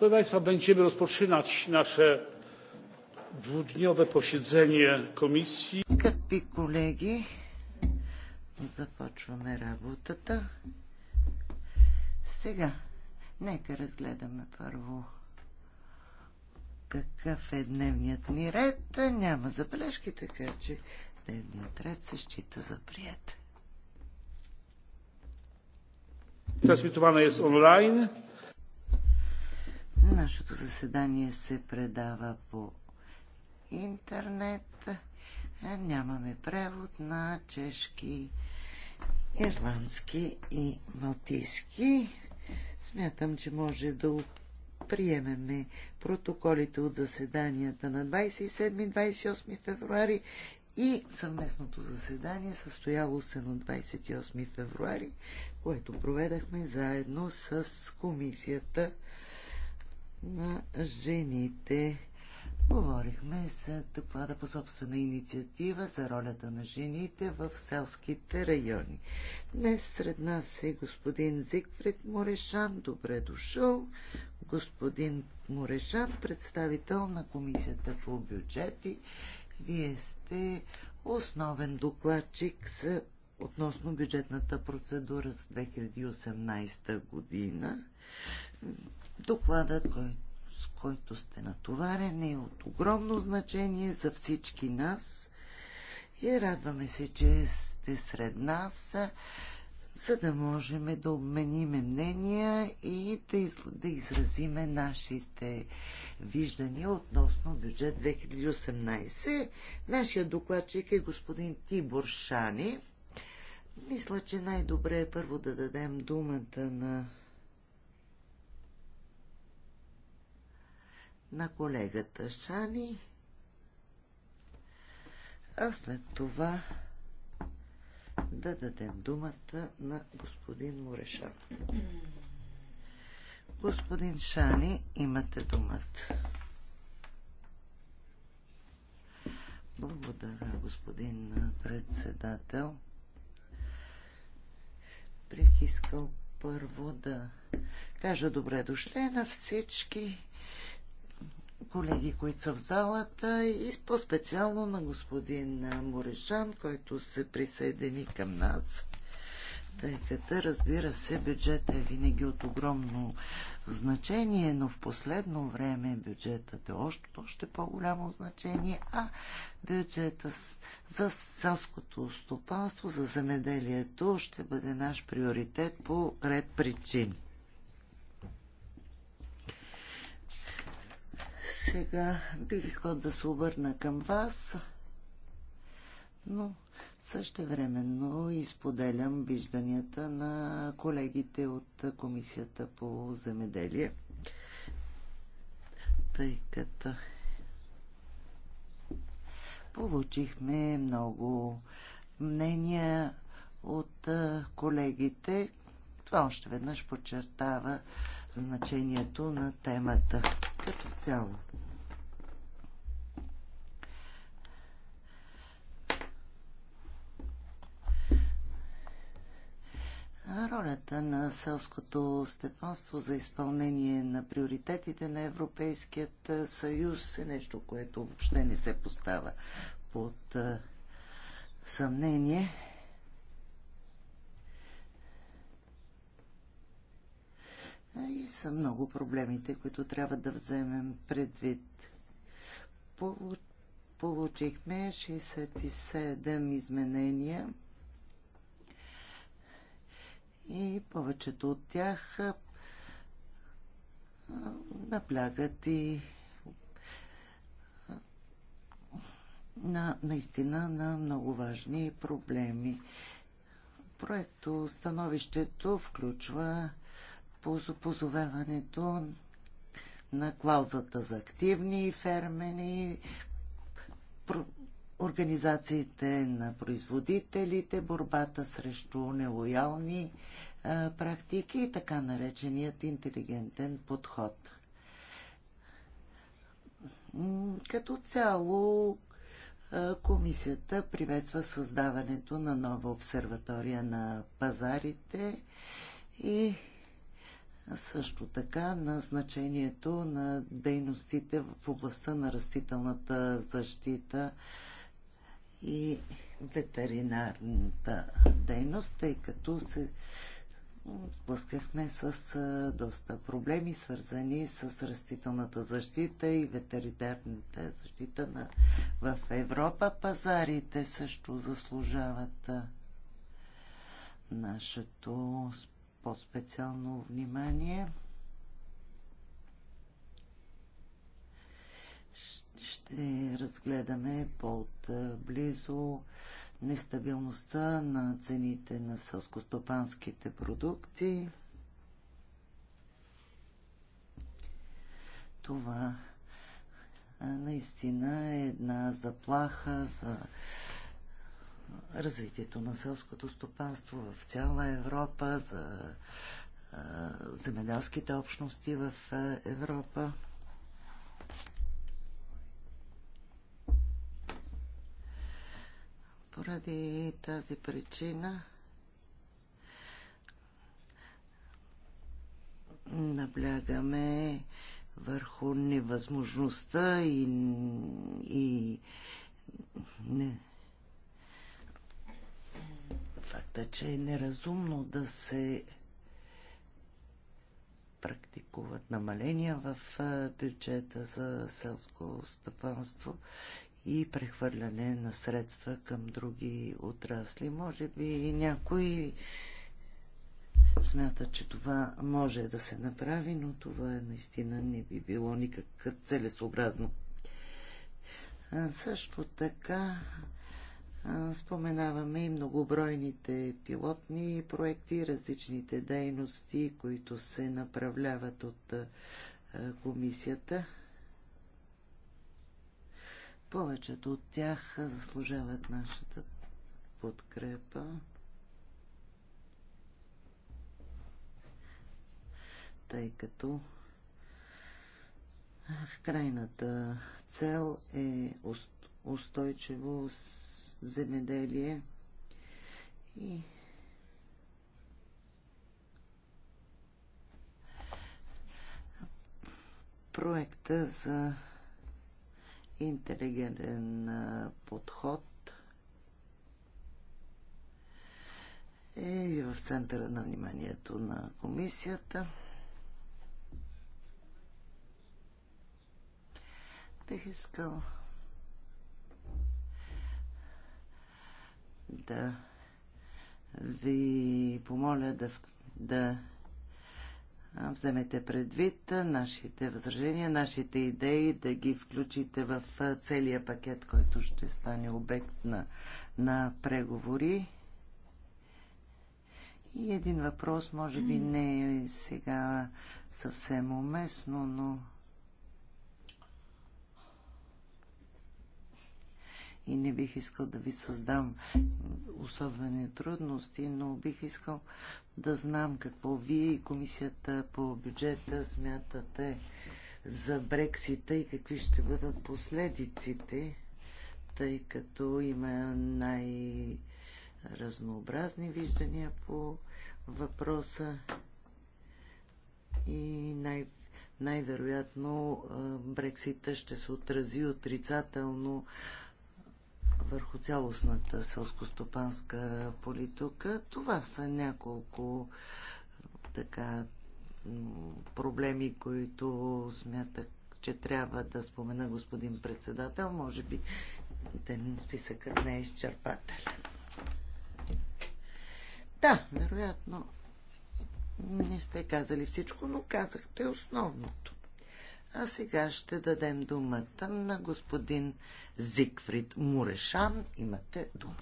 Proszę Państwa, będziemy rozpoczynać nasze dwudniowe posiedzenie komisji. започваме работата. Сега, нека разгледаме първо какъв е дневният ни ред. Няма забележки, така че дневният ред се счита за прият. Трансмитована е онлайн. Нашето заседание се предава по интернет. Нямаме превод на чешки, ирландски и малтийски. Смятам, че може да приемеме протоколите от заседанията на 27-28 февруари и съвместното заседание състояло се на 28 февруари, което проведахме заедно с комисията на жените. Говорихме за доклада по собствена инициатива за ролята на жените в селските райони. Днес сред нас е господин Зигфрид Морешан. Добре дошъл. Господин Морешан, представител на Комисията по бюджети. Вие сте основен докладчик за относно бюджетната процедура за 2018 година. Доклада, кой, с който сте натоварени, е от огромно значение за всички нас и радваме се, че сте сред нас, за да можем да обмениме мнения и да, из, да изразиме нашите виждания относно бюджет 2018. Нашия докладчик е господин Тибор Шани. Мисля, че най-добре е първо да дадем думата на на колегата Шани. А след това да дадем думата на господин Морешан. Господин Шани, имате думата. Благодаря, господин председател. Бих искал първо да кажа добре дошле на всички колеги, които са в залата и по-специално на господин Морешан, който се присъедини към нас. Тъй като, разбира се, бюджетът е винаги от огромно значение, но в последно време бюджетът е още, още по-голямо значение, а бюджета за селското стопанство, за земеделието ще бъде наш приоритет по ред причини. Сега бих искал да се обърна към вас, но също времено изподелям вижданията на колегите от Комисията по земеделие, тъй като получихме много мнения от колегите. Това още веднъж подчертава значението на темата като цяло. Ролята на селското степанство за изпълнение на приоритетите на Европейският съюз е нещо, което въобще не се поставя под съмнение. И са много проблемите, които трябва да вземем предвид. Получихме 67 изменения и повечето от тях наблягат и на, наистина на много важни проблеми. Проекто становището включва позоваването на клаузата за активни фермени, организациите на производителите, борбата срещу нелоялни а, практики и така нареченият интелигентен подход. Като цяло комисията приветства създаването на нова обсерватория на пазарите и също така на значението на дейностите в областта на растителната защита и ветеринарната дейност, тъй като се сблъскахме с доста проблеми, свързани с растителната защита и ветеринарната защита на, в Европа. Пазарите също заслужават нашето по-специално внимание. Ще разгледаме по-близо нестабилността на цените на сълскостопанските продукти. Това наистина е една заплаха за развитието на селското стопанство в цяла Европа, за земеделските общности в Европа. Поради тази причина наблягаме върху невъзможността и, и не, факта, че е неразумно да се практикуват намаления в бюджета за селско стъпанство и прехвърляне на средства към други отрасли. Може би някой смята, че това може да се направи, но това наистина не би било никак целесообразно. също така Споменаваме и многобройните пилотни проекти, различните дейности, които се направляват от комисията. Повечето от тях заслужават нашата подкрепа. Тъй като крайната цел е устойчиво земеделие. И проекта за интелигентен подход е и в центъра на вниманието на комисията. Бих искал да ви помоля да, да вземете предвид нашите възражения, нашите идеи, да ги включите в целия пакет, който ще стане обект на, на преговори. И един въпрос, може би не е сега съвсем уместно, но и не бих искал да ви създам особени трудности, но бих искал да знам какво вие и комисията по бюджета смятате за Брексита и какви ще бъдат последиците, тъй като има най-разнообразни виждания по въпроса и най- най-вероятно Брексита ще се отрази отрицателно върху цялостната селскостопанска политика. Това са няколко така проблеми, които смятах, че трябва да спомена господин председател. Може би ден списъкът не е изчерпателен. Да, вероятно не сте казали всичко, но казахте основното. А сега ще дадем думата на господин Зигфрид Мурешан. Имате дума.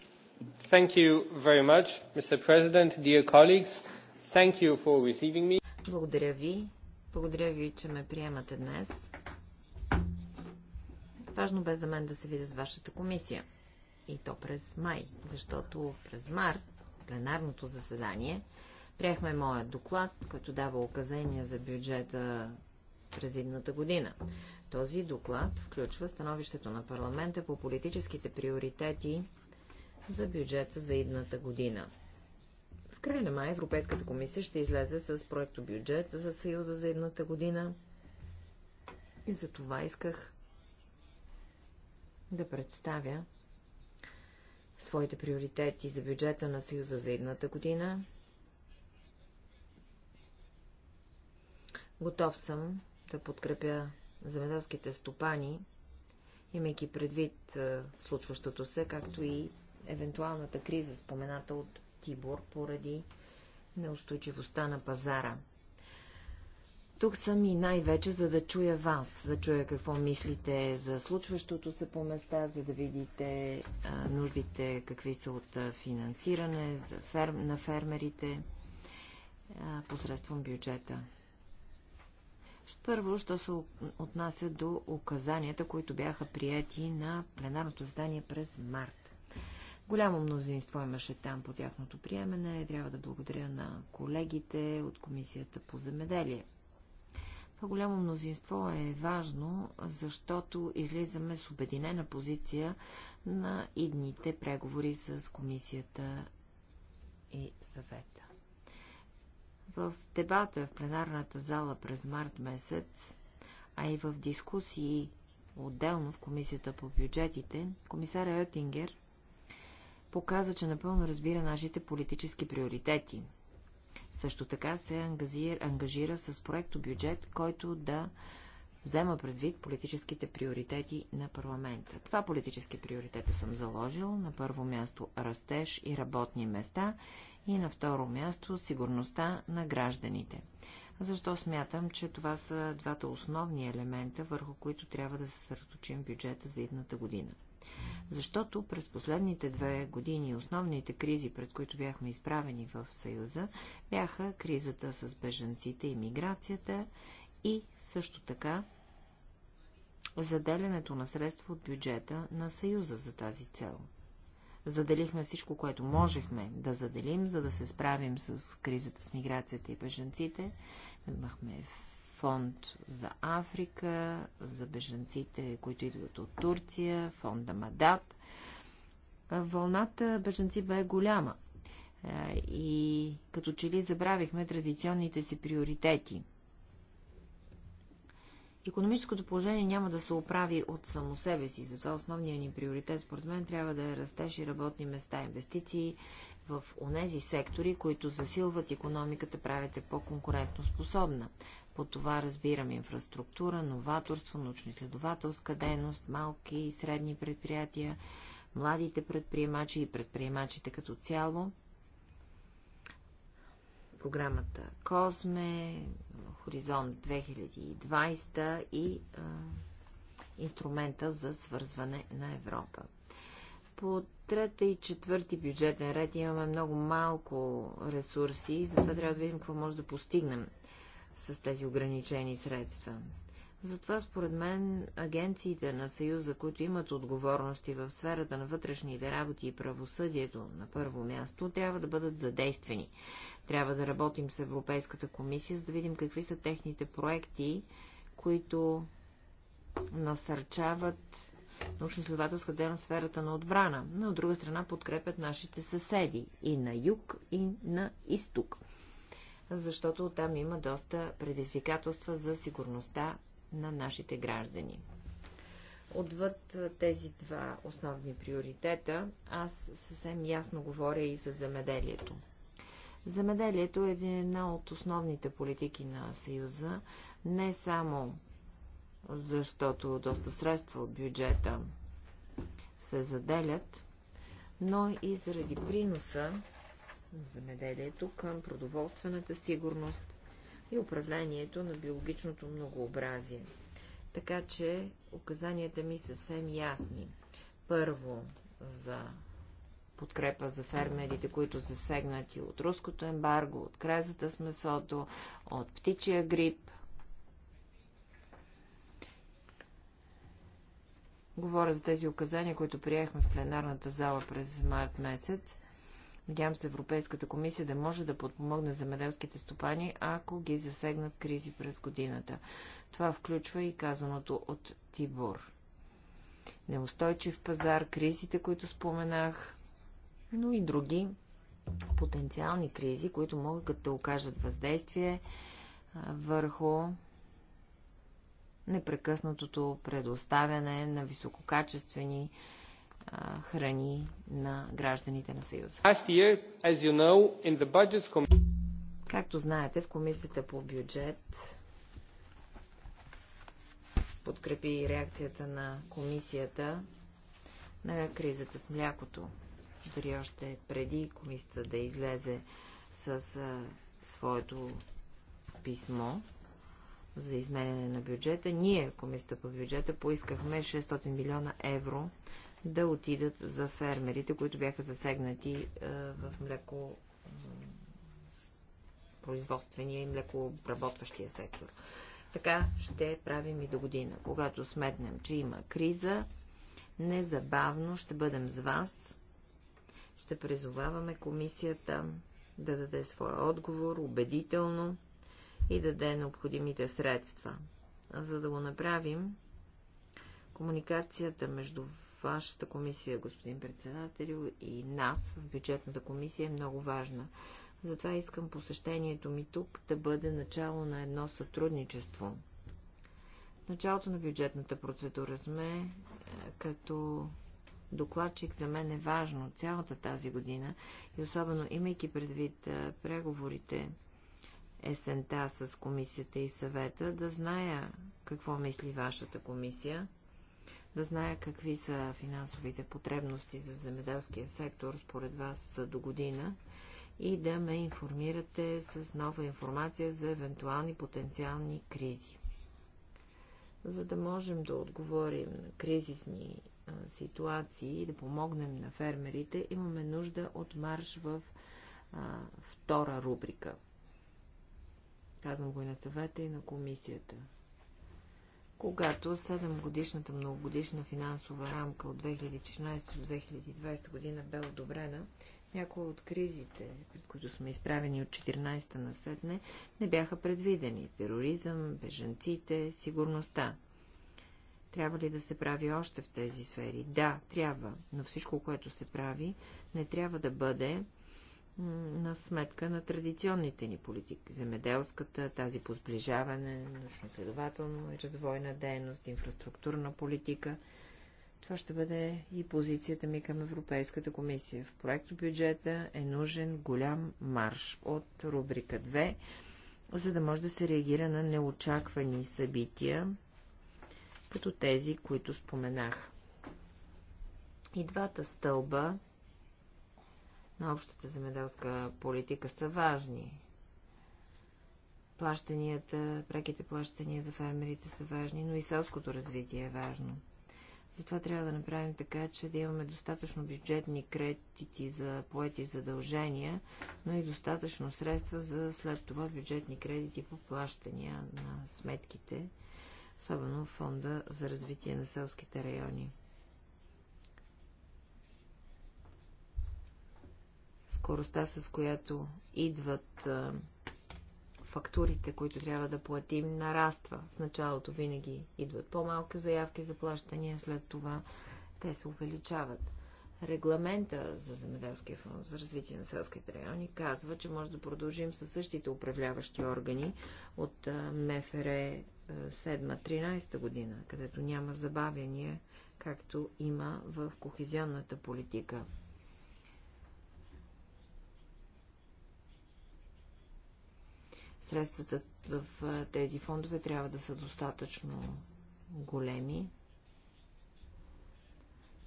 Thank you very much, Mr. President, dear colleagues. Thank you for receiving me. Благодаря ви. Благодаря ви, че ме приемате днес. Важно бе за мен да се видя с вашата комисия. И то през май, защото през март пленарното заседание приехме моят доклад, който дава указания за бюджета през идната година. Този доклад включва становището на парламента по политическите приоритети за бюджета за идната година. В края на май Европейската комисия ще излезе с проекто бюджет за Съюза за едната година и за това исках да представя своите приоритети за бюджета на Съюза за едната година. Готов съм да подкрепя земеделските стопани, имайки предвид случващото се, както и евентуалната криза, спомената от Тибор, поради неустойчивостта на пазара. Тук съм и най-вече, за да чуя вас, да чуя какво мислите за случващото се по места, за да видите а, нуждите, какви са от финансиране за ферм, на фермерите а, посредством бюджета. Първо, що се отнася до указанията, които бяха прияти на пленарното задание през март. Голямо мнозинство имаше там по тяхното приемене. Трябва да благодаря на колегите от Комисията по земеделие. Това голямо мнозинство е важно, защото излизаме с обединена позиция на идните преговори с Комисията и съвета. В дебата в пленарната зала през март месец, а и в дискусии отделно в Комисията по бюджетите, комисаря Йотингер показа, че напълно разбира нашите политически приоритети. Също така се ангажира с проекто бюджет, който да взема предвид политическите приоритети на парламента. Това политически приоритета съм заложил. На първо място растеж и работни места и на второ място сигурността на гражданите. Защо смятам, че това са двата основни елемента, върху които трябва да се съсредоточим бюджета за едната година? Защото през последните две години основните кризи, пред които бяхме изправени в Съюза, бяха кризата с беженците и миграцията и също така заделянето на средства от бюджета на Съюза за тази цел – Заделихме всичко, което можехме да заделим, за да се справим с кризата с миграцията и беженците. Имахме фонд за Африка, за беженците, които идват от Турция, фонда Мадат. Вълната беженци бе голяма е, и като че ли забравихме традиционните си приоритети – Економическото положение няма да се оправи от само себе си, затова основният ни приоритет според мен трябва да е растеж и работни места, инвестиции в онези сектори, които засилват економиката, правят е по-конкурентно способна. По това разбирам инфраструктура, новаторство, научно-изследователска дейност, малки и средни предприятия, младите предприемачи и предприемачите като цяло – програмата Козме, Хоризонт 2020 и а, инструмента за свързване на Европа. По трета и четвърти бюджетен ред имаме много малко ресурси, затова трябва да видим какво може да постигнем с тези ограничени средства. Затова, според мен, агенциите на Съюза, които имат отговорности в сферата на вътрешните работи и правосъдието на първо място, трябва да бъдат задействени. Трябва да работим с Европейската комисия, за да видим какви са техните проекти, които насърчават научно следователска дейност в сферата на отбрана, но от друга страна подкрепят нашите съседи и на юг, и на изток, защото там има доста предизвикателства за сигурността на нашите граждани. Отвъд тези два основни приоритета, аз съвсем ясно говоря и за замеделието. Земеделието е една от основните политики на Съюза, не само защото доста средства от бюджета се заделят, но и заради приноса на земеделието към продоволствената сигурност и управлението на биологичното многообразие. Така че указанията ми съвсем ясни. Първо, за подкрепа за фермерите, които са сегнати от руското ембарго, от кразата с месото, от птичия грип. Говоря за тези указания, които приехме в пленарната зала през март месец Надявам се Европейската комисия да може да подпомогне земеделските стопани, ако ги засегнат кризи през годината. Това включва и казаното от Тибор. Неустойчив пазар, кризите, които споменах, но и други потенциални кризи, които могат да окажат въздействие върху непрекъснатото предоставяне на висококачествени храни на гражданите на Съюза. Както знаете, в Комисията по бюджет подкрепи реакцията на Комисията на кризата с млякото. Дори още преди Комисията да излезе с своето писмо за изменение на бюджета, ние, Комисията по бюджета, поискахме 600 милиона евро да отидат за фермерите, които бяха засегнати е, в млеко производствения и млекообработващия сектор. Така ще правим и до година. Когато сметнем, че има криза, незабавно ще бъдем с вас, ще призоваваме комисията да даде своя отговор убедително и да даде необходимите средства. За да го направим, комуникацията между вашата комисия, господин председател, и нас в бюджетната комисия е много важна. Затова искам посещението ми тук да бъде начало на едно сътрудничество. началото на бюджетната процедура сме, е, като докладчик за мен е важно цялата тази година и особено имайки предвид е, преговорите есента с комисията и съвета, да зная какво мисли вашата комисия да зная какви са финансовите потребности за земеделския сектор според вас до година и да ме информирате с нова информация за евентуални потенциални кризи. За да можем да отговорим на кризисни ситуации и да помогнем на фермерите, имаме нужда от марш в а, втора рубрика. Казвам го и на съвета, и на комисията когато 7-годишната многогодишна финансова рамка от 2014 до 2020 година бе одобрена, някои от кризите, пред които сме изправени от 14-та на седне, не бяха предвидени. Тероризъм, бежанците, сигурността. Трябва ли да се прави още в тези сфери? Да, трябва, но всичко, което се прави, не трябва да бъде на сметка на традиционните ни политики. Земеделската, тази по сближаване, научно-следователно и развойна дейност, инфраструктурна политика. Това ще бъде и позицията ми към Европейската комисия. В проекто бюджета е нужен голям марш от рубрика 2, за да може да се реагира на неочаквани събития, като тези, които споменах. И двата стълба на общата земеделска политика са важни. Плащанията, преките плащания за фермерите са важни, но и селското развитие е важно. Затова трябва да направим така, че да имаме достатъчно бюджетни кредити за поети задължения, но и достатъчно средства за след това бюджетни кредити по плащания на сметките, особено фонда за развитие на селските райони. скоростта, с която идват фактурите, които трябва да платим, нараства. В началото винаги идват по-малки заявки за плащания, след това те се увеличават. Регламента за Земеделския фонд за развитие на селските райони казва, че може да продължим със същите управляващи органи от МФР 7-13 година, където няма забавяния, както има в кохезионната политика. Средствата в тези фондове трябва да са достатъчно големи.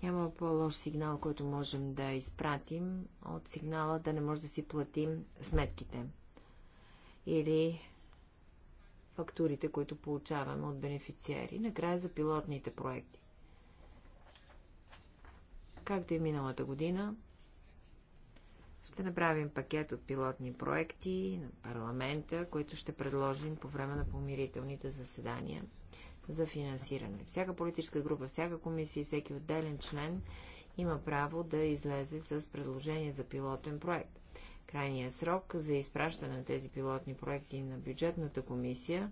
Няма по-лош сигнал, който можем да изпратим от сигнала да не може да си платим сметките или фактурите, които получаваме от бенефициери. Накрая за пилотните проекти. Както и миналата година, ще направим пакет от пилотни проекти на парламента, които ще предложим по време на помирителните заседания за финансиране. Всяка политическа група, всяка комисия и всеки отделен член има право да излезе с предложение за пилотен проект. Крайният срок за изпращане на тези пилотни проекти на бюджетната комисия,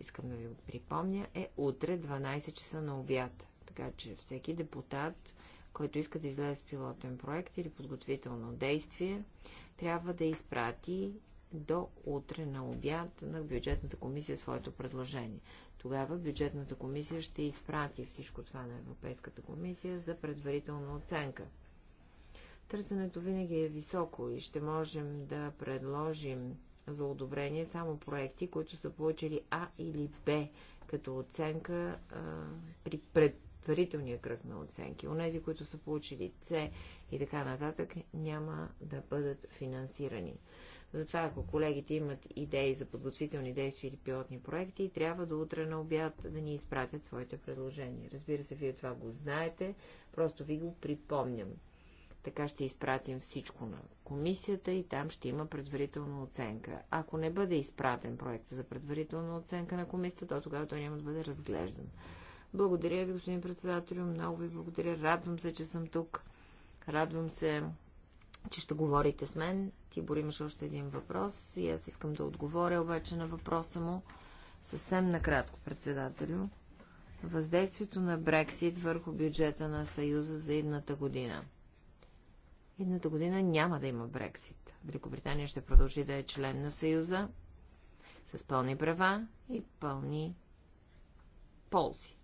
искам да ви припомня, е утре 12 часа на обяд. Така че всеки депутат който иска да излезе с пилотен проект или подготвително действие, трябва да изпрати до утре на обяд на бюджетната комисия своето предложение. Тогава бюджетната комисия ще изпрати всичко това на Европейската комисия за предварителна оценка. Търсенето винаги е високо и ще можем да предложим за одобрение само проекти, които са получили А или Б като оценка а, при пред предварителния кръг на оценки. Онези, които са получили С и така нататък, няма да бъдат финансирани. Затова, ако колегите имат идеи за подготвителни действия или пилотни проекти, трябва до утре на обяд да ни изпратят своите предложения. Разбира се, вие това го знаете, просто ви го припомням. Така ще изпратим всичко на комисията и там ще има предварителна оценка. Ако не бъде изпратен проект за предварителна оценка на комисията, то тогава той няма да бъде разглеждан. Благодаря ви, господин председател, Много ви благодаря. Радвам се, че съм тук. Радвам се, че ще говорите с мен. Тибор имаш още един въпрос и аз искам да отговоря обаче на въпроса му съвсем накратко, председателю. Въздействието на Брексит върху бюджета на Съюза за едната година. Едната година няма да има Брексит. Великобритания ще продължи да е член на Съюза с пълни права и пълни ползи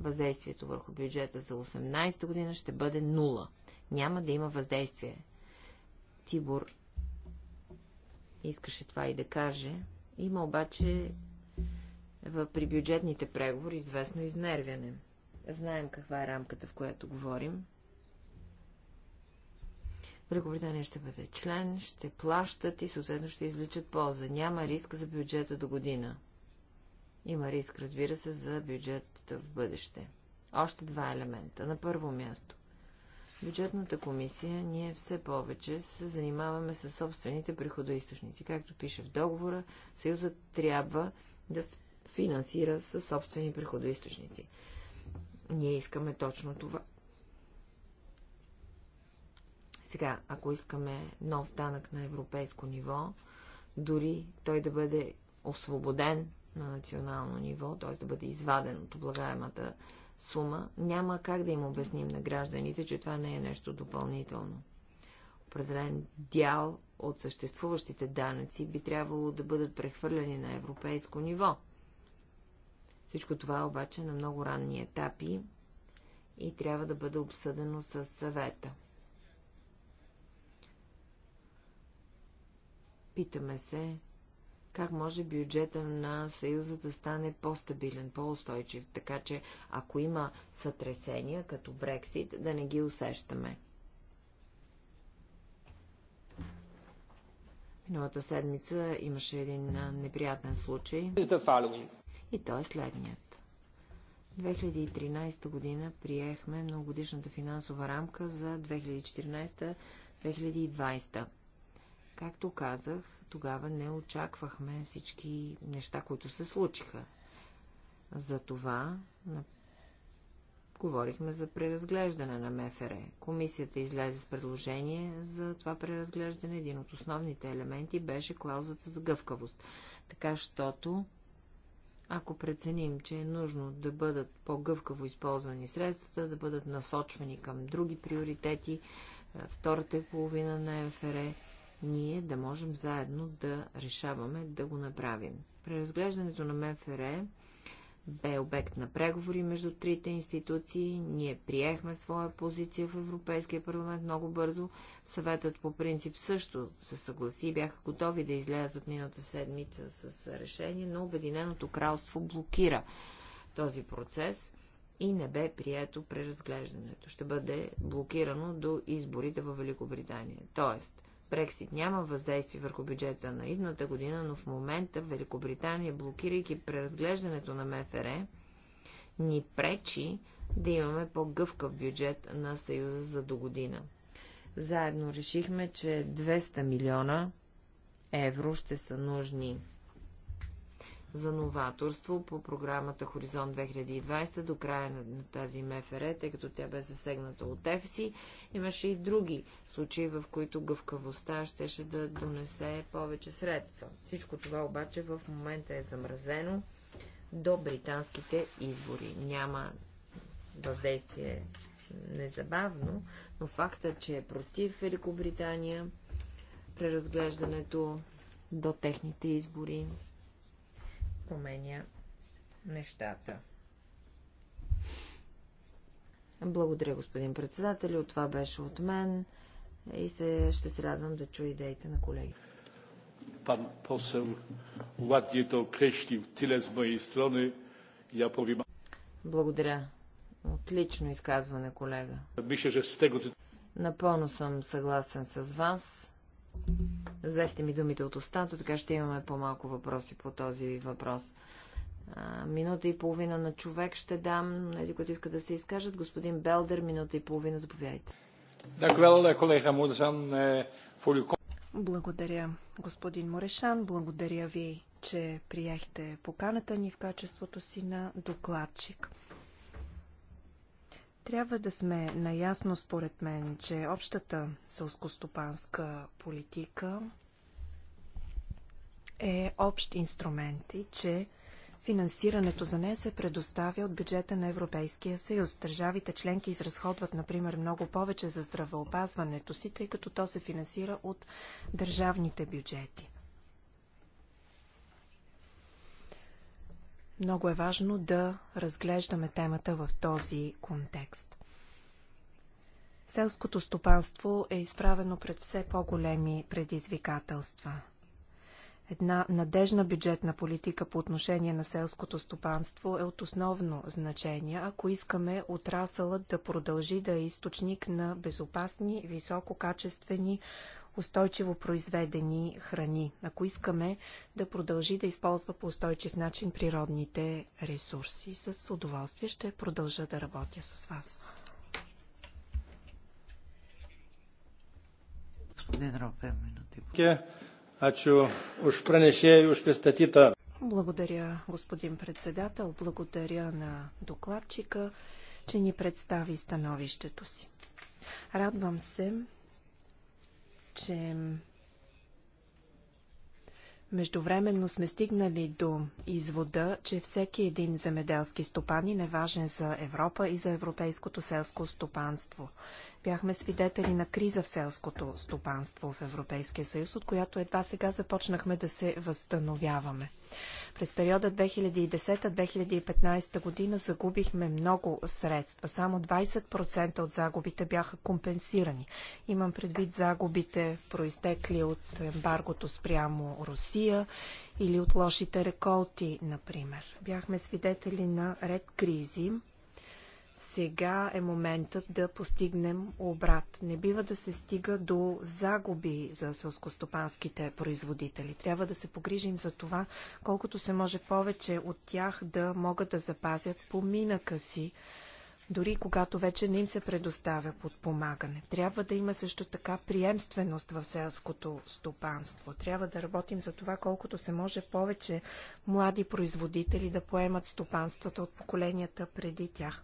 въздействието върху бюджета за 18 година ще бъде нула. Няма да има въздействие. Тибор искаше това и да каже. Има обаче в, при бюджетните преговори известно изнервяне. Знаем каква е рамката, в която говорим. Великобритания ще бъде член, ще плащат и съответно ще изличат полза. Няма риск за бюджета до година. Има риск, разбира се, за бюджетът в бъдеще. Още два елемента. На първо място. Бюджетната комисия ние все повече се занимаваме с собствените приходоисточници. Както пише в договора, Съюзът трябва да се финансира със собствени приходоисточници. Ние искаме точно това. Сега, ако искаме нов данък на европейско ниво, дори той да бъде освободен на национално ниво, т.е. да бъде изваден от облагаемата сума, няма как да им обясним на гражданите, че това не е нещо допълнително. Определен дял от съществуващите данъци би трябвало да бъдат прехвърляни на европейско ниво. Всичко това обаче на много ранни етапи и трябва да бъде обсъдено с съвета. Питаме се, как може бюджета на Съюза да стане по-стабилен, по-устойчив, така че ако има сътресения, като Брексит, да не ги усещаме. Миналата седмица имаше един неприятен случай. И то е следният. 2013 година приехме многогодишната финансова рамка за 2014-2020. Както казах, тогава не очаквахме всички неща, които се случиха. За това говорихме за преразглеждане на МФР. Комисията излезе с предложение за това преразглеждане. Един от основните елементи беше клаузата за гъвкавост. Така, щото ако преценим, че е нужно да бъдат по-гъвкаво използвани средствата, да бъдат насочвани към други приоритети, е, втората половина на МФР, ние да можем заедно да решаваме да го направим. Преразглеждането на МФР бе обект на преговори между трите институции. Ние приехме своя позиция в Европейския парламент много бързо. Съветът по принцип също се съгласи. Бяха готови да излязат миналата седмица с решение, но Обединеното кралство блокира този процес и не бе прието преразглеждането. Ще бъде блокирано до изборите в Великобритания. Тоест, Брексит няма въздействие върху бюджета на идната година, но в момента Великобритания, блокирайки преразглеждането на МФР, ни пречи да имаме по-гъвкав бюджет на Съюза за до година. Заедно решихме, че 200 милиона евро ще са нужни за новаторство по програмата Хоризонт 2020 до края на тази МФР, тъй като тя бе засегната от ЕФСИ. Имаше и други случаи, в които гъвкавостта щеше да донесе повече средства. Всичко това обаче в момента е замразено до британските избори. Няма въздействие незабавно, но факта, че е против Великобритания преразглеждането до техните избори променя нещата. Благодаря, господин председател. от Това беше от мен и се, ще се радвам да чуя идеите на колеги. Пан посел, ładnie to крещи тиле с mojej страни. Я повим... Благодаря. Отлично изказване, колега. Мисля, че с тегото... Напълно съм съгласен с вас. Взехте ми думите от устата, така ще имаме по-малко въпроси по този въпрос. минута и половина на човек ще дам, тези, които искат да се изкажат. Господин Белдер, минута и половина, заповядайте. Eh, eh, Благодаря, господин Морешан. Благодаря ви, че приехте поканата ни в качеството си на докладчик. Трябва да сме наясно, според мен, че общата сълскостопанска политика е общ инструмент и че финансирането за нея се предоставя от бюджета на Европейския съюз. Държавите членки изразходват, например, много повече за здравеопазването си, тъй като то се финансира от държавните бюджети. Много е важно да разглеждаме темата в този контекст. Селското стопанство е изправено пред все по-големи предизвикателства. Една надежна бюджетна политика по отношение на селското стопанство е от основно значение, ако искаме отрасълът да продължи да е източник на безопасни, висококачествени, устойчиво произведени храни, ако искаме да продължи да използва по устойчив начин природните ресурси. С удоволствие ще продължа да работя с вас. Благодаря, господин председател. Благодаря на докладчика, че ни представи становището си. Радвам се, че Междувременно сме стигнали до извода, че всеки един земеделски стопанин е важен за Европа и за европейското селско стопанство. Бяхме свидетели на криза в селското стопанство в Европейския съюз, от която едва сега започнахме да се възстановяваме. През периода 2010-2015 година загубихме много средства. Само 20% от загубите бяха компенсирани. Имам предвид загубите, произтекли от ембаргото спрямо Русия или от лошите реколти, например. Бяхме свидетели на ред кризи, сега е моментът да постигнем обрат. Не бива да се стига до загуби за сълскостопанските производители. Трябва да се погрижим за това, колкото се може повече от тях да могат да запазят поминъка си, дори когато вече не им се предоставя подпомагане. Трябва да има също така приемственост в селското стопанство. Трябва да работим за това, колкото се може повече млади производители да поемат стопанствата от поколенията преди тях.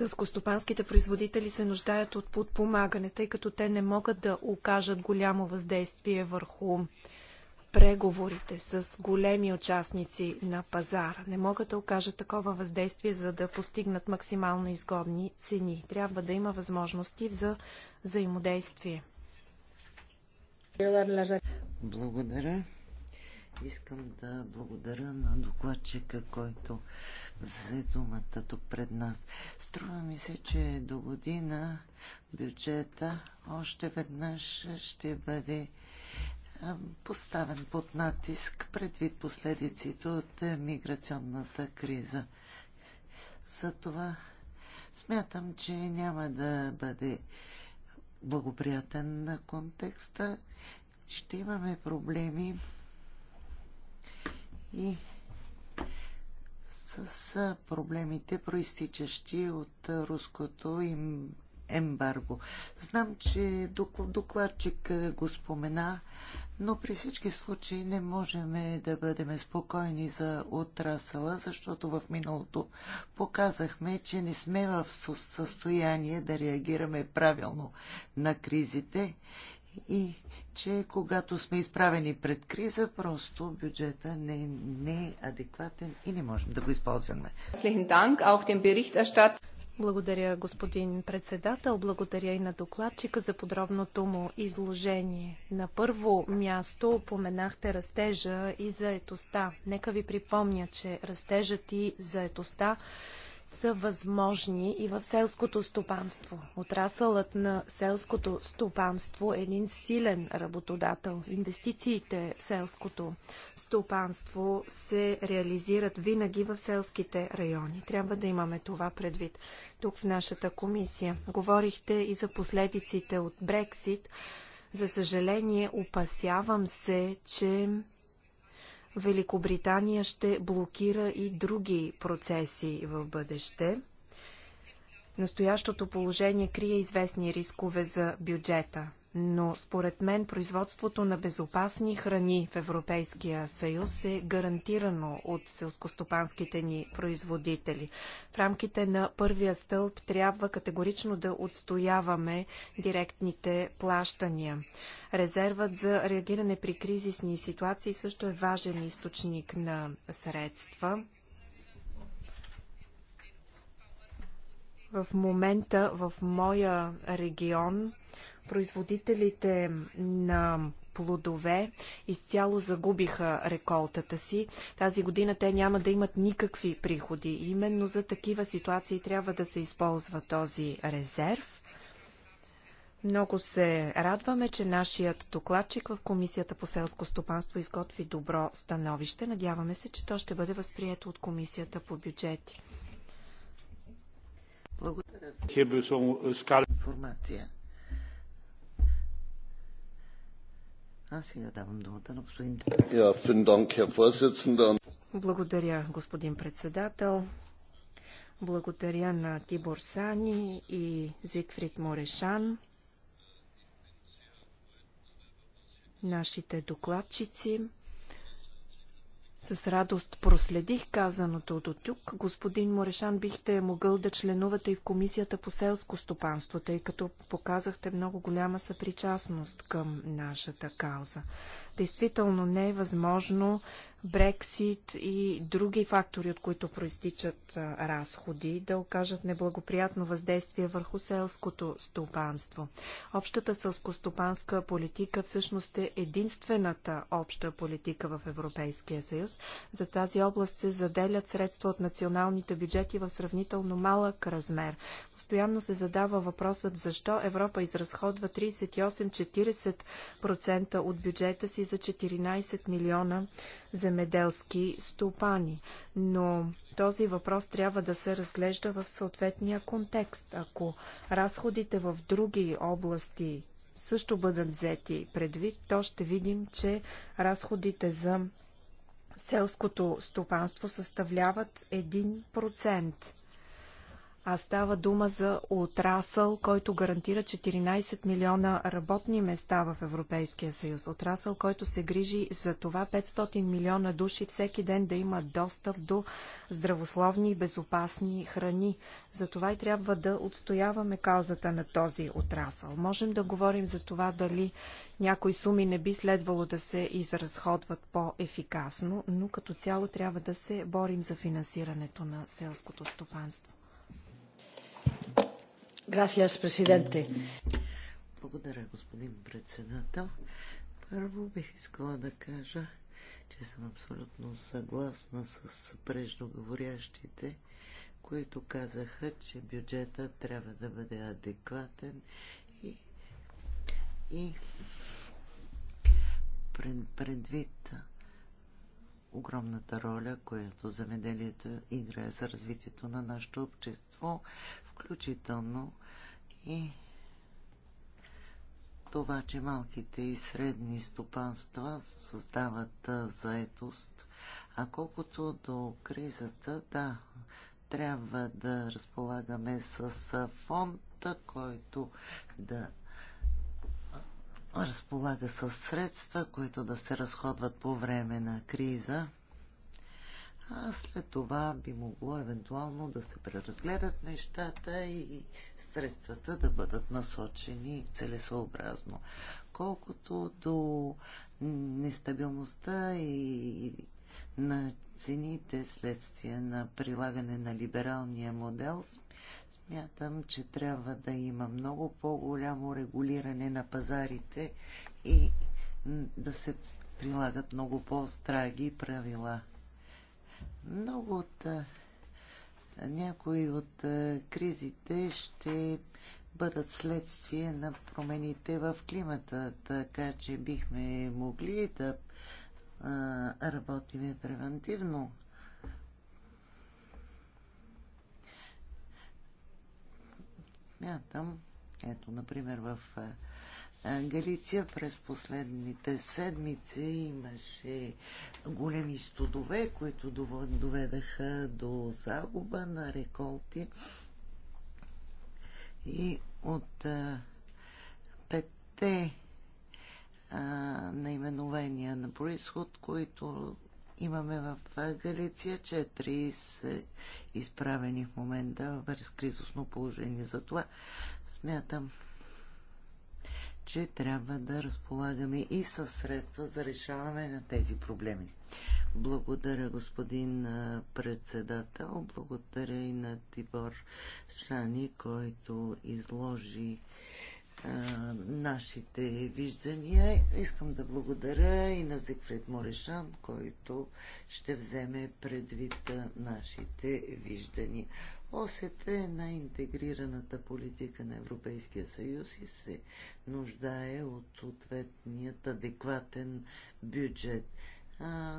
Селскостопанските производители се нуждаят от подпомагане, тъй като те не могат да окажат голямо въздействие върху преговорите с големи участници на пазара. Не могат да окажат такова въздействие, за да постигнат максимално изгодни цени. Трябва да има възможности за взаимодействие. Благодаря. Искам да благодаря на докладчика, който за думата тук пред нас. Струва ми се, че е до година бюджета още веднъж ще бъде поставен под натиск предвид последиците от е, миграционната криза. Затова смятам, че няма да бъде благоприятен на контекста. Ще имаме проблеми и с проблемите, проистичащи от руското им ембарго. Знам, че докладчик го спомена, но при всички случаи не можем да бъдем спокойни за отрасъла, защото в миналото показахме, че не сме в състояние да реагираме правилно на кризите и че когато сме изправени пред криза, просто бюджета не, не е адекватен и не можем да го използваме. Благодаря, господин председател. Благодаря и на докладчика за подробното му изложение. На първо място поменахте растежа и заетостта. Нека ви припомня, че растежът и заетостта са възможни и в селското стопанство. Отрасълът на селското стопанство е един силен работодател. Инвестициите в селското стопанство се реализират винаги в селските райони. Трябва да имаме това предвид тук в нашата комисия. Говорихте и за последиците от Брексит. За съжаление, опасявам се, че Великобритания ще блокира и други процеси в бъдеще. Настоящото положение крие известни рискове за бюджета но според мен производството на безопасни храни в Европейския съюз е гарантирано от селскостопанските ни производители. В рамките на първия стълб трябва категорично да отстояваме директните плащания. Резервът за реагиране при кризисни ситуации също е важен източник на средства. В момента в моя регион Производителите на плодове изцяло загубиха реколтата си. Тази година те няма да имат никакви приходи. Именно за такива ситуации трябва да се използва този резерв. Много се радваме, че нашият докладчик в Комисията по селско стопанство изготви добро становище. Надяваме се, че то ще бъде възприето от Комисията по бюджети. Благодаря за информация. Благодаря, господин председател. Благодаря на Тибор Сани и Зигфрид Морешан, нашите докладчици. С радост проследих казаното от тук. Господин Морешан, бихте могъл да членувате и в Комисията по селско стопанство, тъй като показахте много голяма съпричастност към нашата кауза действително не е възможно Брексит и други фактори, от които проистичат разходи, да окажат неблагоприятно въздействие върху селското стопанство. Общата селскостопанска политика всъщност е единствената обща политика в Европейския съюз. За тази област се заделят средства от националните бюджети в сравнително малък размер. Постоянно се задава въпросът защо Европа изразходва 38-40% от бюджета си за 14 милиона земеделски стопани. Но този въпрос трябва да се разглежда в съответния контекст. Ако разходите в други области също бъдат взети предвид, то ще видим, че разходите за селското стопанство съставляват 1% а става дума за отрасъл, който гарантира 14 милиона работни места в Европейския съюз. Отрасъл, който се грижи за това 500 милиона души всеки ден да имат достъп до здравословни и безопасни храни. Затова и трябва да отстояваме каузата на този отрасъл. Можем да говорим за това дали някои суми не би следвало да се изразходват по-ефикасно, но като цяло трябва да се борим за финансирането на селското стопанство. Gracias, президенте. Благодаря, господин председател. Първо бих искала да кажа, че съм абсолютно съгласна с преждоговорящите, които казаха, че бюджета трябва да бъде адекватен и, и пред, предвид огромната роля, която замеделието играе за развитието на нашето общество, включително и това, че малките и средни стопанства създават заетост. А колкото до кризата, да, трябва да разполагаме с фонд, който да разполага с средства, които да се разходват по време на криза а след това би могло евентуално да се преразгледат нещата и средствата да бъдат насочени целесообразно. Колкото до нестабилността и на цените следствие на прилагане на либералния модел, смятам, че трябва да има много по-голямо регулиране на пазарите и да се прилагат много по-страги правила. Много от някои от кризите ще бъдат следствие на промените в климата, така че бихме могли да работиме превентивно. Мятам, ето, например, в Галиция през последните седмици имаше големи студове, които доведаха до загуба на реколти и от петте наименования на происход, които имаме в Галиция, четири са изправени в момента в кризисно положение. Затова смятам, че трябва да разполагаме и със средства за решаване на тези проблеми. Благодаря, господин председател. Благодаря и на Тибор Шани, който изложи нашите виждания. Искам да благодаря и на Зигфрид Морешан, който ще вземе предвид нашите виждания. ОСП е най-интегрираната политика на Европейския съюз и се нуждае от ответният адекватен бюджет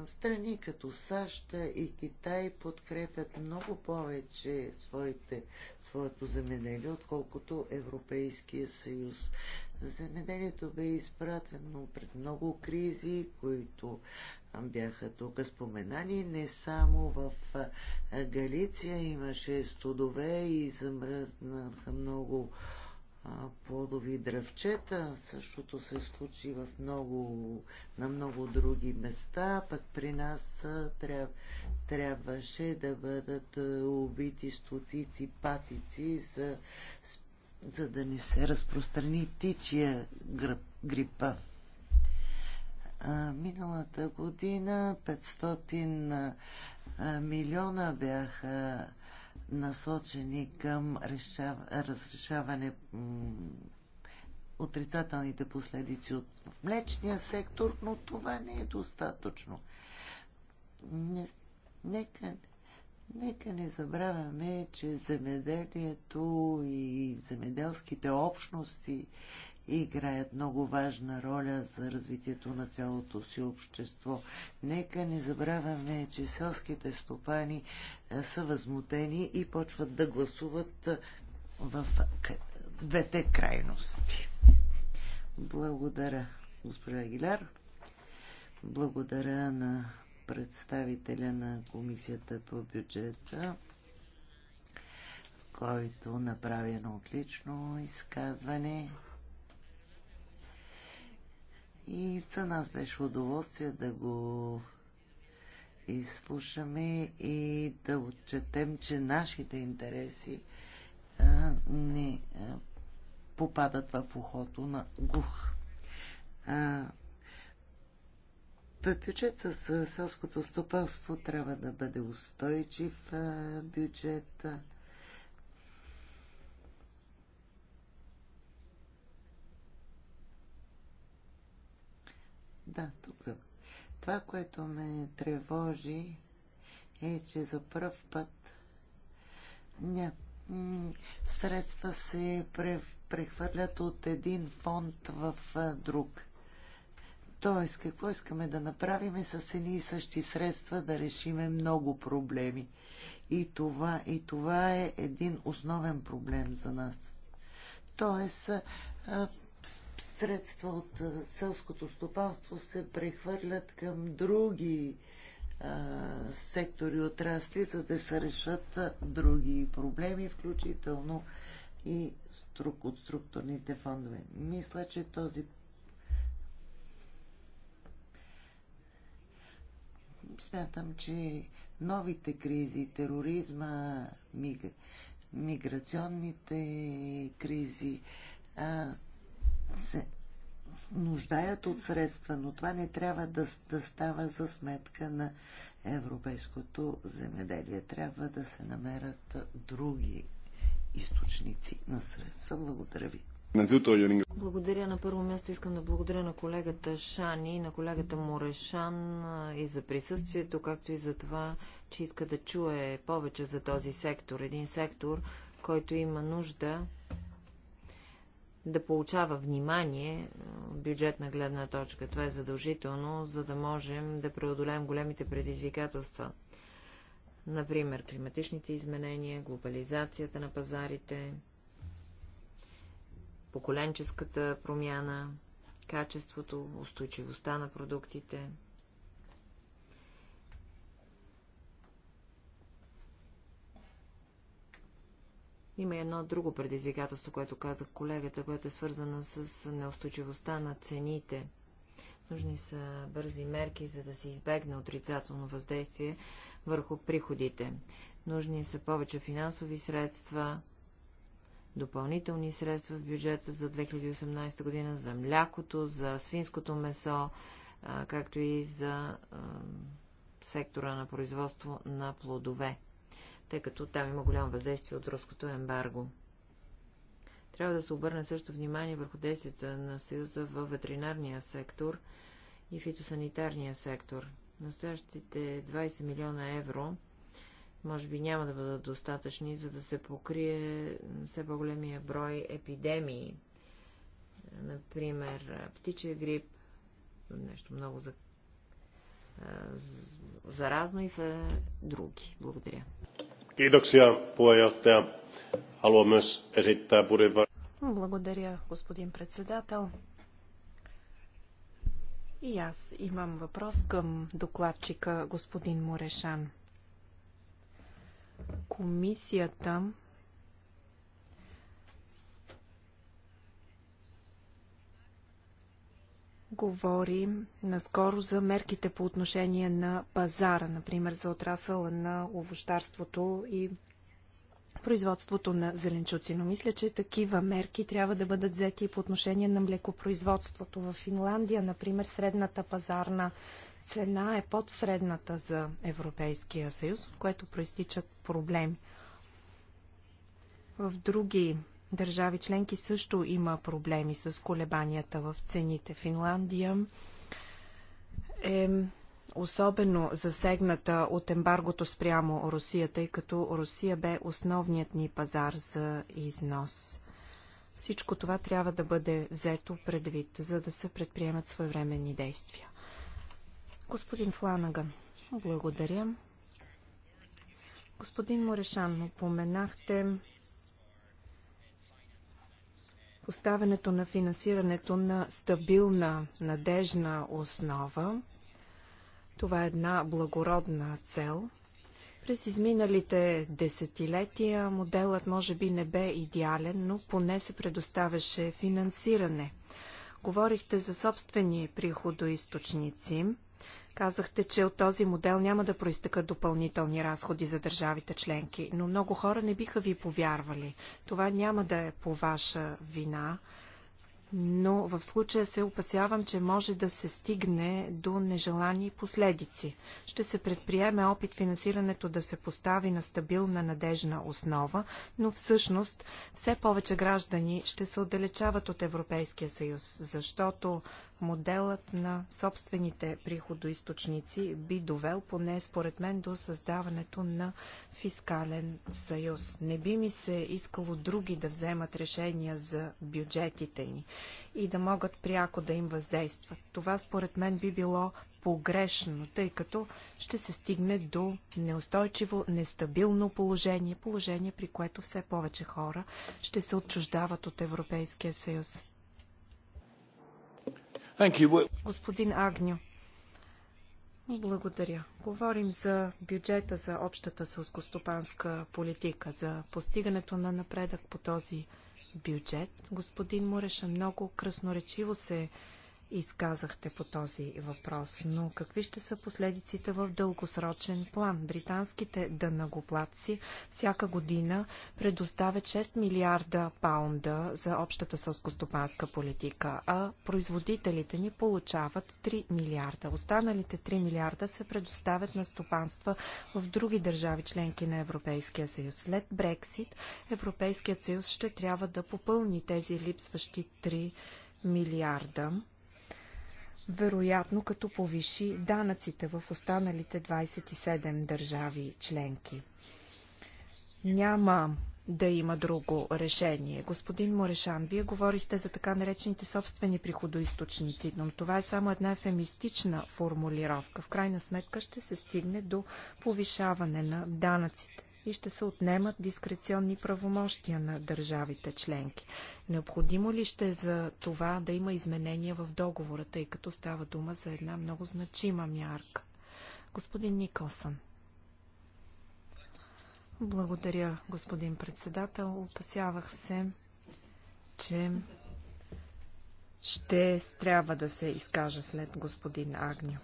страни като САЩ и Китай подкрепят много повече своите, своето земеделие, отколкото Европейския съюз. Земеделието бе изпратено пред много кризи, които бяха тук споменани. Не само в Галиция имаше студове и замръзнаха много плодови дръвчета. Същото се случи в много, на много други места, пък при нас тряб, трябваше да бъдат убити стотици патици, за, за да не се разпространи птичия гръб, грипа. А, миналата година 500 милиона бяха насочени към решав... разрешаване отрицателните последици от млечния сектор, но това не е достатъчно. Не, нека Нека не забравяме, че земеделието и земеделските общности играят много важна роля за развитието на цялото си общество. Нека не забравяме, че селските стопани е, са възмутени и почват да гласуват е, в двете крайности. Благодаря, госпожа Агиляр. Благодаря на представителя на Комисията по бюджета, който направи едно отлично изказване. И за нас беше удоволствие да го изслушаме и да отчетем, че нашите интереси а, не а, попадат в ухото на глух. А, Бюджета за селското стопанство трябва да бъде устойчив бюджет. Да, тук за. Това, което ме тревожи, е, че за първ път ня... средства се прехвърлят от един фонд в друг. Тоест, какво искаме да направим е с едни и същи средства да решиме много проблеми. И това, и това е един основен проблем за нас. Тоест, средства от селското стопанство се прехвърлят към други сектори отрасли, за да се решат други проблеми, включително и от структурните фондове. Мисля, че този смятам, че новите кризи, тероризма, миг, миграционните кризи а, се нуждаят от средства, но това не трябва да, да става за сметка на европейското земеделие. Трябва да се намерят други източници на средства. Благодаря ви. Благодаря. На първо място искам да благодаря на колегата Шани и на колегата Морешан и за присъствието, както и за това, че иска да чуе повече за този сектор. Един сектор, който има нужда да получава внимание бюджетна гледна точка. Това е задължително, за да можем да преодолеем големите предизвикателства. Например, климатичните изменения, глобализацията на пазарите, поколенческата промяна, качеството, устойчивостта на продуктите. Има едно друго предизвикателство, което каза колегата, което е свързано с неустойчивостта на цените. Нужни са бързи мерки, за да се избегне отрицателно въздействие върху приходите. Нужни са повече финансови средства, допълнителни средства в бюджета за 2018 година за млякото, за свинското месо, както и за сектора на производство на плодове, тъй като там има голямо въздействие от руското ембарго. Трябва да се обърне също внимание върху действията на Съюза във ветеринарния сектор и фитосанитарния сектор. Настоящите 20 милиона евро – може би няма да бъдат достатъчни, за да се покрие все по-големия брой епидемии. Например, птичия грип, нещо много за... заразно и в други. Благодаря. Благодаря, господин председател. И аз имам въпрос към докладчика господин Морешан. Комисията говори наскоро за мерките по отношение на пазара, например за отрасъла на овощарството и производството на зеленчуци. Но мисля, че такива мерки трябва да бъдат взети и по отношение на млекопроизводството. В Финландия, например, средната пазарна цена е под средната за Европейския съюз, от което проистичат проблеми. В други държави членки също има проблеми с колебанията в цените. Финландия е особено засегната от ембаргото спрямо Русия, тъй като Русия бе основният ни пазар за износ. Всичко това трябва да бъде взето предвид, за да се предприемат своевременни действия. Господин Фланаган, благодаря. Господин Морешан, упоменахте поставянето на финансирането на стабилна, надежна основа. Това е една благородна цел. През изминалите десетилетия моделът може би не бе идеален, но поне се предоставяше финансиране. Говорихте за собствени приходоисточници. Казахте, че от този модел няма да проистъкат допълнителни разходи за държавите членки, но много хора не биха ви повярвали. Това няма да е по ваша вина, но в случая се опасявам, че може да се стигне до нежелани последици. Ще се предприеме опит финансирането да се постави на стабилна надежна основа, но всъщност все повече граждани ще се отдалечават от Европейския съюз, защото моделът на собствените приходоисточници би довел, поне според мен, до създаването на фискален съюз. Не би ми се искало други да вземат решения за бюджетите ни и да могат пряко да им въздействат. Това според мен би било погрешно, тъй като ще се стигне до неустойчиво, нестабилно положение, положение при което все повече хора ще се отчуждават от Европейския съюз. Господин Агню. Благодаря. Говорим за бюджета за общата сълскостопанска политика, за постигането на напредък по този бюджет. Господин Муреша много красноречиво се изказахте по този въпрос, но какви ще са последиците в дългосрочен план? Британските дънагоплатци всяка година предоставят 6 милиарда паунда за общата сълскостопанска политика, а производителите ни получават 3 милиарда. Останалите 3 милиарда се предоставят на стопанства в други държави членки на Европейския съюз. След Брексит Европейският съюз ще трябва да попълни тези липсващи 3 милиарда вероятно като повиши данъците в останалите 27 държави членки. Няма да има друго решение. Господин Морешан, вие говорихте за така наречените собствени приходоисточници, но това е само една ефемистична формулировка. В крайна сметка ще се стигне до повишаване на данъците и ще се отнемат дискреционни правомощия на държавите членки. Необходимо ли ще за това да има изменения в договора, тъй като става дума за една много значима мярка? Господин Николсън. Благодаря, господин председател. Опасявах се, че ще трябва да се изкажа след господин Агня.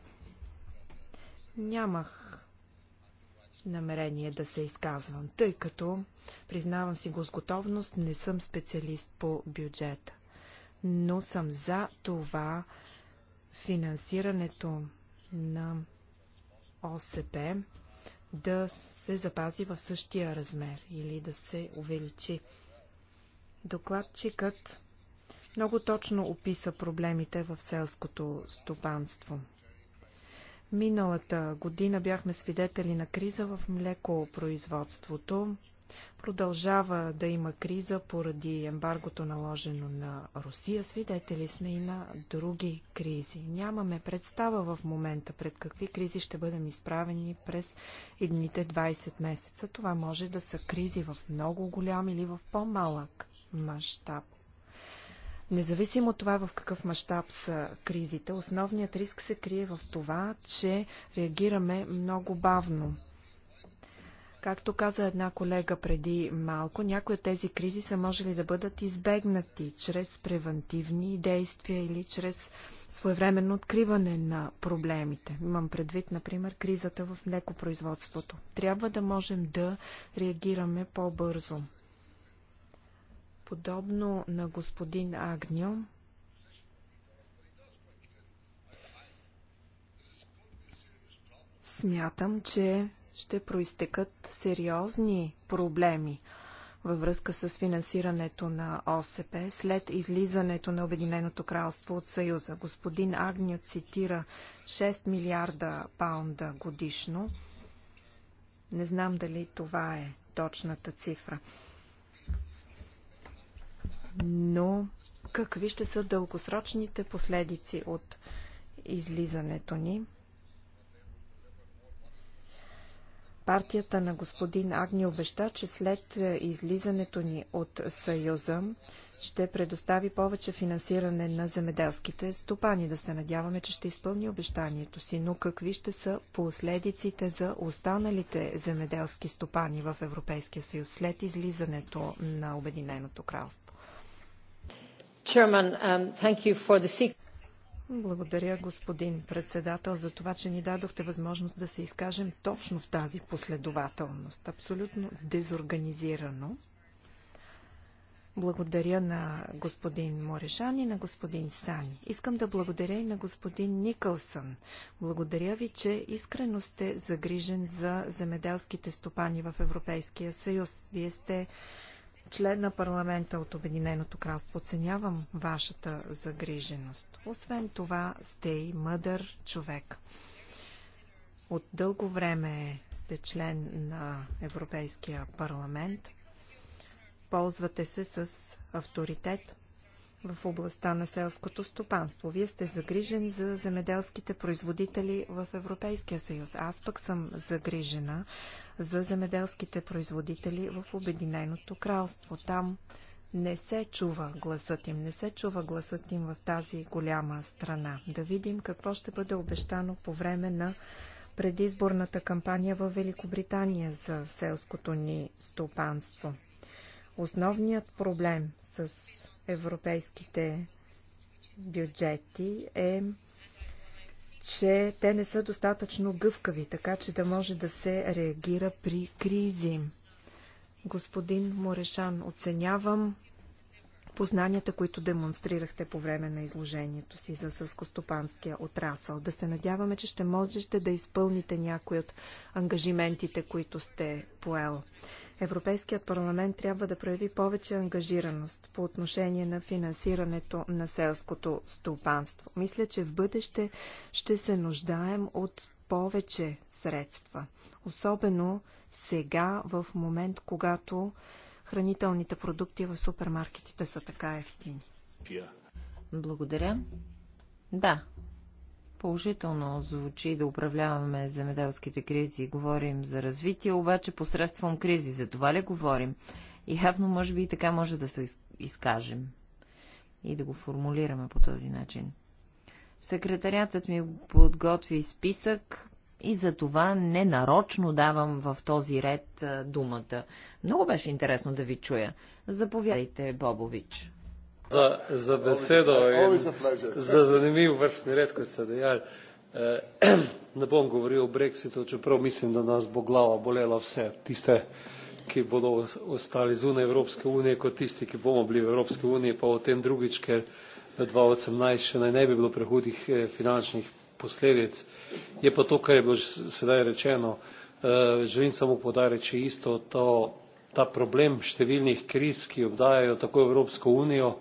Нямах намерение да се изказвам, тъй като, признавам си го с готовност, не съм специалист по бюджета. Но съм за това финансирането на ОСП да се запази в същия размер или да се увеличи. Докладчикът много точно описа проблемите в селското стопанство – Миналата година бяхме свидетели на криза в млекопроизводството. Продължава да има криза поради ембаргото наложено на Русия. Свидетели сме и на други кризи. Нямаме представа в момента пред какви кризи ще бъдем изправени през едните 20 месеца. Това може да са кризи в много голям или в по-малък мащаб. Независимо от това в какъв мащаб са кризите, основният риск се крие в това, че реагираме много бавно. Както каза една колега преди малко, някои от тези кризи са можели да бъдат избегнати чрез превентивни действия или чрез своевременно откриване на проблемите. Имам предвид, например, кризата в млекопроизводството. Трябва да можем да реагираме по-бързо. Подобно на господин Агньо, смятам, че ще проистекат сериозни проблеми във връзка с финансирането на ОСП след излизането на Обединеното кралство от Съюза. Господин Агнио цитира 6 милиарда паунда годишно. Не знам дали това е точната цифра но какви ще са дългосрочните последици от излизането ни? Партията на господин Агни обеща, че след е, излизането ни от Съюза ще предостави повече финансиране на земеделските стопани. Да се надяваме, че ще изпълни обещанието си, но какви ще са последиците за останалите земеделски стопани в Европейския съюз след излизането на Обединеното кралство? Um, благодаря, господин председател, за това, че ни дадохте възможност да се изкажем точно в тази последователност. Абсолютно дезорганизирано. Благодаря на господин Морешан и на господин Сани. Искам да благодаря и на господин Никълсън. Благодаря ви, че искрено сте загрижен за земеделските стопани в Европейския съюз. Вие сте член на парламента от Обединеното кралство. Оценявам вашата загриженост. Освен това, сте и мъдър човек. От дълго време сте член на Европейския парламент. Ползвате се с авторитет в областта на селското стопанство. Вие сте загрижен за земеделските производители в Европейския съюз. Аз пък съм загрижена за земеделските производители в Обединеното кралство. Там не се чува гласът им, не се чува гласът им в тази голяма страна. Да видим какво ще бъде обещано по време на предизборната кампания в Великобритания за селското ни стопанство. Основният проблем с европейските бюджети е, че те не са достатъчно гъвкави, така че да може да се реагира при кризи. Господин Морешан, оценявам познанията, които демонстрирахте по време на изложението си за съскостопанския отрасъл. Да се надяваме, че ще можете да изпълните някои от ангажиментите, които сте поел. Европейският парламент трябва да прояви повече ангажираност по отношение на финансирането на селското стопанство. Мисля, че в бъдеще ще се нуждаем от повече средства. Особено сега, в момент, когато хранителните продукти в супермаркетите са така ефтини. Благодаря. Да, Положително звучи да управляваме земеделските кризи. Говорим за развитие, обаче посредством кризи. За това ли говорим? И явно, може би, и така може да се изкажем и да го формулираме по този начин. Секретарятът ми подготви списък и за това ненарочно давам в този ред думата. Много беше интересно да ви чуя. Заповядайте, Бобович. Za za besedo in za zanimiv vrstni red, kot ste dejali. Ne bom govoril o brexitu, čeprav mislim, da nas bo glava bolela vse, tiste, ki bodo ostali zunaj Evropske unije, kot tisti, ki bomo bili v Evropski uniji, pa o tem drugič, ker v 2018 še naj ne bi bilo prehudih finančnih posledic. Je pa to, kar je bilo sedaj rečeno, želim samo podariti še isto, to, ta problem številnih kriz, ki obdajajo tako Evropsko unijo,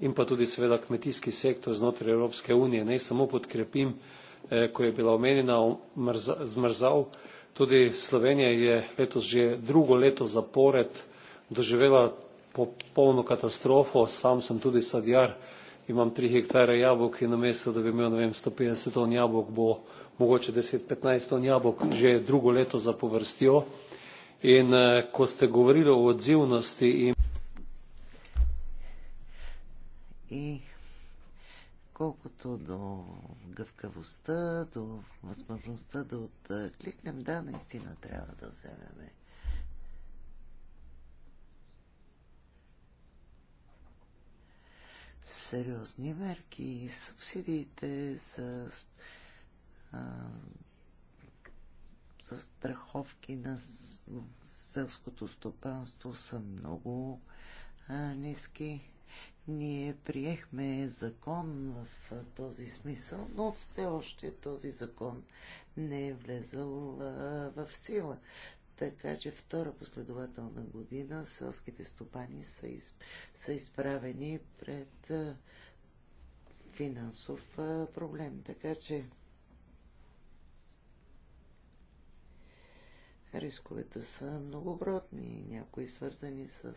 in pa tudi seveda kmetijski sektor znotraj Evropske unije. Naj samo podkrepim, ko je bila omenjena zmrzav, tudi Slovenija je letos že drugo leto zapored doživela popolno katastrofo. Sam sem tudi sadjar, imam tri hektare jabolk in namesto, da bi imel, ne vem, 150 ton jabolk, bo mogoče 10-15 ton jabolk že drugo leto zapovrstjo. In ko ste govorili o odzivnosti in И колкото до гъвкавостта, до възможността да откликнем, да, наистина трябва да вземеме сериозни мерки, субсидиите за, а, за страховки на селското стопанство са много а, ниски. Ние приехме закон в този смисъл, но все още този закон не е влезал в сила. Така че втора последователна година селските стопани са, из, са изправени пред финансов проблем. Така че рисковете са многобротни, някои свързани с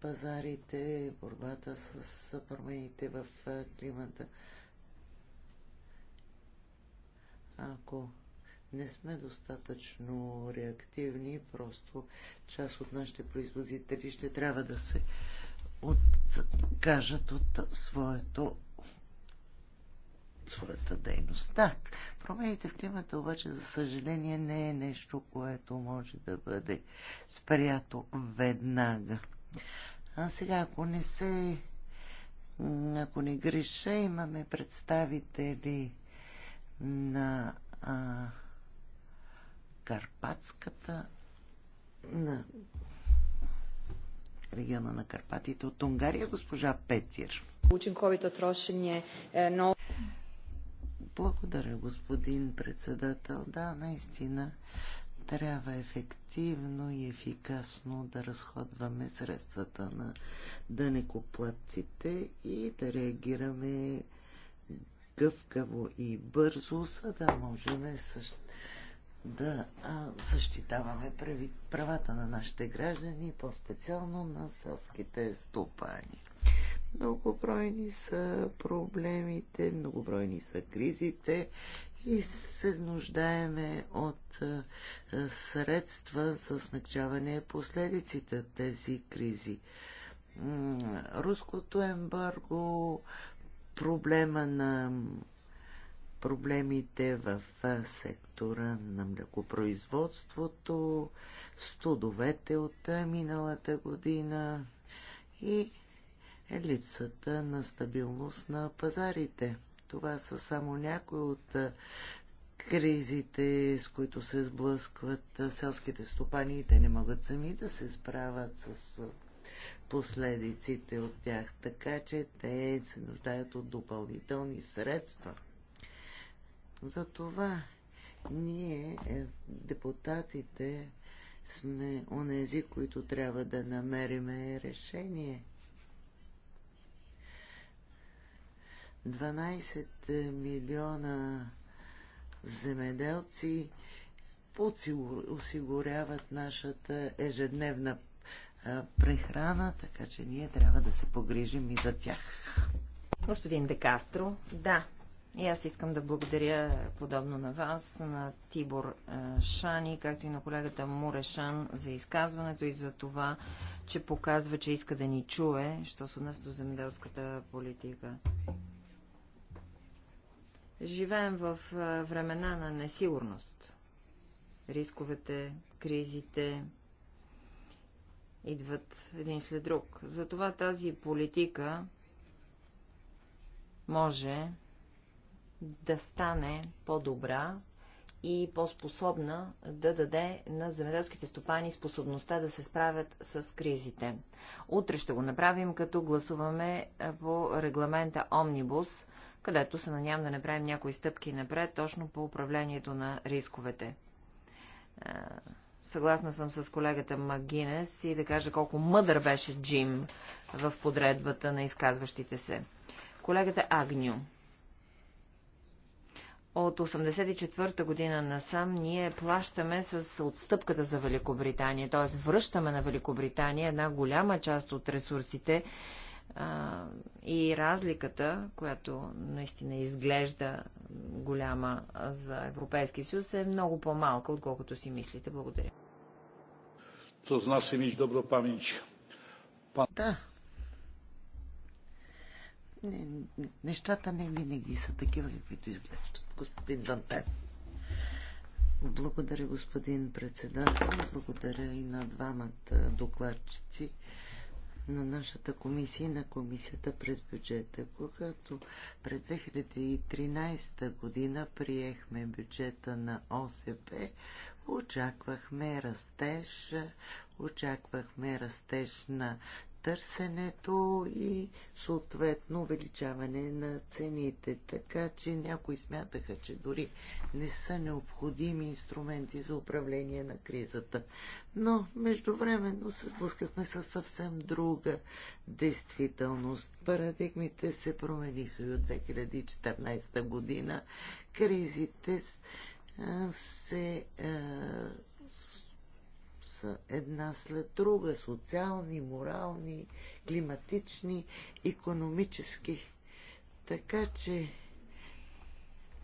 пазарите, борбата с промените в климата. Ако не сме достатъчно реактивни, просто част от нашите производители ще трябва да се откажат от своето своята дейност. Да, промените в климата обаче, за съжаление, не е нещо, което може да бъде спрято веднага. А сега, ако не се... Ако не греша, имаме представители на а, Карпатската на региона на Карпатите от Унгария, госпожа Петир. Учинковито трошење е, но... Благодаря, господин председател. Да, наистина трябва ефективно и ефикасно да разходваме средствата на дънекоплатците и да реагираме гъвкаво и бързо, за да можем да защитаваме правата на нашите граждани, по-специално на селските стопани. Многобройни са проблемите, многобройни са кризите и се нуждаеме от средства за смягчаване последиците от тези кризи. Руското ембарго, проблема на проблемите в сектора на млекопроизводството, студовете от миналата година и е липсата на стабилност на пазарите. Това са само някои от кризите, с които се сблъскват селските стопани и те не могат сами да се справят с последиците от тях, така че те се нуждаят от допълнителни средства. Затова ние, е, депутатите, сме онези, които трябва да намериме решение – 12 е, милиона земеделци осигуряват нашата ежедневна е, прехрана, така че ние трябва да се погрижим и за тях. Господин Декастро, да, и аз искам да благодаря, подобно на вас, на Тибор е, Шани, както и на колегата Мурешан за изказването и за това, че показва, че иска да ни чуе, що се отнася до земеделската политика. Живеем в времена на несигурност. Рисковете, кризите идват един след друг. Затова тази политика може да стане по-добра и по-способна да даде на земеделските стопани способността да се справят с кризите. Утре ще го направим, като гласуваме по регламента Омнибус където се надявам да направим някои стъпки напред, точно по управлението на рисковете. Е, съгласна съм с колегата Магинес и да кажа колко мъдър беше Джим в подредбата на изказващите се. Колегата Агню. От 1984 година насам ние плащаме с отстъпката за Великобритания, т.е. връщаме на Великобритания една голяма част от ресурсите, а, и разликата, която наистина изглежда голяма за Европейски съюз, е много по-малка, отколкото си мислите. Благодаря. Co znaczy mieć добро pamięć? Pan... Да. Не, нещата не винаги са такива, каквито изглеждат. Господин Дантен. Благодаря, господин председател. Благодаря и на двамата докладчици на нашата комисия и на комисията през бюджета. Когато през 2013 година приехме бюджета на ОСП, очаквахме растеж, очаквахме растеж на търсенето и съответно увеличаване на цените. Така че някои смятаха, че дори не са необходими инструменти за управление на кризата. Но междувременно се спускахме със съвсем друга действителност. Парадигмите се промениха и от 2014 година. Кризите се са една след друга социални, морални, климатични, економически. Така че,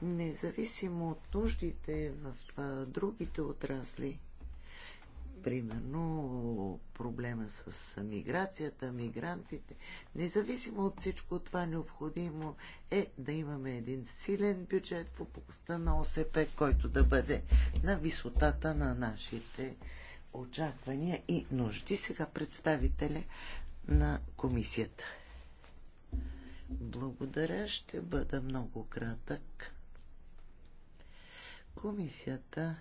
независимо от нуждите в другите отрасли, примерно проблема с миграцията, мигрантите. Независимо от всичко това необходимо е да имаме един силен бюджет в областта на ОСП, който да бъде на висотата на нашите очаквания и нужди. Сега представителя на комисията. Благодаря, ще бъда много кратък. Комисията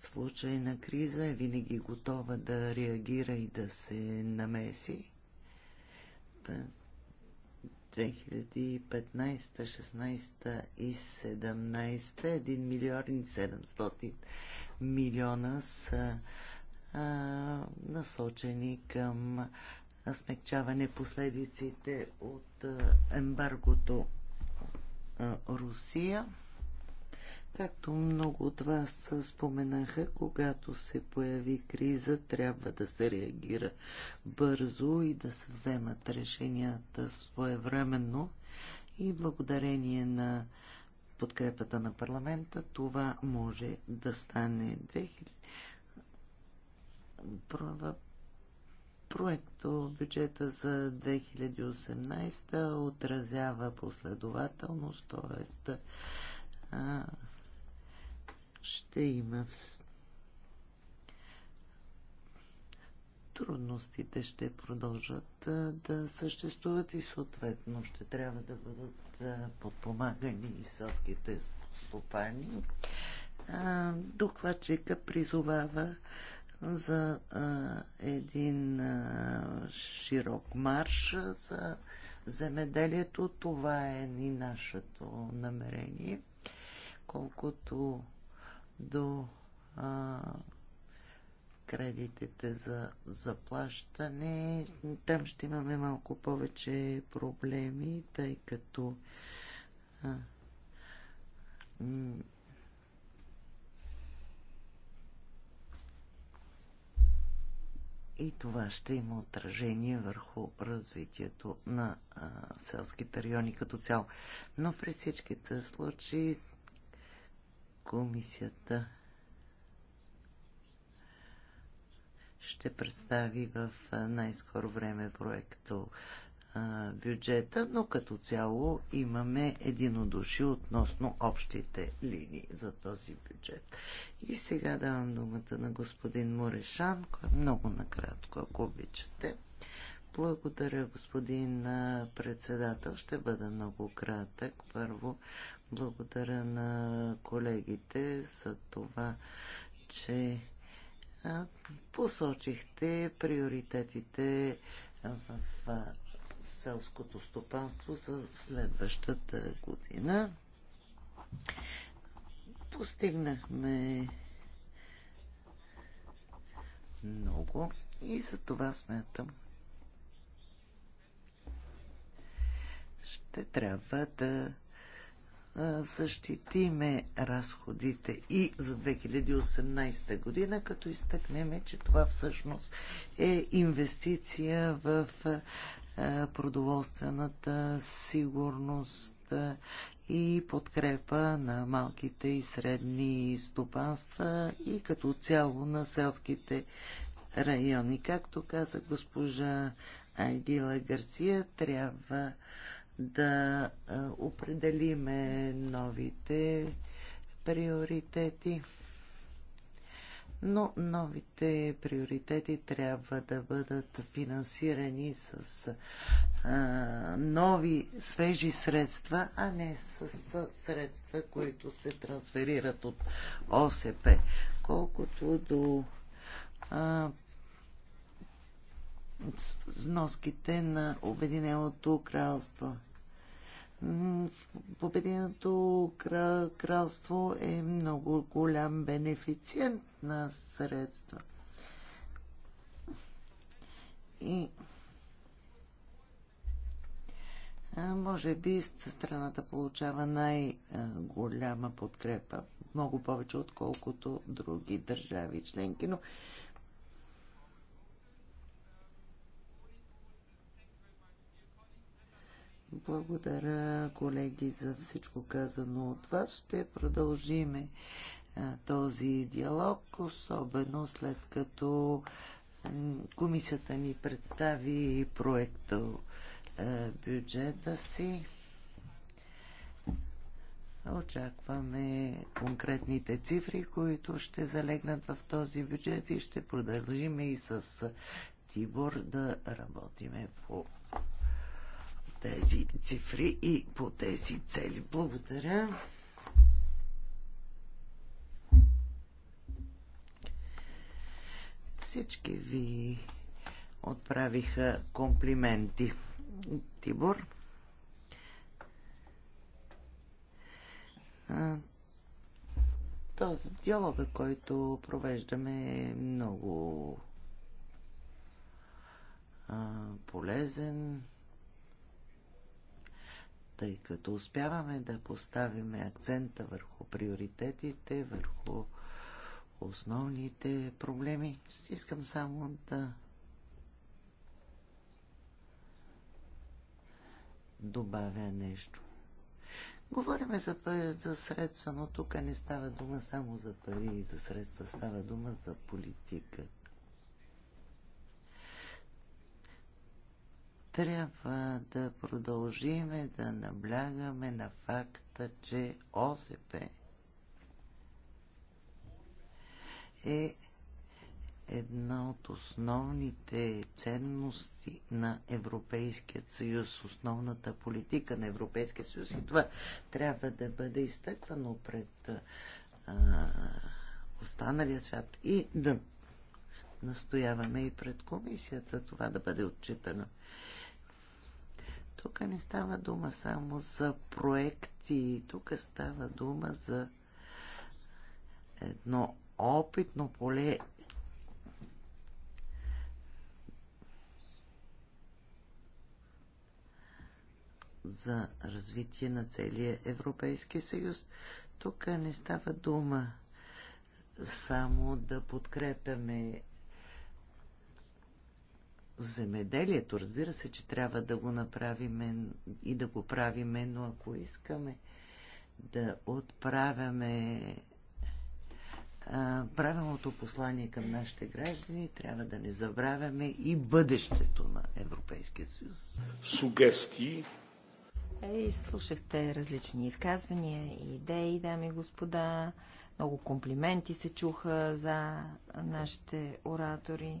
в случай на криза е винаги готова да реагира и да се намеси. 2015, 16 и 17 1 милиард и 700 милиона са а, насочени към смягчаване последиците от ембаргото Русия. Както много от вас споменаха, когато се появи криза, трябва да се реагира бързо и да се вземат решенията своевременно. И благодарение на подкрепата на парламента, това може да стане 2000 проекто бюджета за 2018 отразява последователност, т.е. ще има трудностите ще продължат да съществуват и съответно ще трябва да бъдат подпомагани и селските стопани. Докладчика призовава за един широк марш за земеделието. Това е и нашето намерение. Колкото до кредитите за заплащане. Там ще имаме малко повече проблеми, тъй като и това ще има отражение върху развитието на селските райони като цяло. Но при всичките случаи комисията ще представи в най-скоро време проекто бюджета, но като цяло имаме единодуши относно общите линии за този бюджет. И сега давам думата на господин Морешан, кой много накратко, ако обичате. Благодаря, господин председател. Ще бъда много кратък. Първо, благодаря на колегите за това, че посочихте приоритетите в селското стопанство за следващата година. Постигнахме много и за това смятам. Ще трябва да защитиме разходите и за 2018 година, като изтъкнем, че това всъщност е инвестиция в продоволствената сигурност и подкрепа на малките и средни стопанства и като цяло на селските райони. Както каза госпожа Айгила Гарсия, трябва да определиме новите приоритети. Но новите приоритети трябва да бъдат финансирани с а, нови свежи средства, а не с, с средства, които се трансферират от ОСП. Колкото до а, вноските на Обединеното кралство. Победеното кралство е много голям бенефициент на средства. И може би страната получава най-голяма подкрепа, много повече отколкото други държави членки, но Благодаря, колеги, за всичко казано от вас. Ще продължиме този диалог, особено след като е, комисията ни представи проекта е, бюджета си. Очакваме конкретните цифри, които ще залегнат в този бюджет и ще продължим и с Тибор да работиме по тези цифри и по тези цели. Благодаря. Всички ви отправиха комплименти. Тибор. този диалога, който провеждаме е много а, полезен тъй като успяваме да поставим акцента върху приоритетите, върху основните проблеми. Искам само да добавя нещо. Говориме за, за средства, но тук не става дума само за пари и за средства, става дума за политика. трябва да продължиме да наблягаме на факта, че ОСП е една от основните ценности на Европейския съюз, основната политика на Европейския съюз и това трябва да бъде изтъквано пред а, останалия свят и да настояваме и пред комисията това да бъде отчитано. Тук не става дума само за проекти, тук става дума за едно опитно поле за развитие на целия Европейски съюз. Тук не става дума само да подкрепяме земеделието. Разбира се, че трябва да го направим и да го правим, но ако искаме да отправяме а, правилното послание към нашите граждани, трябва да не забравяме и бъдещето на Европейския съюз. Сугести. Ей, слушахте различни изказвания и идеи, дами и господа. Много комплименти се чуха за нашите оратори.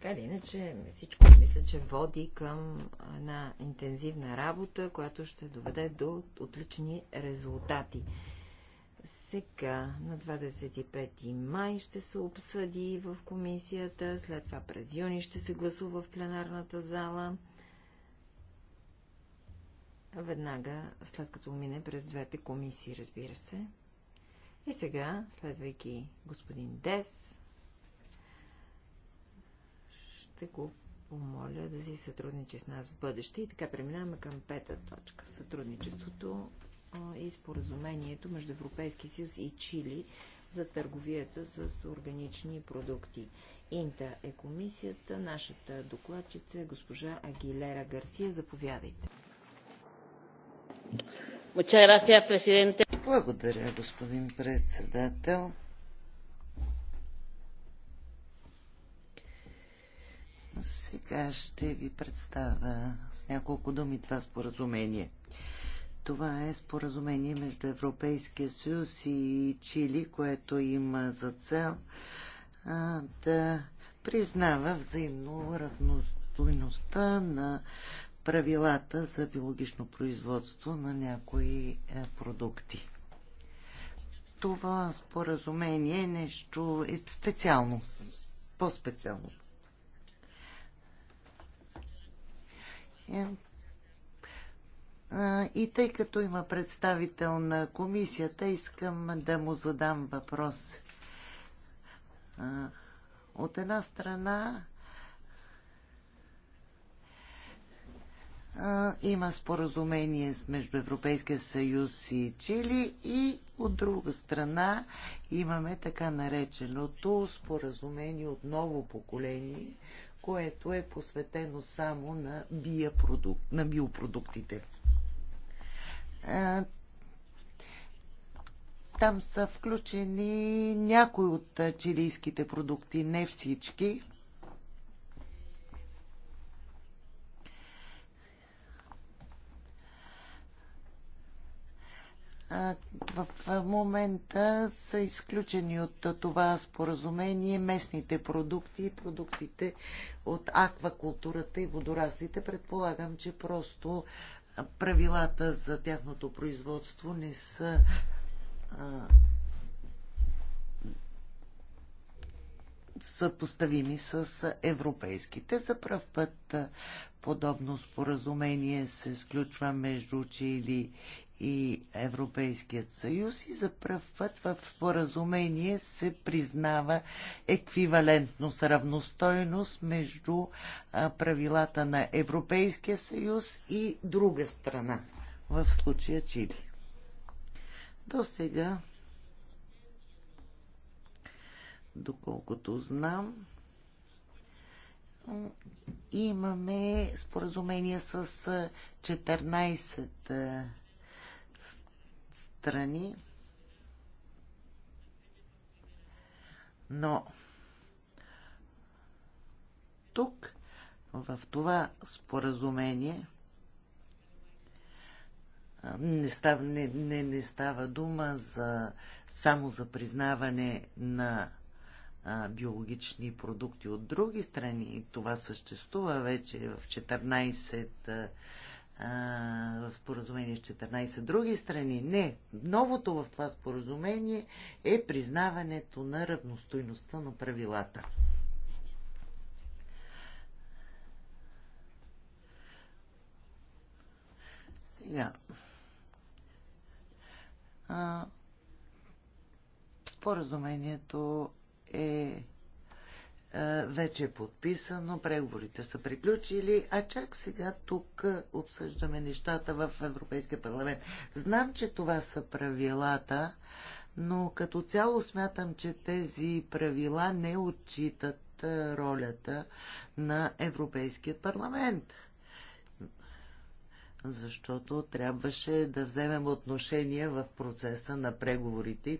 Така ли, иначе, всичко мисля, че води към една интензивна работа, която ще доведе до отлични резултати. Сега, на 25 май ще се обсъди в комисията, след това през юни ще се гласува в пленарната зала. Веднага, след като мине през двете комисии, разбира се. И сега, следвайки господин Дес, ще го помоля да си сътрудничи с нас в бъдеще. И така преминаваме към пета точка. Сътрудничеството и споразумението между Европейски съюз и Чили за търговията с органични продукти. Инта е комисията, нашата докладчица е госпожа Агилера Гарсия. Заповядайте. Благодаря, господин председател. Сега ще ви представя с няколко думи това споразумение. Това е споразумение между Европейския съюз и Чили, което има за цел а, да признава взаимно равностойността на правилата за биологично производство на някои е, продукти. Това споразумение е нещо е специално, по-специално Е, и тъй като има представител на комисията, искам да му задам въпрос. От една страна има споразумение между Европейския съюз и Чили и от друга страна имаме така нареченото споразумение от ново поколение, което е посветено само на, биопродук, на биопродуктите. Там са включени някои от чилийските продукти, не всички. в момента са изключени от това споразумение местните продукти и продуктите от аквакултурата и водораслите. Предполагам, че просто правилата за тяхното производство не са съпоставими с европейските. За пръв път подобно споразумение се сключва между Чили и Европейският съюз и за пръв път в споразумение се признава еквивалентност, равностойност между правилата на Европейския съюз и друга страна, в случая Чили. До сега, доколкото знам, имаме споразумение с 14 страни, но тук в това споразумение не става, не, не, не става дума за, само за признаване на а, биологични продукти от други страни. Това съществува вече в 14 в споразумение с 14 други страни. Не, новото в това споразумение е признаването на равностойността на правилата. Сега. А, споразумението е е, вече е подписано, преговорите са приключили, а чак сега тук е, обсъждаме нещата в Европейския парламент. Знам, че това са правилата, но като цяло смятам, че тези правила не отчитат е, ролята на Европейския парламент. Защото трябваше да вземем отношение в процеса на преговорите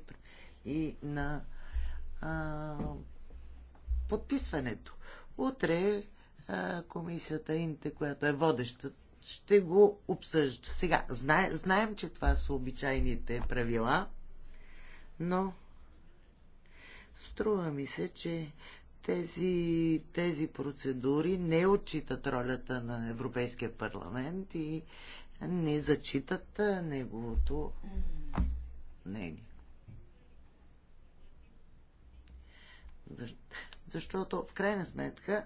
и на а, подписването. Утре комисията Инте, която е водеща, ще го обсъжда. Сега, знае, знаем, че това са обичайните правила, но струва ми се, че тези, тези процедури не отчитат ролята на Европейския парламент и не зачитат неговото мнение. Защо? Защото в крайна сметка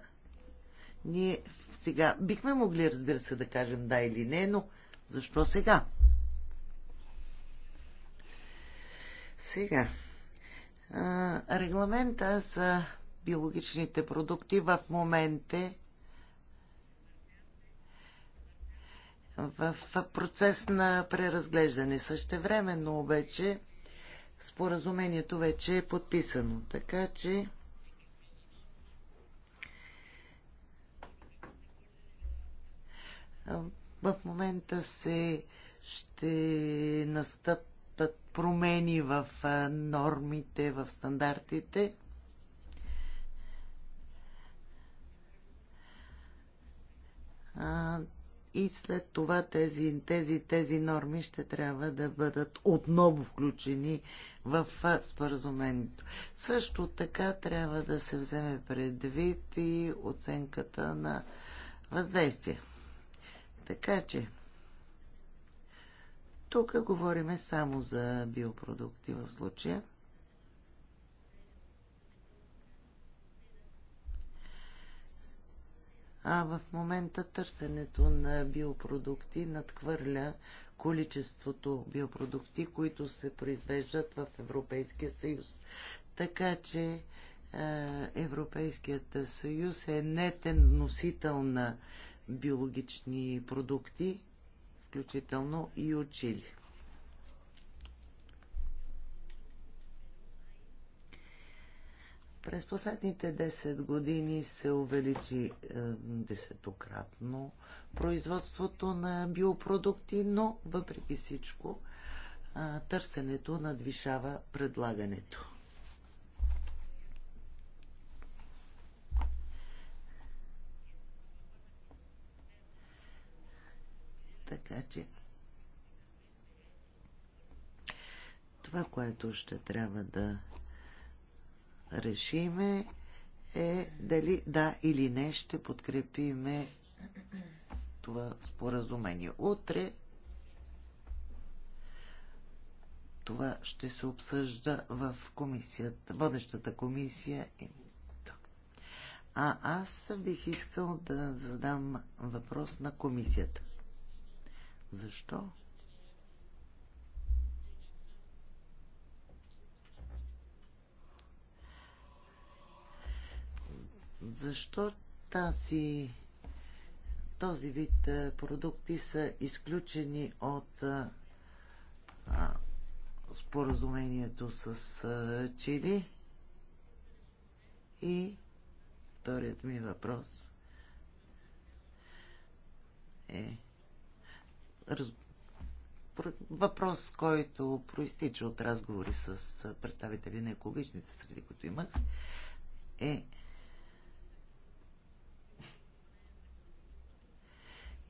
ние сега бихме могли, разбира се, да кажем да или не, но защо сега? Сега. А, регламента за биологичните продукти в момента е в процес на преразглеждане. Същевременно обаче споразумението вече е подписано. Така че В момента се ще настъпат промени в нормите, в стандартите. и след това тези, тези, тези норми ще трябва да бъдат отново включени в споразумението. Също така трябва да се вземе предвид и оценката на въздействие. Така че, тук говориме само за биопродукти в случая. А в момента търсенето на биопродукти надхвърля количеството биопродукти, които се произвеждат в Европейския съюз. Така че е, Европейският съюз е нетен носител на биологични продукти, включително и от чили. През последните 10 години се увеличи е, десетократно производството на биопродукти, но въпреки всичко е, търсенето надвишава предлагането. Така че това, което ще трябва да решиме е дали да или не ще подкрепиме това споразумение. Утре това ще се обсъжда в комисията, водещата комисия. А аз бих искал да задам въпрос на комисията. Защо? Защо тази този вид продукти са изключени от а, споразумението с а, Чили? И вторият ми въпрос е раз... въпрос, който проистича от разговори с представители на екологичните среди, които имах, е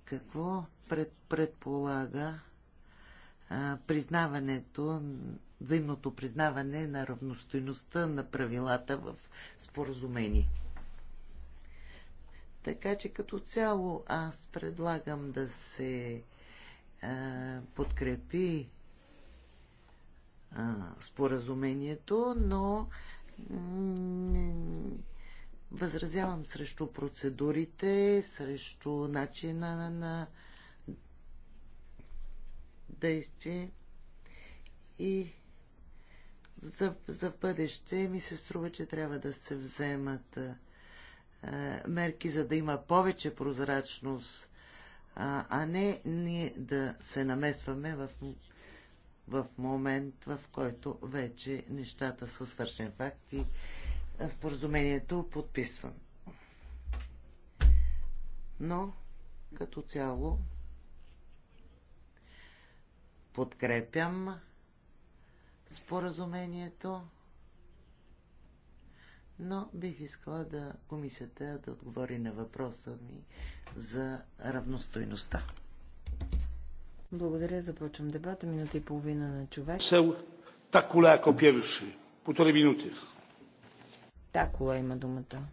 какво пред, предполага а, признаването, взаимното признаване на равностойността на правилата в споразумение. Така че като цяло аз предлагам да се е, подкрепи е, споразумението, но възразявам срещу процедурите, срещу начина на, на действие и за, за бъдеще ми се струва, че трябва да се вземат е, мерки, за да има повече прозрачност а, а не ние да се намесваме в, в момент, в който вече нещата са свършен факт и споразумението е подписано. Но, като цяло, подкрепям споразумението но бих искала да комисията да отговори на въпроса ми за равностойността. Благодаря. Започвам дебата. Минута и половина на човек. Сел Такула е ако пирши. По три минути. Такула има думата.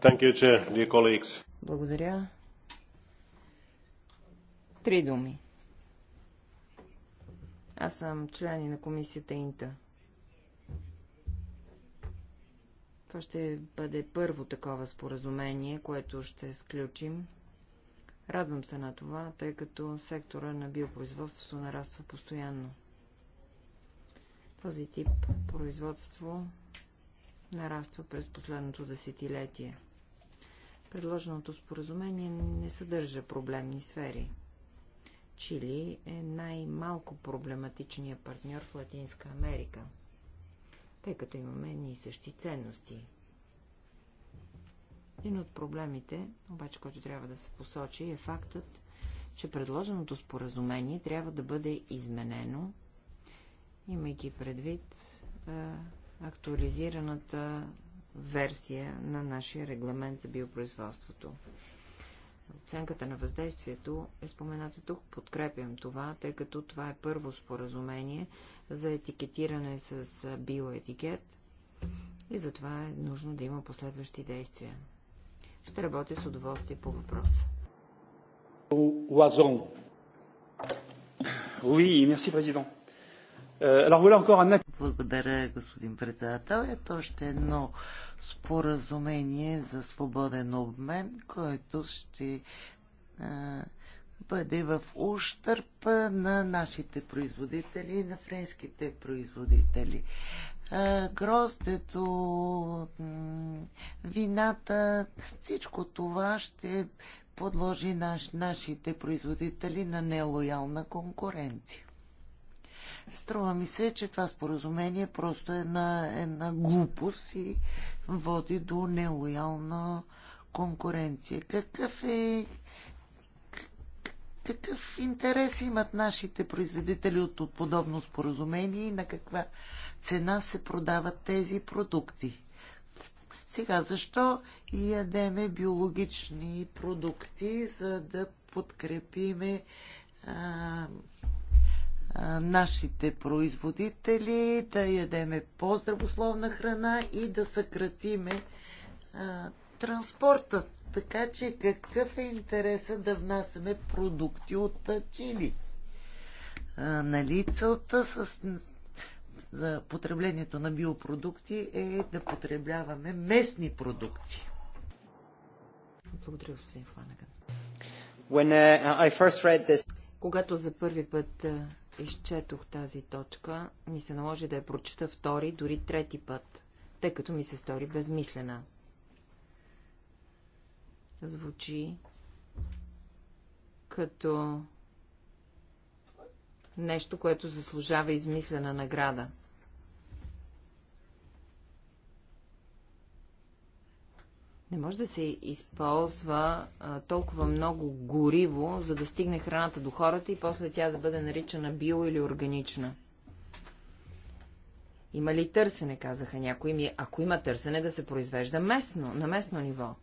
Thank you, dear colleagues. Благодаря. Три думи. Аз съм член на комисията Инта. Това ще бъде първо такова споразумение, което ще сключим. Радвам се на това, тъй като сектора на биопроизводството нараства постоянно. Този тип производство нараства през последното десетилетие. Предложеното споразумение не съдържа проблемни сфери. Чили е най-малко проблематичният партньор в Латинска Америка – тъй като имаме едни и същи ценности. Един от проблемите, обаче, който трябва да се посочи, е фактът, че предложеното споразумение трябва да бъде изменено, имайки предвид е, актуализираната версия на нашия регламент за биопроизводството. Оценката на въздействието е спомената тук. Подкрепям това, тъй като това е първо споразумение за етикетиране с биоетикет и затова е нужно да има последващи действия. Ще работя с удоволствие по въпроса. Лазон. Oui, merci, président. Euh, Благодаря, господин председател. Ето още едно споразумение за свободен обмен, който ще е, бъде в ущърп на нашите производители и на френските производители. Е, гроздето, вината, всичко това ще подложи наш, нашите производители на нелоялна конкуренция. Струва ми се, че това споразумение просто е една, една глупост и води до нелоялна конкуренция. Какъв е какъв интерес имат нашите производители от, от подобно споразумение и на каква цена се продават тези продукти? Сега, защо ядеме биологични продукти, за да подкрепиме а, нашите производители, да ядеме по-здравословна храна и да съкратиме транспорта. Така че какъв е интереса да внасяме продукти от Чили? А, нали целта с, за потреблението на биопродукти е да потребляваме местни продукти. Благодаря, господин Фланаган. When, uh, I first read this... Когато за първи път изчетох тази точка, ми се наложи да я прочета втори, дори трети път, тъй като ми се стори безмислена. Звучи като нещо, което заслужава измислена награда – Не може да се използва а, толкова много гориво, за да стигне храната до хората и после тя да бъде наричана био или органична. Има ли търсене, казаха някои ми. Ако има търсене, да се произвежда местно, на местно ниво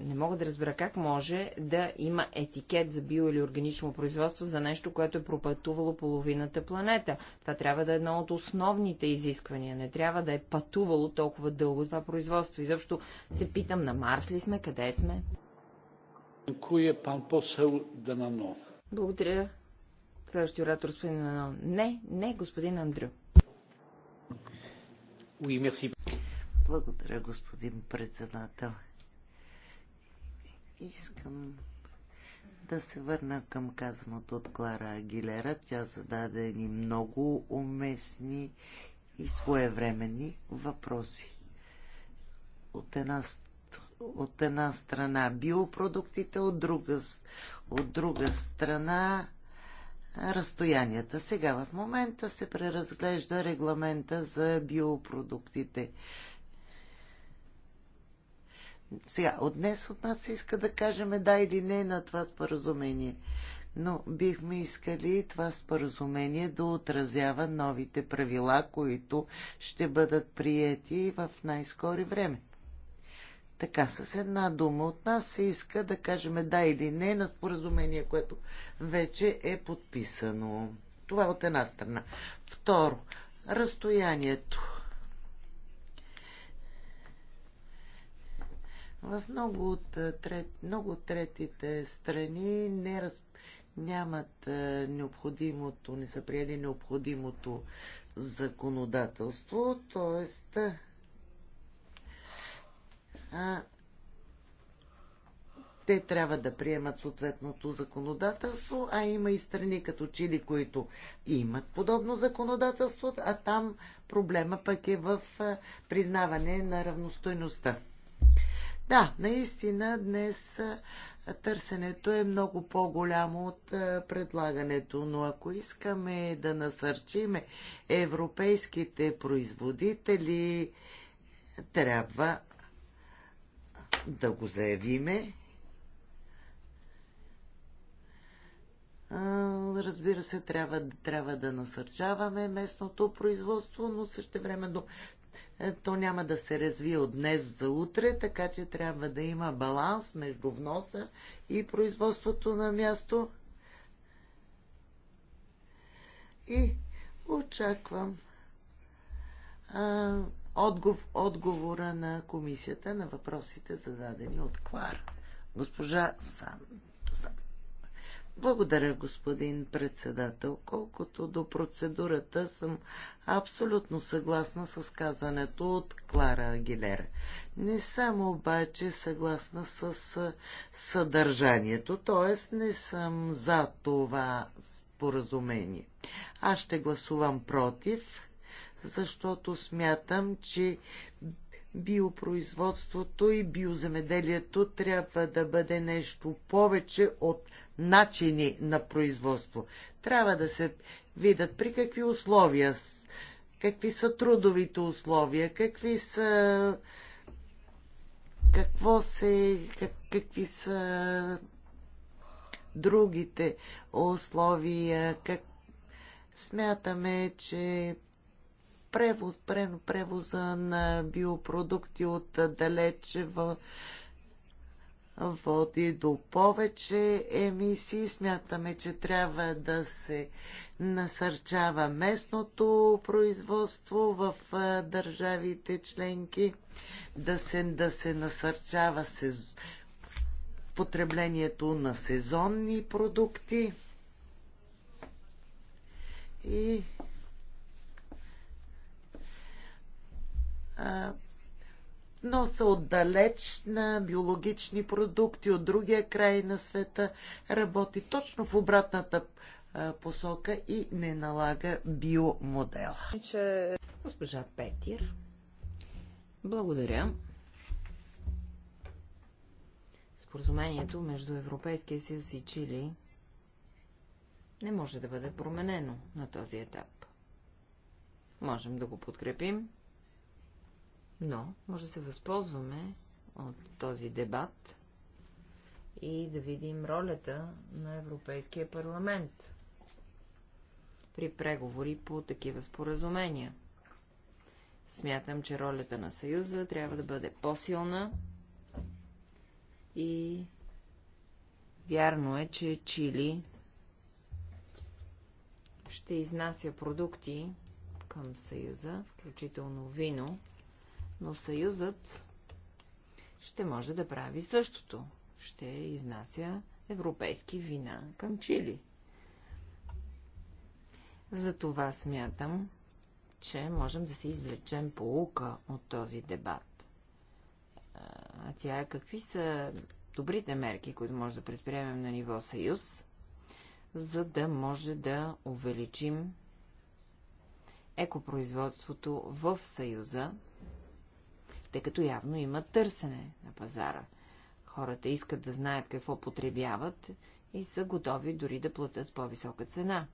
не мога да разбера как може да има етикет за био или органично производство за нещо, което е пропътувало половината планета. Това трябва да е едно от основните изисквания. Не трябва да е пътувало толкова дълго това производство. И защо се питам, на Марс ли сме, къде сме? Благодаря. Следващия оратор, господин Данано. Не, не, господин Андрю. Благодаря, господин председател. Искам да се върна към казаното от Клара Агилера. Тя зададе ни много уместни и своевременни въпроси. От една, от една страна биопродуктите, от друга, от друга страна разстоянията. Сега в момента се преразглежда регламента за биопродуктите. Сега, от днес от нас се иска да кажем да или не на това споразумение. Но бихме искали това споразумение да отразява новите правила, които ще бъдат приети в най-скори време. Така, с една дума от нас се иска да кажем да или не на споразумение, което вече е подписано. Това от една страна. Второ, разстоянието В много от, е, трет, много от третите страни не раз, нямат е, необходимото, не са приели необходимото законодателство, т.е. те трябва да приемат съответното законодателство, а има и страни като Чили, които имат подобно законодателство, а там проблема пък е в е, признаване на равностойността. Да, наистина днес търсенето е много по-голямо от предлагането, но ако искаме да насърчиме европейските производители, трябва да го заявиме. Разбира се, трябва, трябва да насърчаваме местното производство, но времено. Е, то няма да се развие от днес за утре, така че трябва да има баланс между вноса и производството на място. И очаквам а, отгов, отговора на комисията на въпросите зададени от Клар Госпожа Сан. Сан. Благодаря, господин председател. Колкото до процедурата, съм абсолютно съгласна с казането от Клара Агилера. Не съм обаче съгласна с съдържанието, т.е. не съм за това споразумение. Аз ще гласувам против, защото смятам, че биопроизводството и биоземеделието трябва да бъде нещо повече от начини на производство. Трябва да се видят при какви условия, какви са трудовите условия, какви са какво се, как, какви са другите условия, как смятаме, че превоз, превоза на биопродукти от далече в води до повече емисии. Смятаме, че трябва да се насърчава местното производство в държавите членки, да се, да се насърчава сез... потреблението на сезонни продукти и а, но са отдалеч на биологични продукти от другия край на света, работи точно в обратната посока и не налага биомодел. Госпожа Петир, благодаря. Споразумението между Европейския съюз и Чили не може да бъде променено на този етап. Можем да го подкрепим, но може да се възползваме от този дебат и да видим ролята на Европейския парламент при преговори по такива споразумения. Смятам, че ролята на Съюза трябва да бъде по-силна и вярно е, че Чили ще изнася продукти към Съюза, включително вино, но Съюзът ще може да прави същото. Ще изнася европейски вина към Чили. Затова смятам, че можем да се извлечем полука от този дебат. А тя е какви са добрите мерки, които може да предприемем на ниво съюз, за да може да увеличим екопроизводството в съюза тъй като явно има търсене на пазара. Хората искат да знаят какво потребяват и са готови дори да платят по-висока цена.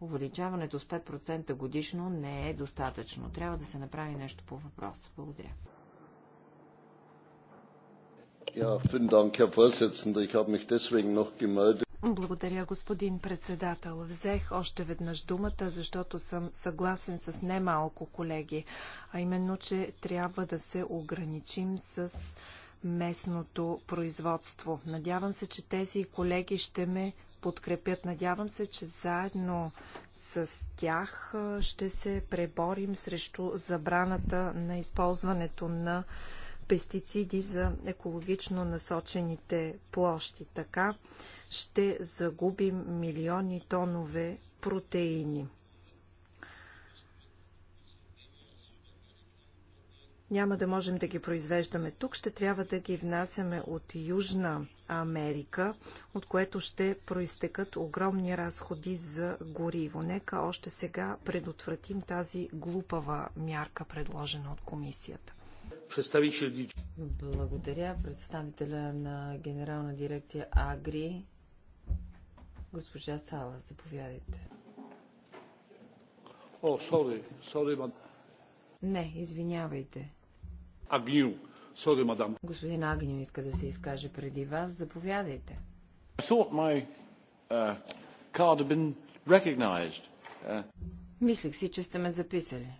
Увеличаването с 5% годишно не е достатъчно. Трябва да се направи нещо по въпрос. Благодаря. Ja, vielen Dank, Herr Vorsitzender. Ich habe mich deswegen noch gemeldet. Благодаря, господин председател. Взех още веднъж думата, защото съм съгласен с немалко колеги, а именно, че трябва да се ограничим с местното производство. Надявам се, че тези колеги ще ме подкрепят. Надявам се, че заедно с тях ще се преборим срещу забраната на използването на пестициди за екологично насочените площи. Така ще загубим милиони тонове протеини. Няма да можем да ги произвеждаме тук, ще трябва да ги внасяме от Южна Америка, от което ще проистекат огромни разходи за гориво. Нека още сега предотвратим тази глупава мярка, предложена от комисията представител Благодаря. Представителя на Генерална дирекция Агри, госпожа Сала, заповядайте. О, сори, сори, мадам. Не, извинявайте. Агню, сори, мадам. Господин Агню иска да се изкаже преди вас. Заповядайте. My, uh, uh... Мислех си, че сте ме записали.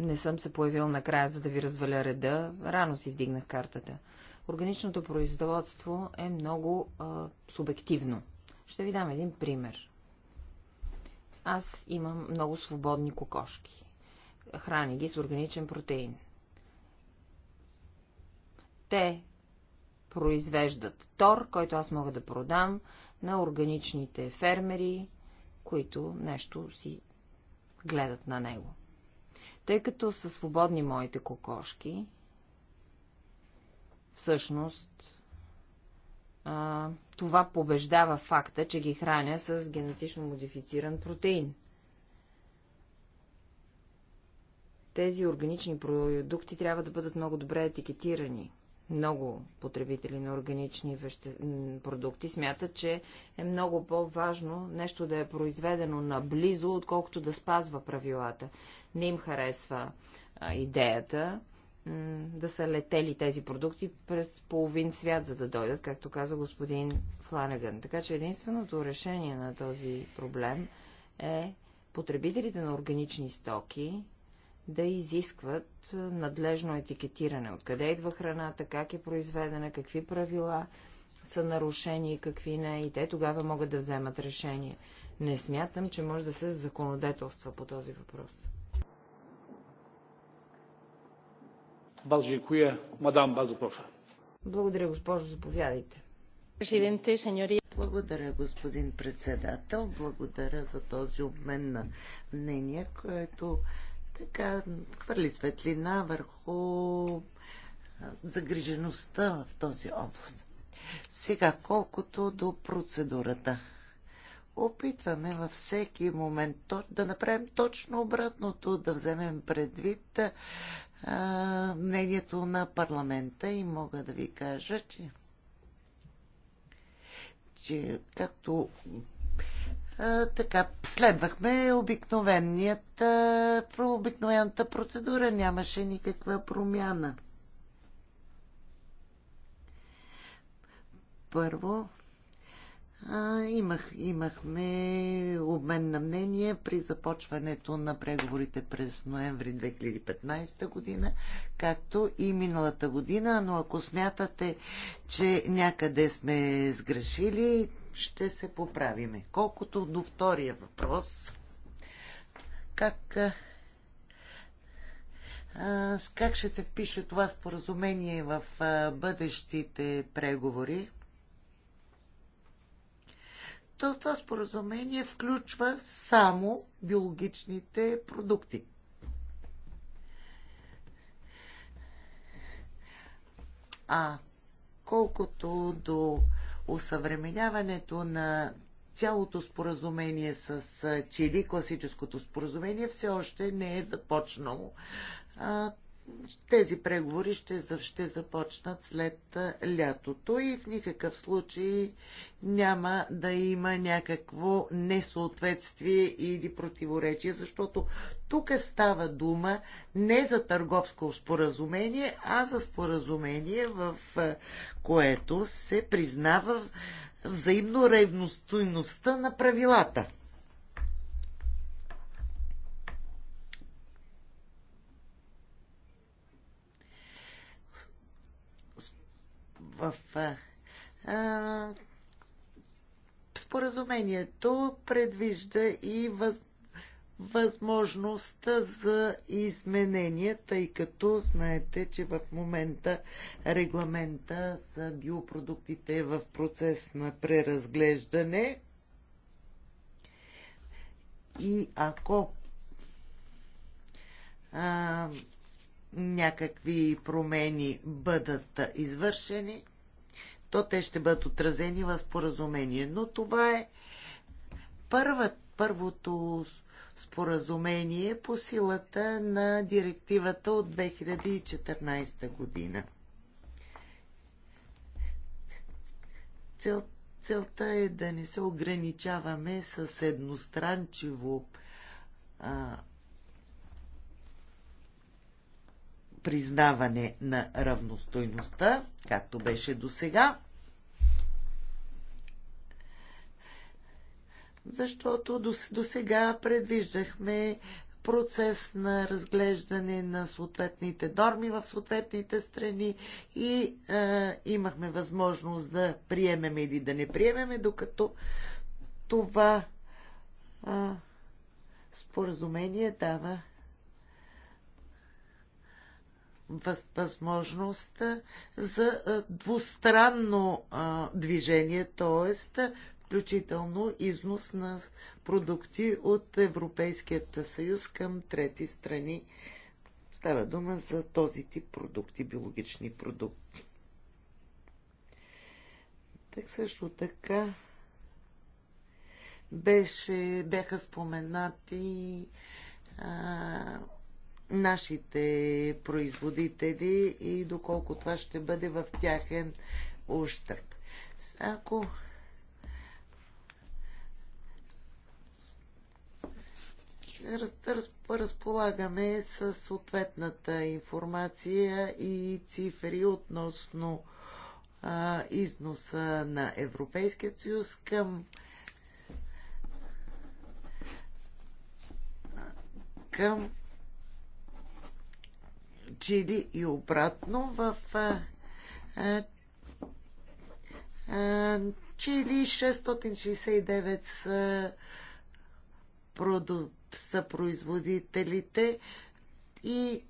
Не съм се появил накрая, за да ви разваля реда. Рано си вдигнах картата. Органичното производство е много а, субективно. Ще ви дам един пример. Аз имам много свободни кокошки. Храни ги с органичен протеин. Те произвеждат тор, който аз мога да продам на органичните фермери, които нещо си гледат на него. Тъй като са свободни моите кокошки, всъщност а, това побеждава факта, че ги храня с генетично модифициран протеин. Тези органични продукти трябва да бъдат много добре етикетирани много потребители на органични веще... продукти смятат, че е много по-важно нещо да е произведено наблизо, отколкото да спазва правилата. Не им харесва а, идеята да са летели тези продукти през половин свят, за да дойдат, както каза господин Фланеган. Така че единственото решение на този проблем е потребителите на органични стоки да изискват надлежно етикетиране. Откъде идва храната, как е произведена, какви правила са нарушени и какви не. И те тогава могат да вземат решение. Не смятам, че може да се законодателства по този въпрос. Мадам, Благодаря, госпожо. Заповядайте. Благодаря, господин председател. Благодаря за този обмен на мнения, което така хвърли светлина върху загрижеността в този област. Сега, колкото до процедурата. Опитваме във всеки момент да направим точно обратното, да вземем предвид а, мнението на парламента и мога да ви кажа, че, че както така, следвахме обикновеният, обикновената процедура. Нямаше никаква промяна. Първо, а, имах, имахме обмен на мнение при започването на преговорите през ноември 2015 година, както и миналата година, но ако смятате, че някъде сме сгрешили, ще се поправиме. Колкото до втория въпрос, как, а, как ще се впише това споразумение в а, бъдещите преговори? То това споразумение включва само биологичните продукти. А колкото до усъвременяването на цялото споразумение с Чили, класическото споразумение, все още не е започнало тези преговори ще, ще започнат след лятото и в никакъв случай няма да има някакво несъответствие или противоречие, защото тук става дума не за търговско споразумение, а за споразумение, в което се признава взаимно ревностойността на правилата. в а, споразумението предвижда и въз, възможността за изменение, тъй като знаете, че в момента регламента за биопродуктите е в процес на преразглеждане. И ако а, някакви промени бъдат извършени, то те ще бъдат отразени в споразумение. Но това е първат, първото споразумение по силата на директивата от 2014 година. Цел, целта е да не се ограничаваме с едностранчиво а, признаване на равностойността, както беше до сега. Защото до, сега предвиждахме процес на разглеждане на съответните норми в съответните страни и е, имахме възможност да приемем или да не приемеме, докато това е, споразумение дава възможност за двустранно движение, т.е. включително износ на продукти от Европейският съюз към трети страни. Става дума за този тип продукти, биологични продукти. Так също така беше, бяха споменати а, нашите производители и доколко това ще бъде в тяхен ущърп. Ако разполагаме с съответната информация и цифри относно а, износа на Европейския съюз към към Чили и обратно в Чили 669 са, проду, са производителите и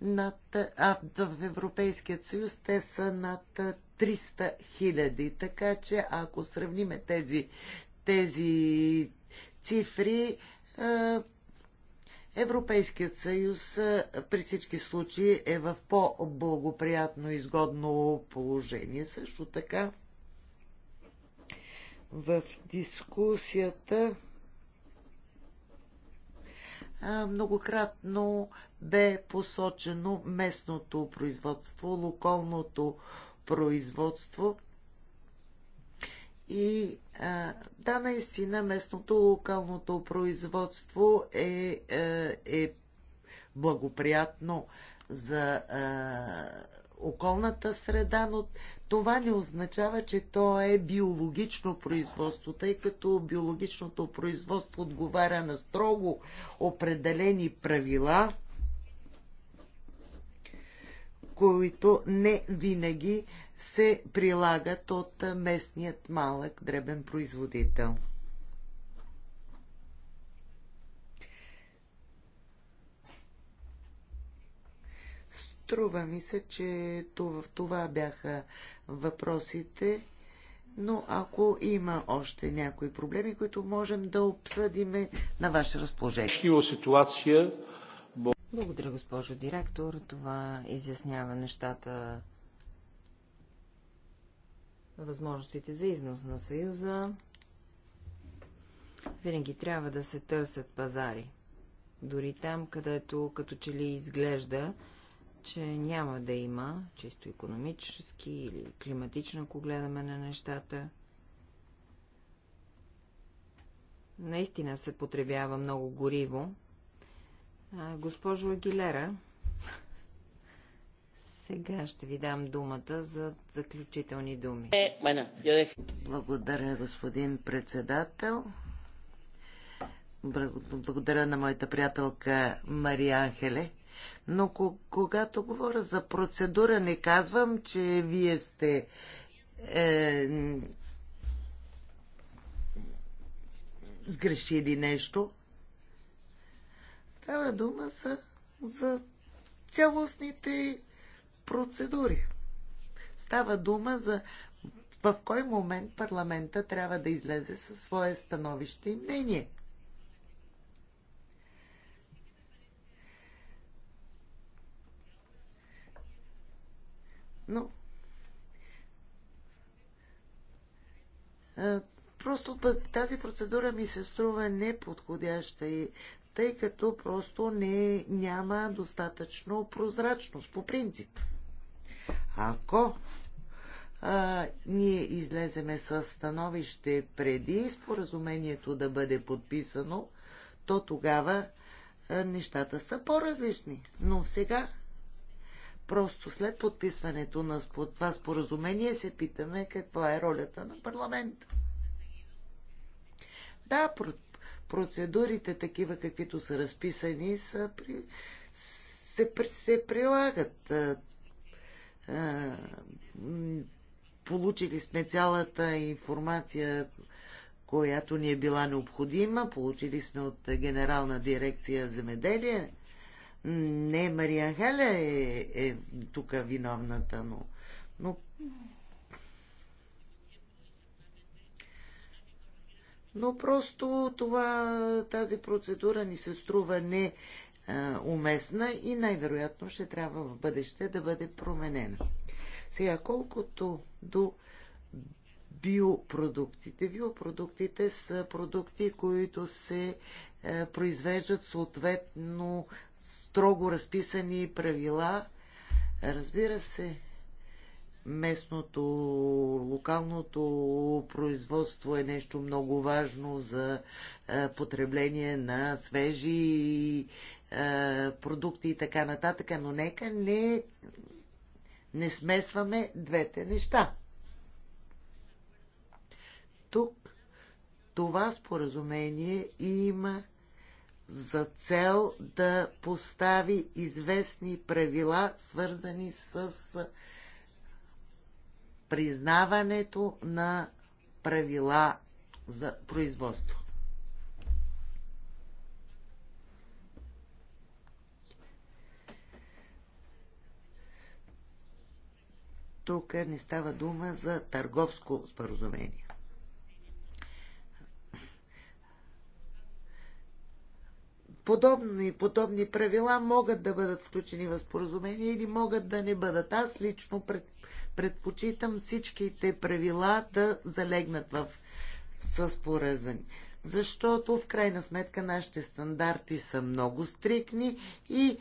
над, а в Европейският съюз те са над 300 хиляди. Така че ако сравниме тези, тези цифри, Европейският съюз при всички случаи е в по-благоприятно изгодно положение. Също така в дискусията многократно бе посочено местното производство, локалното производство – и а, да, наистина местното локалното производство е, е, е благоприятно за а, околната среда, но това не означава, че то е биологично производство, тъй като биологичното производство отговаря на строго определени правила, които не винаги се прилагат от местният малък дребен производител. Струва ми се, че това, това бяха въпросите, но ако има още някои проблеми, които можем да обсъдиме на ваше разположение. Ситуация... Благодаря, госпожо директор. Това изяснява нещата възможностите за износ на Съюза. Винаги трябва да се търсят пазари. Дори там, където като че ли изглежда, че няма да има, чисто економически или климатично, ако гледаме на нещата. Наистина се потребява много гориво. А, госпожо Агилера, сега ще ви дам думата за заключителни думи. Е, благодаря, господин председател. Благодаря на моята приятелка Мария Анхеле. Но когато говоря за процедура, не казвам, че вие сте е, сгрешили нещо. Става дума за, за цялостните процедури. Става дума за в кой момент парламента трябва да излезе със свое становище и мнение. Но просто тази процедура ми се струва неподходяща и тъй като просто не, няма достатъчно прозрачност по принцип. Ако а, ние излеземе с становище преди споразумението да бъде подписано, то тогава а, нещата са по-различни. Но сега, просто след подписването на това споразумение, се питаме каква е ролята на парламента. Да, процедурите, такива каквито са разписани, са при... се, се прилагат. Получили сме цялата информация, която ни е била необходима. Получили сме от Генерална дирекция земеделие. Не, Мария Хеля е, е тук виновната, но, но Но просто това, тази процедура ни се струва не уместна и най-вероятно ще трябва в бъдеще да бъде променена. Сега, колкото до биопродуктите. Биопродуктите са продукти, които се е, произвеждат съответно строго разписани правила. Разбира се, местното, локалното производство е нещо много важно за е, потребление на свежи и е, продукти и така нататък, но нека не, не смесваме двете неща. Тук това споразумение има за цел да постави известни правила, свързани с признаването на правила за производство. тук не става дума за търговско споразумение. подобни, подобни правила могат да бъдат включени в споразумение или могат да не бъдат. Аз лично пред, предпочитам всичките правила да залегнат в споразумение. Защото в крайна сметка нашите стандарти са много стрикни и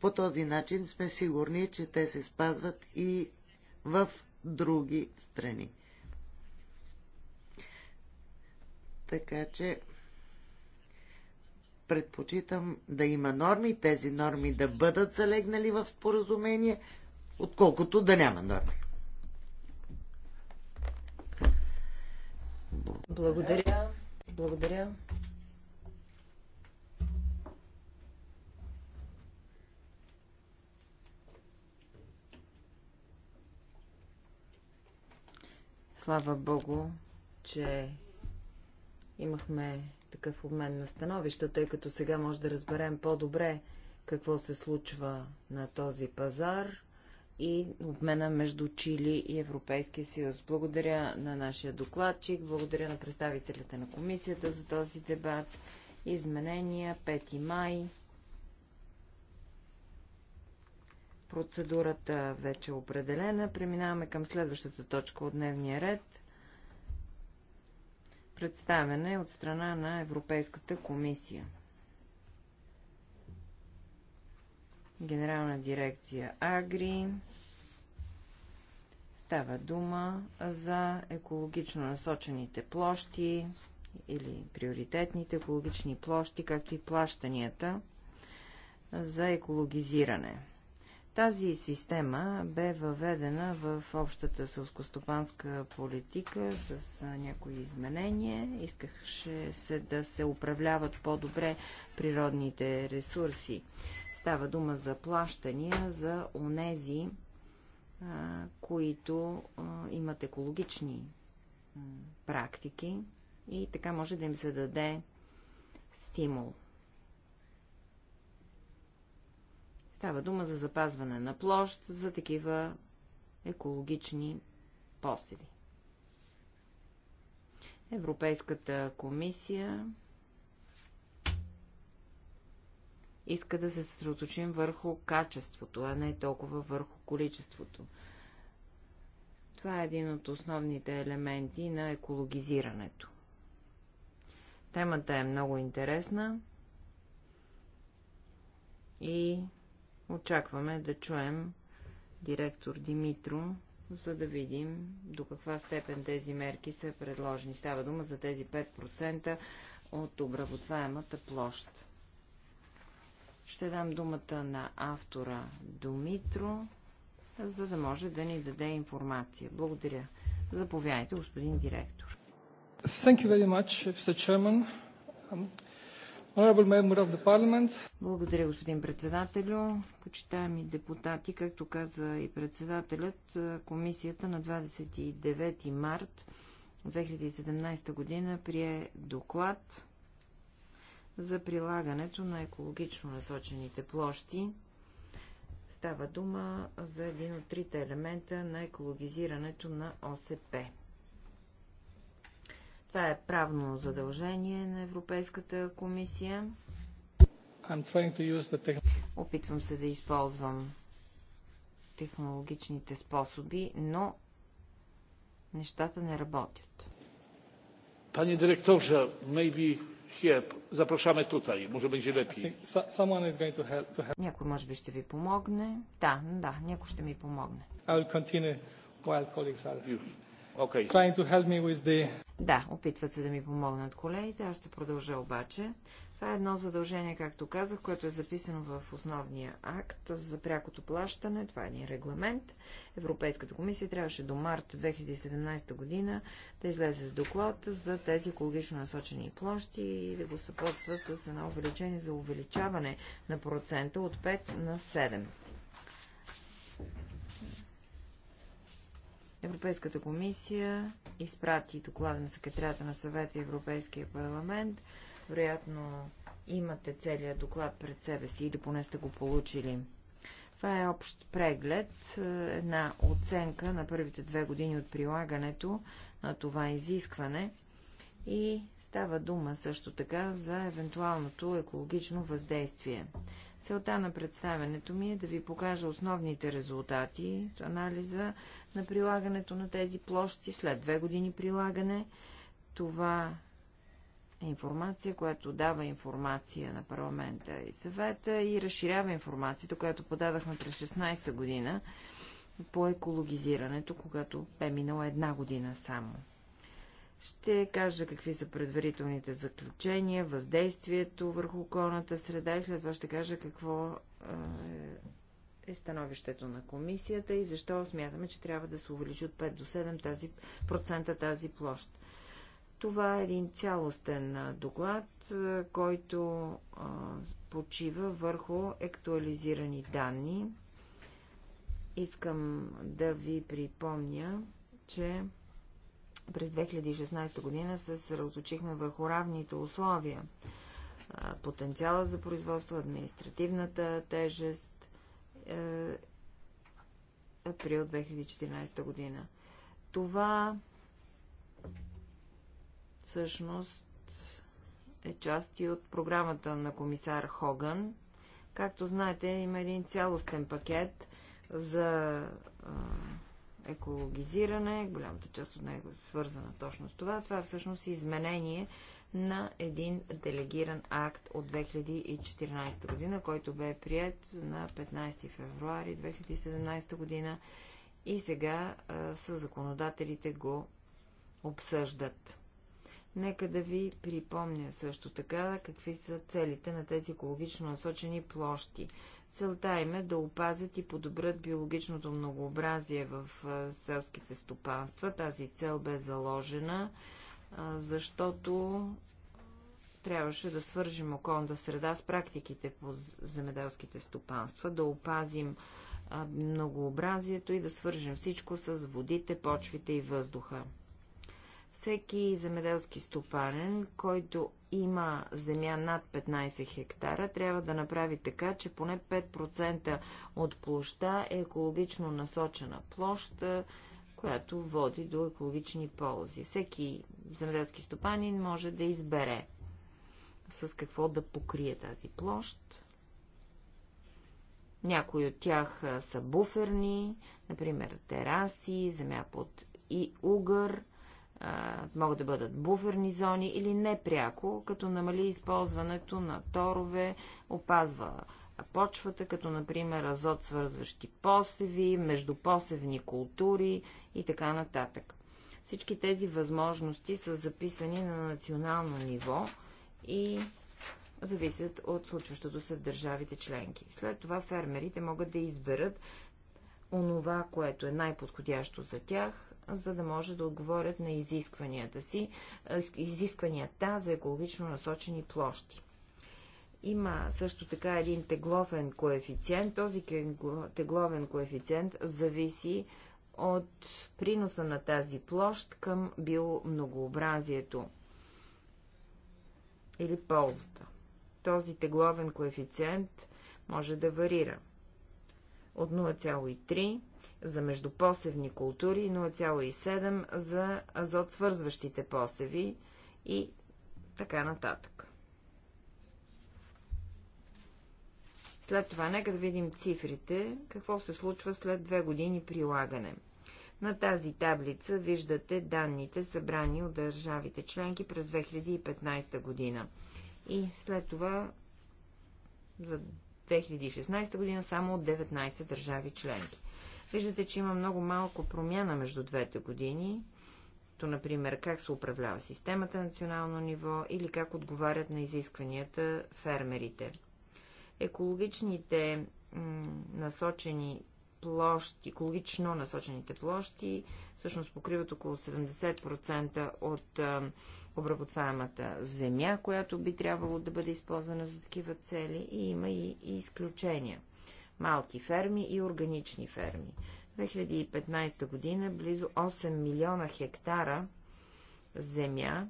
По този начин сме сигурни, че те се спазват и в други страни. Така че предпочитам да има норми, тези норми да бъдат залегнали в споразумение, отколкото да няма норми. Благодаря. Благодаря. Слава Богу, че имахме такъв обмен на становища, тъй като сега може да разберем по-добре какво се случва на този пазар и обмена между Чили и Европейския съюз. Благодаря на нашия докладчик, благодаря на представителите на комисията за този дебат. Изменения 5 май Процедурата вече е определена. Преминаваме към следващата точка от дневния ред. Представяне от страна на Европейската комисия. Генерална дирекция Агри. Става дума за екологично насочените площи или приоритетните екологични площи, както и плащанията за екологизиране. Тази система бе въведена в общата сълскостопанска политика с някои изменения. Искаше се да се управляват по-добре природните ресурси. Става дума за плащания за онези, които имат екологични практики и така може да им се даде стимул. Става дума за запазване на площ за такива екологични посеви. Европейската комисия иска да се съсредоточим върху качеството, а не толкова върху количеството. Това е един от основните елементи на екологизирането. Темата е много интересна и Очакваме да чуем директор Димитро, за да видим до каква степен тези мерки са предложени. Става дума за тези 5% от обработваемата площ. Ще дам думата на автора Домитро, за да може да ни даде информация. Благодаря. Заповядайте, господин директор. Thank you very much, Mr. Chairman. Um, благодаря, господин председателю. Почитаеми депутати, както каза и председателят, комисията на 29 март 2017 година прие доклад за прилагането на екологично насочените площи. Става дума за един от трите елемента на екологизирането на ОСП. Това е правно задължение на Европейската комисия. The... Опитвам се да използвам технологичните способи, но нещата не работят. Пани директор, maybe here, zapraszamy tutaj, może będzie Някой може би ще ви помогне. Да, да, някой ще ми помогне. I will continue while colleagues are okay. trying to help me with the да, опитват се да ми помогнат колегите, аз ще продължа обаче. Това е едно задължение, както казах, което е записано в основния акт за прякото плащане. Това е един регламент. Европейската комисия трябваше до март 2017 година да излезе с доклад за тези екологично насочени площи и да го съпътства с едно увеличение за увеличаване на процента от 5 на 7. Европейската комисия изпрати доклада на секретарята на съвета и Европейския парламент. Вероятно имате целият доклад пред себе си или поне сте го получили. Това е общ преглед, е, една оценка на първите две години от прилагането на това изискване и става дума също така за евентуалното екологично въздействие. Целта на представенето ми е да ви покажа основните резултати, анализа на прилагането на тези площи след две години прилагане. Това е информация, която дава информация на парламента и съвета и разширява информацията, която подадахме през 16-та година по екологизирането, когато бе минала една година само. Ще кажа какви са предварителните заключения, въздействието върху околната среда и след това ще кажа какво е, е становището на комисията и защо смятаме, че трябва да се увеличи от 5 до 7 тази, процента тази площ. Това е един цялостен доклад, който а, почива върху актуализирани данни. Искам да ви припомня, че през 2016 година се съсредоточихме върху равните условия, потенциала за производство, административната тежест, е, април 2014 година. Това всъщност е част и от програмата на комисар Хоган. Както знаете, има един цялостен пакет за екологизиране, голямата част от него е свързана точно с това. Това е всъщност изменение на един делегиран акт от 2014 година, който бе прият на 15 февруари 2017 година и сега със законодателите го обсъждат. Нека да ви припомня също така какви са целите на тези екологично насочени площи. Целта им е да опазят и подобрят биологичното многообразие в селските стопанства. Тази цел бе заложена, защото трябваше да свържим околната среда с практиките по земеделските стопанства, да опазим многообразието и да свържем всичко с водите, почвите и въздуха. Всеки земеделски стопанен, който има земя над 15 хектара, трябва да направи така, че поне 5% от площа е екологично насочена площа, която води до екологични ползи. Всеки земеделски стопанин може да избере с какво да покрие тази площ. Някои от тях са буферни, например тераси, земя под и угър, а, могат да бъдат буферни зони или непряко, като намали използването на торове, опазва почвата, като например азот свързващи посеви, междупосевни култури и така нататък. Всички тези възможности са записани на национално ниво и зависят от случващото се в държавите членки. След това фермерите могат да изберат онова, което е най-подходящо за тях за да може да отговорят на изискванията си, изискванията за екологично насочени площи. Има също така един тегловен коефициент. Този тегловен коефициент зависи от приноса на тази площ към биомногообразието или ползата. Този тегловен коефициент може да варира от 0,3 за междупосевни култури и 0,7 за азот свързващите посеви и така нататък. След това нека да видим цифрите, какво се случва след две години прилагане. На тази таблица виждате данните, събрани от държавите членки през 2015 година. И след това за 2016 година само от 19 държави членки. Виждате, че има много малко промяна между двете години, то, например, как се управлява системата на национално ниво или как отговарят на изискванията фермерите. Екологичните насочени площи, екологично насочените площи всъщност покриват около 70% от а, обработваемата земя, която би трябвало да бъде използвана за такива цели и има и, и изключения малки ферми и органични ферми. 2015 година близо 8 милиона хектара земя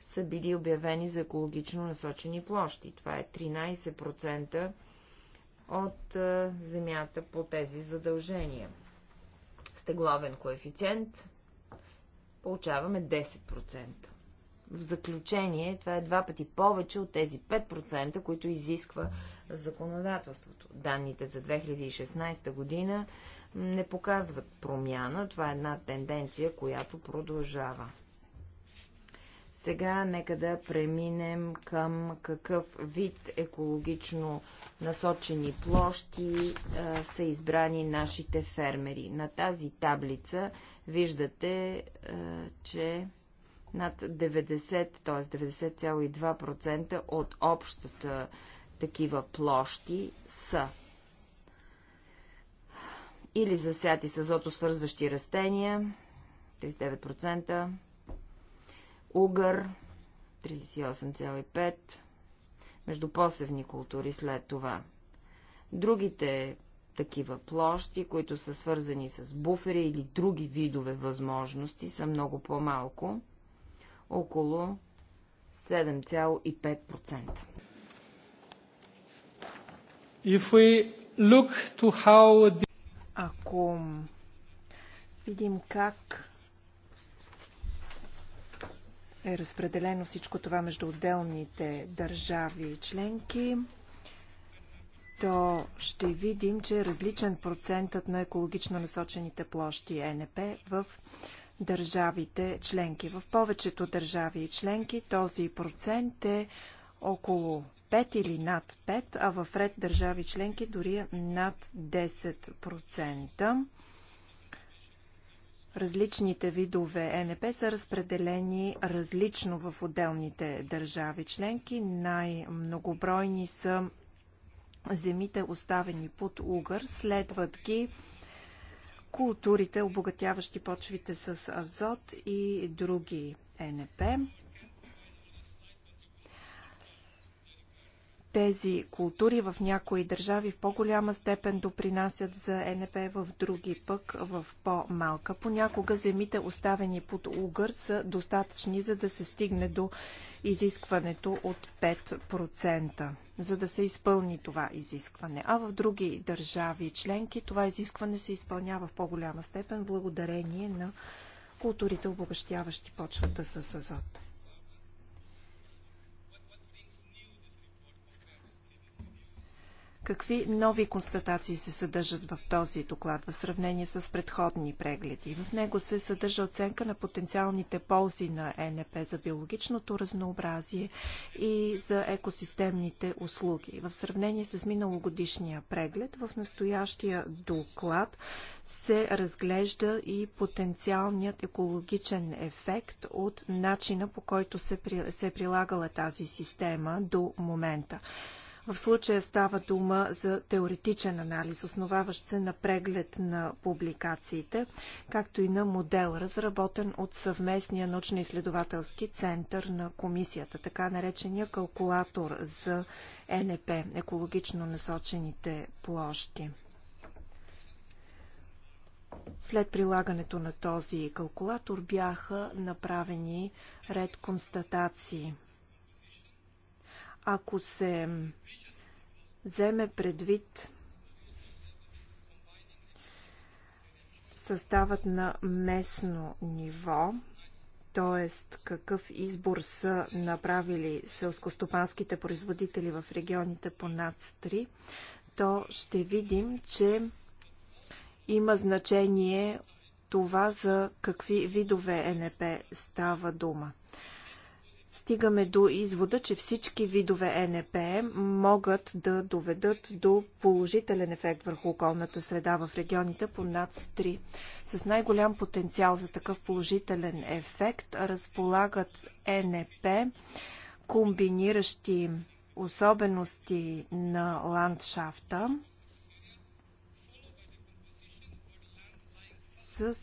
са били обявени за екологично насочени площи. Това е 13% от е, земята по тези задължения. Стегловен коефициент получаваме 10%. В заключение, това е два пъти повече от тези 5%, които изисква законодателството. Данните за 2016 година не показват промяна. Това е една тенденция, която продължава. Сега нека да преминем към какъв вид екологично насочени площи а, са избрани нашите фермери. На тази таблица виждате, а, че над 90, т.е. 90,2% от общата такива площи са или засяти с азотосвързващи растения 39%, угър 38,5%, междупосевни култури след това. Другите такива площи, които са свързани с буфери или други видове възможности, са много по-малко – около 7,5%. How... Ако видим как е разпределено всичко това между отделните държави и членки, то ще видим, че е различен процентът на екологично насочените площи ЕНП в държавите членки. В повечето държави и членки този процент е около 5 или над 5, а в ред държави членки дори е над 10%. Различните видове е НП са разпределени различно в отделните държави членки. Най-многобройни са земите оставени под угър. Следват ги културите, обогатяващи почвите с азот и други НП. тези култури в някои държави в по-голяма степен допринасят за НП, в други пък в по-малка. Понякога земите, оставени под угър, са достатъчни, за да се стигне до изискването от 5%, за да се изпълни това изискване. А в други държави членки това изискване се изпълнява в по-голяма степен благодарение на културите, обогащяващи почвата с азот. Какви нови констатации се съдържат в този доклад в сравнение с предходни прегледи? В него се съдържа оценка на потенциалните ползи на ЕНП за биологичното разнообразие и за екосистемните услуги. В сравнение с миналогодишния преглед, в настоящия доклад се разглежда и потенциалният екологичен ефект от начина по който се, се е прилагала тази система до момента. В случая става дума за теоретичен анализ, основаващ се на преглед на публикациите, както и на модел, разработен от съвместния научно-изследователски център на комисията, така наречения калкулатор за НП, екологично насочените площи. След прилагането на този калкулатор бяха направени ред констатации – ако се вземе предвид съставът на местно ниво, т.е. какъв избор са направили селскостопанските производители в регионите по НАЦ-3, то ще видим, че има значение това за какви видове НП става дума стигаме до извода, че всички видове НП могат да доведат до положителен ефект върху околната среда в регионите по над 3. С най-голям потенциал за такъв положителен ефект разполагат НП, комбиниращи особености на ландшафта с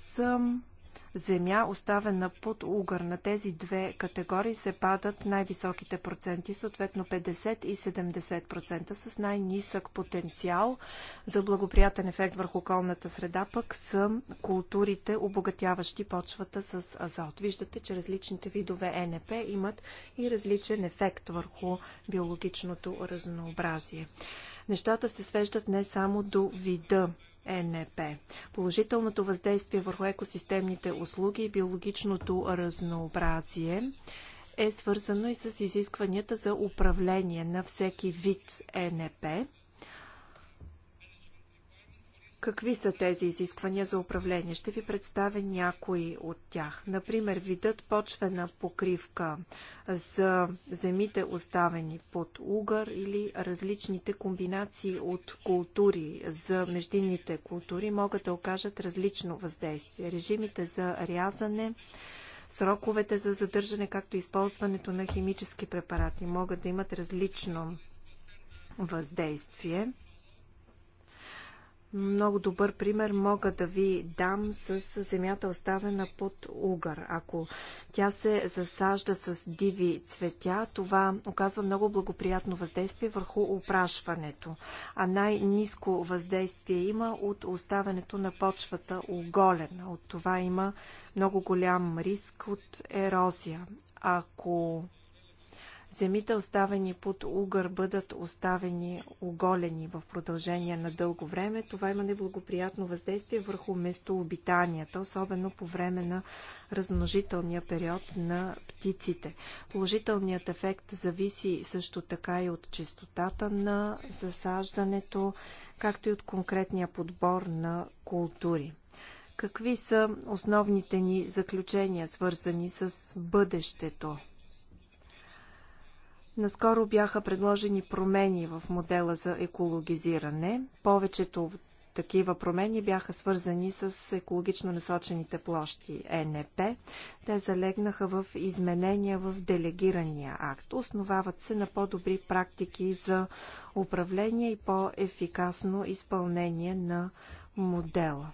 земя, оставена под угър. На тези две категории се падат най-високите проценти, съответно 50 и 70% с най-нисък потенциал за благоприятен ефект върху околната среда, пък са културите, обогатяващи почвата с азот. Виждате, че различните видове НП имат и различен ефект върху биологичното разнообразие. Нещата се свеждат не само до вида ЕНП. Положителното въздействие върху екосистемните услуги и биологичното разнообразие е свързано и с изискванията за управление на всеки вид ЕНП. Какви са тези изисквания за управление? Ще ви представя някои от тях. Например, видът почвена покривка за земите оставени под угър или различните комбинации от култури за междинните култури могат да окажат различно въздействие. Режимите за рязане, сроковете за задържане, както и използването на химически препарати могат да имат различно въздействие. Много добър пример мога да ви дам с земята оставена под угър. Ако тя се засажда с диви цветя, това оказва много благоприятно въздействие върху опрашването. А най-низко въздействие има от оставането на почвата оголена. От това има много голям риск от ерозия. Ако Земите, оставени под угър, бъдат оставени оголени в продължение на дълго време. Това има неблагоприятно въздействие върху местообитанията, особено по време на размножителния период на птиците. Положителният ефект зависи също така и от чистотата на засаждането, както и от конкретния подбор на култури. Какви са основните ни заключения, свързани с бъдещето Наскоро бяха предложени промени в модела за екологизиране. Повечето такива промени бяха свързани с екологично насочените площи ЕНП. Те залегнаха в изменения в делегирания акт. Основават се на по-добри практики за управление и по-ефикасно изпълнение на модела.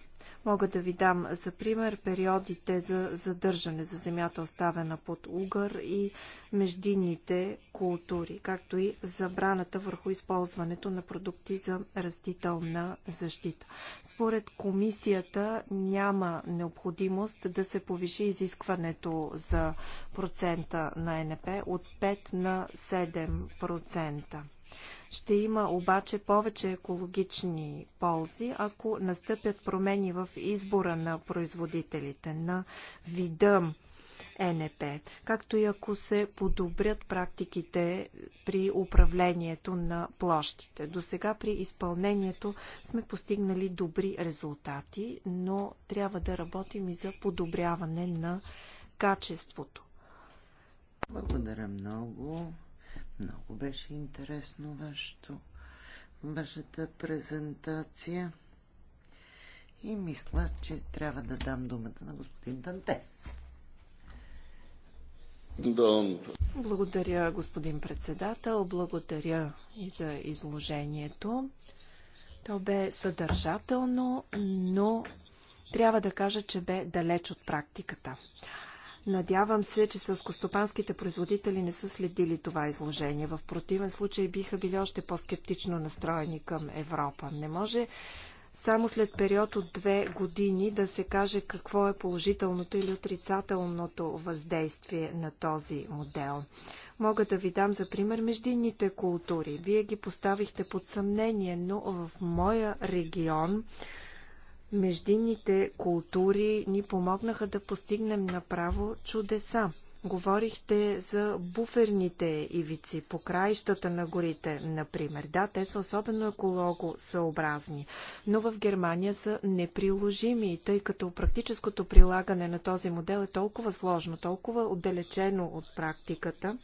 Мога да ви дам за пример периодите за задържане за земята оставена под угър и междинните култури, както и забраната върху използването на продукти за растителна защита. Според комисията няма необходимост да се повиши изискването за процента на НП от 5 на 7%. Ще има обаче повече екологични ползи, ако настъпят промени в избора на производителите, на вида ЕНП, както и ако се подобрят практиките при управлението на площите. До сега при изпълнението сме постигнали добри резултати, но трябва да работим и за подобряване на качеството. Благодаря много. Много беше интересно вашето, вашата презентация. И мисля, че трябва да дам думата на господин Дантес. Благодаря, господин председател. Благодаря и за изложението. То бе съдържателно, но трябва да кажа, че бе далеч от практиката. Надявам се, че сълскостопанските производители не са следили това изложение. В противен случай биха били още по-скептично настроени към Европа. Не може само след период от две години да се каже какво е положителното или отрицателното въздействие на този модел. Мога да ви дам за пример междинните култури. Вие ги поставихте под съмнение, но в моя регион Междинните култури ни помогнаха да постигнем направо чудеса. Говорихте за буферните ивици по краищата на горите, например. Да, те са особено екологосъобразни, но в Германия са неприложими, тъй като практическото прилагане на този модел е толкова сложно, толкова отдалечено от практиката,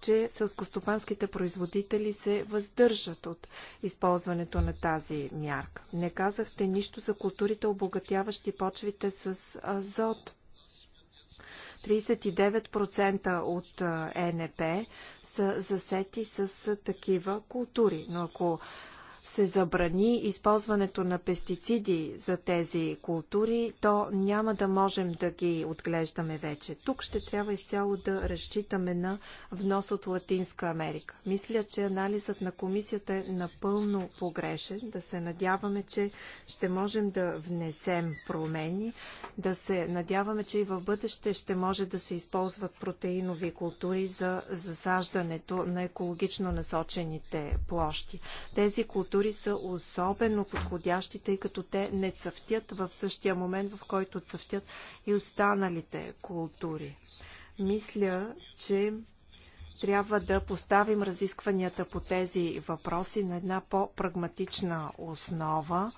че селскостопанските производители се въздържат от използването на тази мярка. Не казахте нищо за културите, обогатяващи почвите с азот. 39% от НП са засети с такива култури. Но ако се забрани използването на пестициди за тези култури, то няма да можем да ги отглеждаме вече. Тук ще трябва изцяло да разчитаме на внос от Латинска Америка. Мисля, че анализът на комисията е напълно погрешен. Да се надяваме, че ще можем да внесем промени, да се надяваме, че и в бъдеще ще може да се използват протеинови култури за засаждането на екологично насочените площи. Тези култури кандидатури са особено подходящи, тъй като те не цъфтят в същия момент, в който цъфтят и останалите култури. Мисля, че трябва да поставим разискванията по тези въпроси на една по-прагматична основа.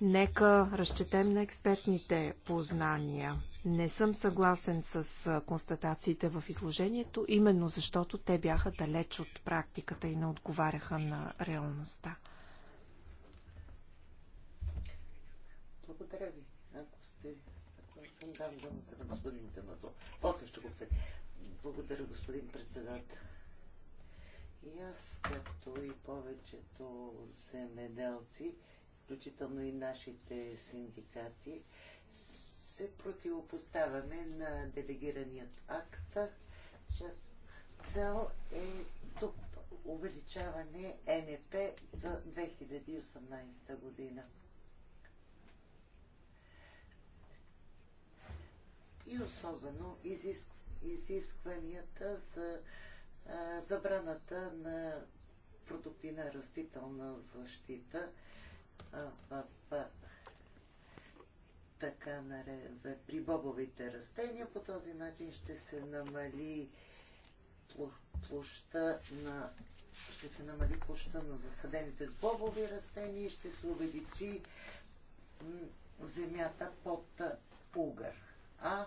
Нека разчетем на експертните познания. Не съм съгласен с констатациите в изложението, именно защото те бяха далеч от практиката и не отговаряха на реалността. Благодаря ви. Ако сте съгласен, дам думата на господин Таназов. После ще го се. Благодаря, господин председател. И аз, както и повечето земеделци, включително и нашите синдикати, се противопоставяме на делегираният акт. Цел е тук увеличаване НП за 2018 година. И особено изискванията за а, забраната на продукти на растителна защита а, в, в така наред, при бобовите растения. По този начин ще се намали площа на ще се намали площа на засадените с бобови растения и ще се увеличи земята под угър. А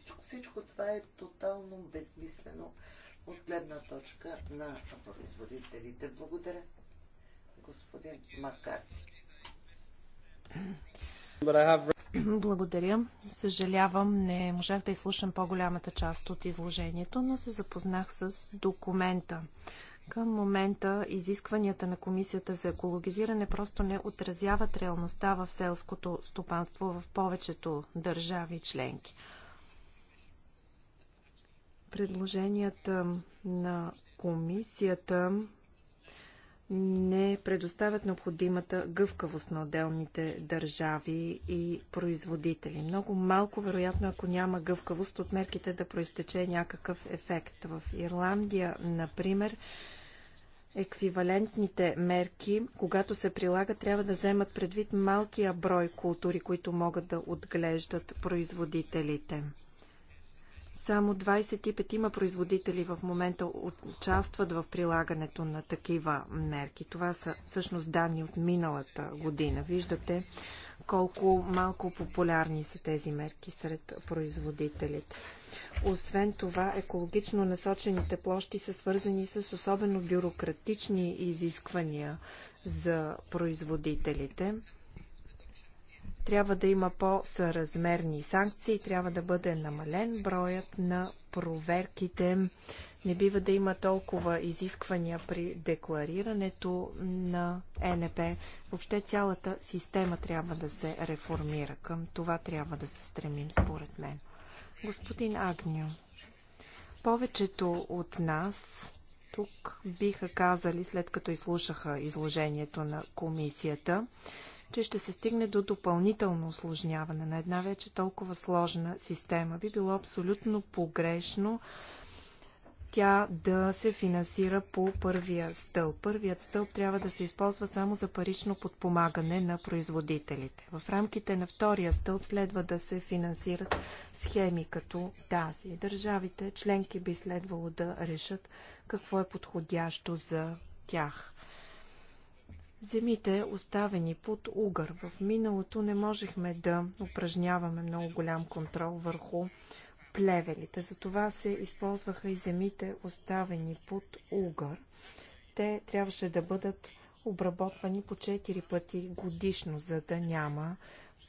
всичко, всичко това е тотално безмислено от гледна точка на производителите. Благодаря, господин Макарти. Благодаря. Съжалявам, не можах да изслушам по-голямата част от изложението, но се запознах с документа. Към момента изискванията на Комисията за екологизиране просто не отразяват реалността в селското стопанство в повечето държави членки. Предложенията на Комисията не предоставят необходимата гъвкавост на отделните държави и производители. Много малко, вероятно, ако няма гъвкавост от мерките да проистече някакъв ефект. В Ирландия, например, еквивалентните мерки, когато се прилагат, трябва да вземат предвид малкия брой култури, които могат да отглеждат производителите. Само 25 производители в момента участват в прилагането на такива мерки. Това са всъщност данни от миналата година. Виждате колко малко популярни са тези мерки сред производителите. Освен това, екологично насочените площи са свързани с особено бюрократични изисквания за производителите. Трябва да има по-съразмерни санкции, трябва да бъде намален броят на проверките. Не бива да има толкова изисквания при декларирането на ЕНП. Въобще цялата система трябва да се реформира. Към това трябва да се стремим, според мен. Господин Агню, повечето от нас тук биха казали, след като изслушаха изложението на комисията, че ще се стигне до допълнително осложняване на една вече толкова сложна система. Би било абсолютно погрешно тя да се финансира по първия стълб. Първият стълб трябва да се използва само за парично подпомагане на производителите. В рамките на втория стълб следва да се финансират схеми като тази. Държавите членки би следвало да решат какво е подходящо за тях земите, оставени под угър. В миналото не можехме да упражняваме много голям контрол върху плевелите. Затова се използваха и земите, оставени под угър. Те трябваше да бъдат обработвани по 4 пъти годишно, за да няма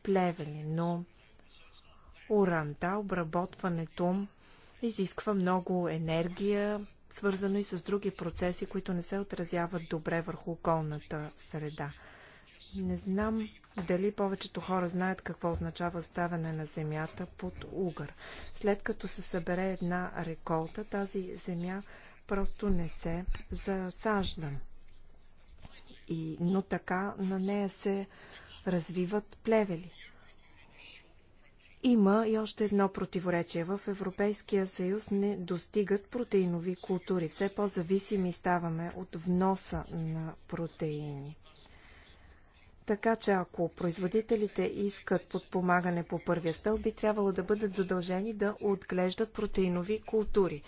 плевели. Но уранта, обработването изисква много енергия, свързано и с други процеси, които не се отразяват добре върху околната среда. Не знам дали повечето хора знаят какво означава оставяне на земята под угър. След като се събере една реколта, тази земя просто не се засажда. И, но така на нея се развиват плевели. Има и още едно противоречие. В Европейския съюз не достигат протеинови култури. Все по-зависими ставаме от вноса на протеини. Така че ако производителите искат подпомагане по първия стълб, би трябвало да бъдат задължени да отглеждат протеинови култури.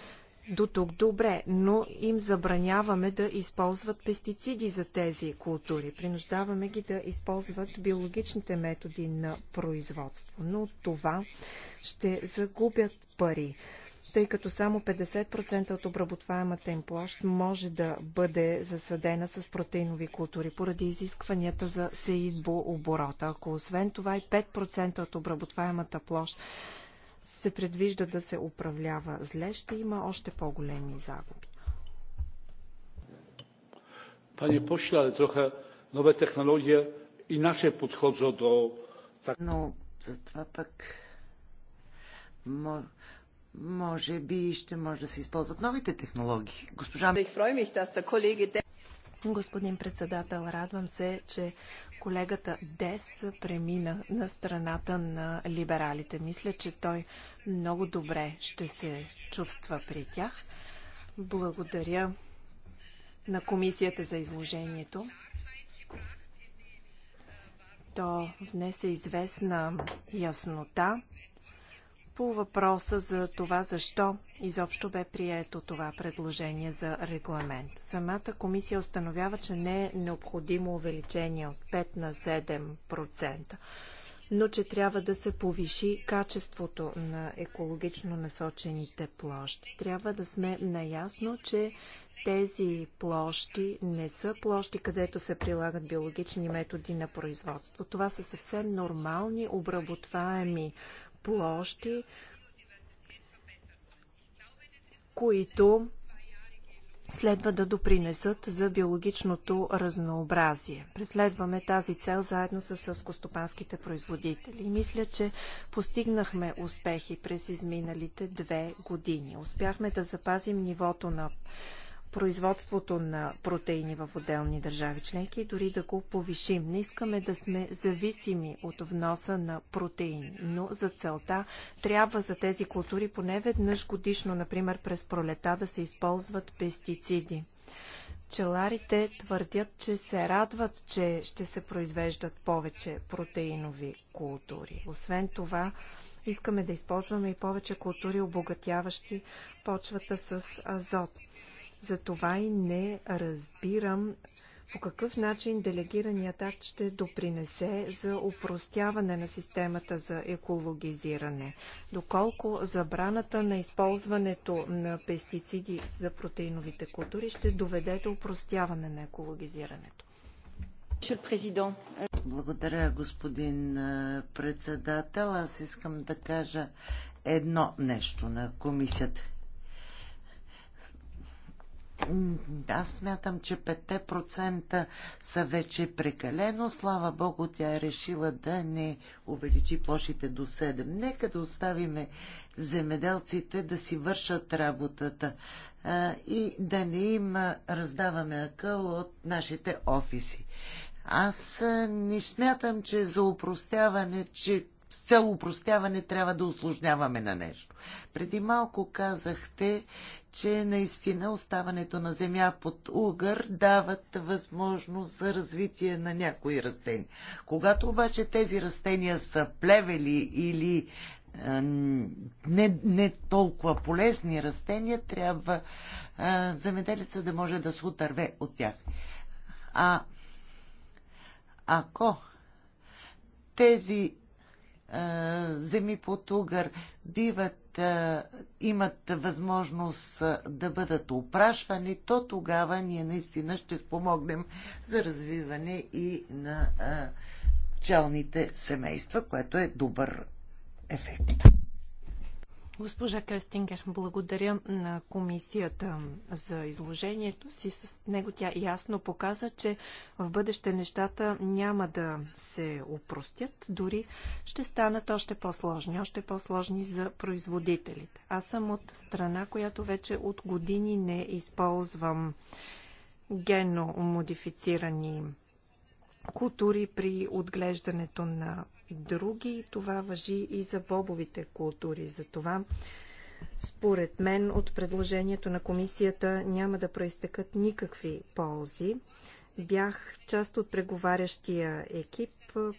До тук добре, но им забраняваме да използват пестициди за тези култури. Принуждаваме ги да използват биологичните методи на производство. Но това ще загубят пари тъй като само 50% от обработваемата им площ може да бъде засадена с протеинови култури поради изискванията за сеидбо оборота. Ако освен това и 5% от обработваемата площ се предвижда да се управлява зле, ще има още по-големи загуби. Panie pośle, ale trochę nowe technologie inaczej podchodzą do... Но затова пък може би ще може да се използват новите технологии. Госпожа... Господин председател, радвам се, че колегата Дес премина на страната на либералите. Мисля, че той много добре ще се чувства при тях. Благодаря на комисията за изложението. То внесе известна яснота по въпроса за това защо изобщо бе прието това предложение за регламент. Самата комисия установява, че не е необходимо увеличение от 5 на 7%, но че трябва да се повиши качеството на екологично насочените площи. Трябва да сме наясно, че тези площи не са площи, където се прилагат биологични методи на производство. Това са съвсем нормални обработваеми площи, които следва да допринесат за биологичното разнообразие. Преследваме тази цел заедно с скостопанските производители. мисля, че постигнахме успехи през изминалите две години. Успяхме да запазим нивото на производството на протеини в отделни държави членки и дори да го повишим. Не искаме да сме зависими от вноса на протеини, но за целта трябва за тези култури поне веднъж годишно, например през пролета, да се използват пестициди. Пчеларите твърдят, че се радват, че ще се произвеждат повече протеинови култури. Освен това, искаме да използваме и повече култури, обогатяващи почвата с азот. Затова и не разбирам по какъв начин делегираният акт ще допринесе за упростяване на системата за екологизиране? Доколко забраната на използването на пестициди за протеиновите култури ще доведе до упростяване на екологизирането? Благодаря, господин председател. Аз искам да кажа едно нещо на комисията аз смятам, че 5% са вече прекалено. Слава Богу, тя е решила да не увеличи площите до 7. Нека да оставиме земеделците да си вършат работата а, и да не им раздаваме акъл от нашите офиси. Аз не смятам, че за упростяване, че с цел упростяване трябва да осложняваме на нещо. Преди малко казахте, че наистина оставането на земя под угър дават възможност за развитие на някои растения. Когато обаче тези растения са плевели или не, не толкова полезни растения, трябва а, земеделица да може да се отърве от тях. А ако тези земи под угър биват, имат възможност да бъдат опрашвани, то тогава ние наистина ще спомогнем за развиване и на пчелните семейства, което е добър ефект. Госпожа Кестингер, благодаря на комисията за изложението си. С него тя ясно показа, че в бъдеще нещата няма да се упростят, дори ще станат още по-сложни, още по-сложни за производителите. Аз съм от страна, която вече от години не използвам генно модифицирани култури при отглеждането на други. Това въжи и за бобовите култури. Затова според мен от предложението на комисията няма да проистекат никакви ползи. Бях част от преговарящия екип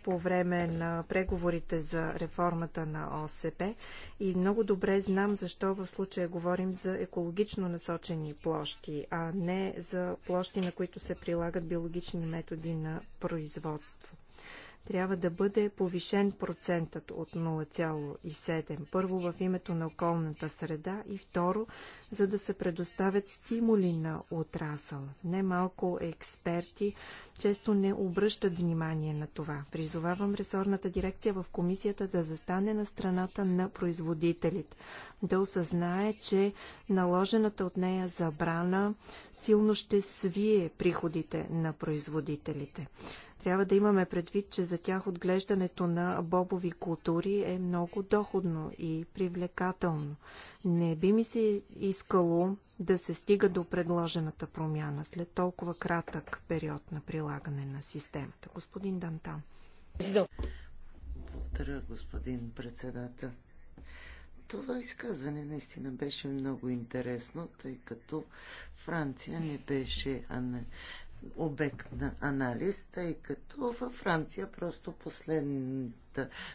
по време на преговорите за реформата на ОСП и много добре знам защо в случая говорим за екологично насочени площи, а не за площи, на които се прилагат биологични методи на производство трябва да бъде повишен процентът от 0,7. Първо в името на околната среда и второ, за да се предоставят стимули на отрасъл. Немалко експерти често не обръщат внимание на това. Призовавам ресорната дирекция в комисията да застане на страната на производителите, да осъзнае, че наложената от нея забрана силно ще свие приходите на производителите. Трябва да имаме предвид, че за тях отглеждането на бобови култури е много доходно и привлекателно. Не би ми се искало да се стига до предложената промяна след толкова кратък период на прилагане на системата. Господин Дантан. Благодаря, господин председател. Това изказване наистина беше много интересно, тъй като Франция не беше обект на анализ, тъй като във Франция просто последният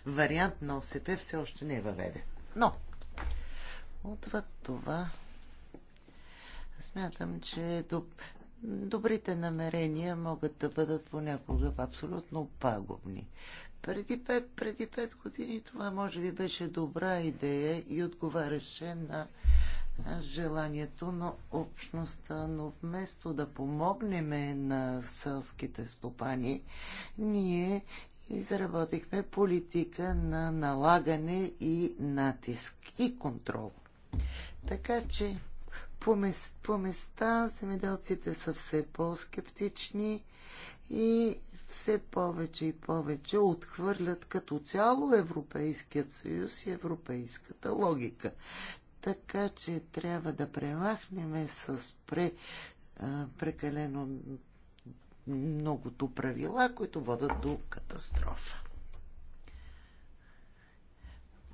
вариант на ОСП все още не е въведен. Но, отвъд това, смятам, че добрите намерения могат да бъдат понякога абсолютно пагубни. Преди пет, преди пет години това може би беше добра идея и отговаряше на желанието на общността, но вместо да помогнем на селските стопани, ние изработихме политика на налагане и натиск и контрол. Така че по, мес, по места земеделците са все по-скептични и все повече и повече отхвърлят като цяло Европейският съюз и европейската логика. Така че трябва да премахнем с пре, прекалено многото правила, които водат до катастрофа.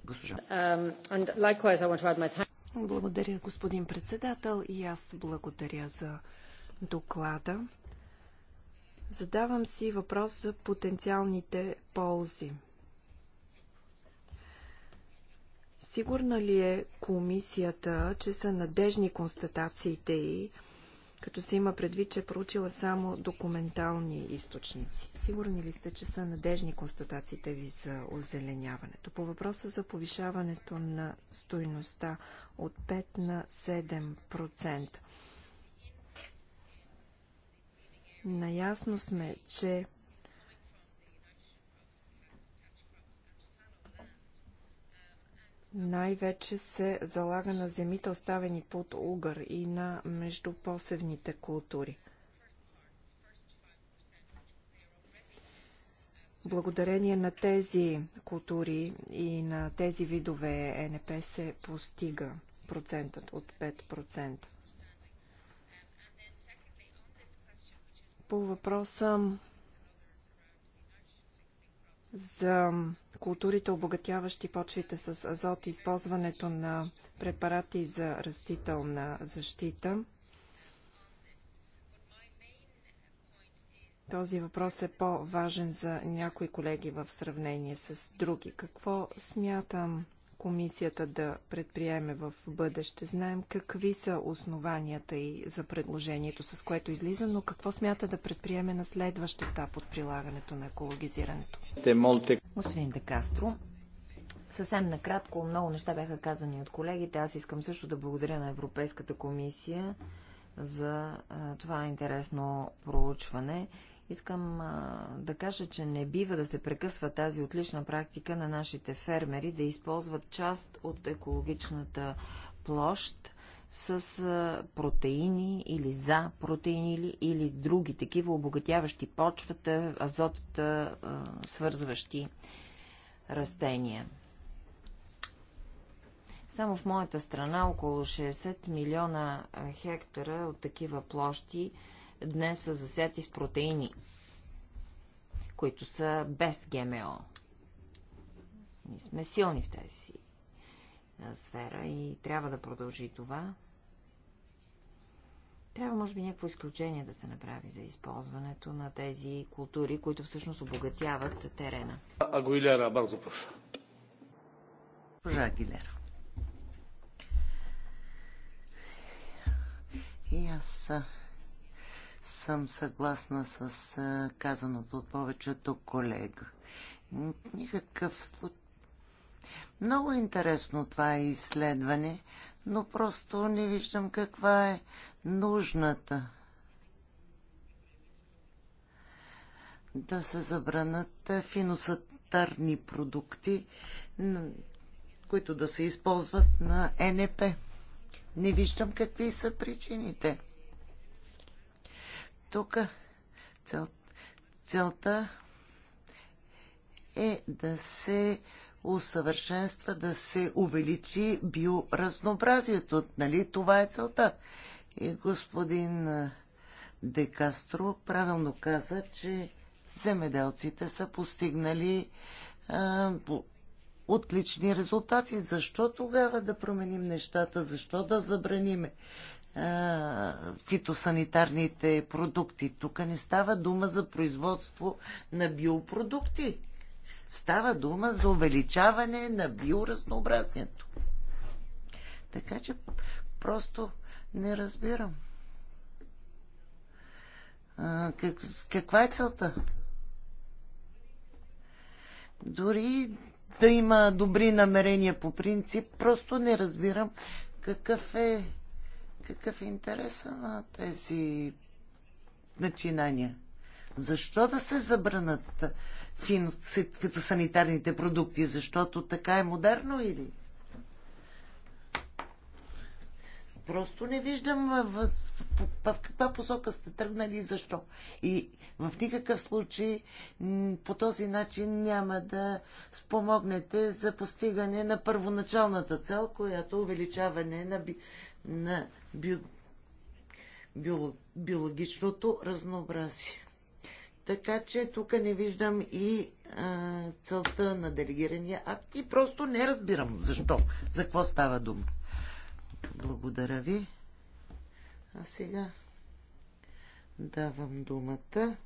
Госпожа. Um, благодаря, господин председател, и аз благодаря за доклада. Задавам си въпрос за потенциалните ползи. Сигурна ли е комисията, че са надежни констатациите й, като се има предвид, че е проучила само документални източници? Сигурни ли сте, че са надежни констатациите ви за озеленяването? По въпроса за повишаването на стойността от 5 на 7%. Наясно сме, че най-вече се залага на земите, оставени под угър и на междупосевните култури. Благодарение на тези култури и на тези видове ЕНП се постига процентът от 5%. По въпроса за културите, обогатяващи почвите с азот, използването на препарати за растителна защита. Този въпрос е по-важен за някои колеги в сравнение с други. Какво смятам комисията да предприеме в бъдеще? Знаем какви са основанията и за предложението, с което излиза, но какво смята да предприеме на следващ етап от прилагането на екологизирането? Господин Декастро, съвсем накратко, много неща бяха казани от колегите. Аз искам също да благодаря на Европейската комисия за това интересно проучване. Искам а, да кажа, че не бива да се прекъсва тази отлична практика на нашите фермери да използват част от екологичната площ с а, протеини или за протеини или, или други такива обогатяващи почвата, азотата, а, свързващи растения. Само в моята страна около 60 милиона хектара от такива площи днес са засяти с протеини, които са без ГМО. Ние сме силни в тази си сфера и трябва да продължи това. Трябва, може би, някакво изключение да се направи за използването на тези култури, които всъщност обогатяват терена. Агуилера, бързо проша. Госпожа Агилера. И аз съм съгласна с казаното от повечето колега. Никакъв случай. Много интересно това е изследване, но просто не виждам каква е нужната. Да се забранат финосатарни продукти, които да се използват на НП. Не виждам какви са причините. Тук цел, целта е да се усъвършенства, да се увеличи биоразнообразието. Нали? Това е целта. И господин Декастро правилно каза, че земеделците са постигнали а, отлични резултати. Защо тогава да променим нещата? Защо да забраниме? фитосанитарните продукти. Тук не става дума за производство на биопродукти. Става дума за увеличаване на биоразнообразието. Така че просто не разбирам. А, как, каква е целта? Дори да има добри намерения по принцип, просто не разбирам какъв е какъв е интереса на тези начинания? Защо да се забранат фитосанитарните продукти? Защото така е модерно или? Просто не виждам в, в, в каква посока сте тръгнали и защо. И в никакъв случай по този начин няма да спомогнете за постигане на първоначалната цел, която е увеличаване на, на бю... Био... биологичното разнообразие. Така че тук не виждам и а, целта на делегирания акт и просто не разбирам защо, за какво става дума. Благодаря ви. А сега давам думата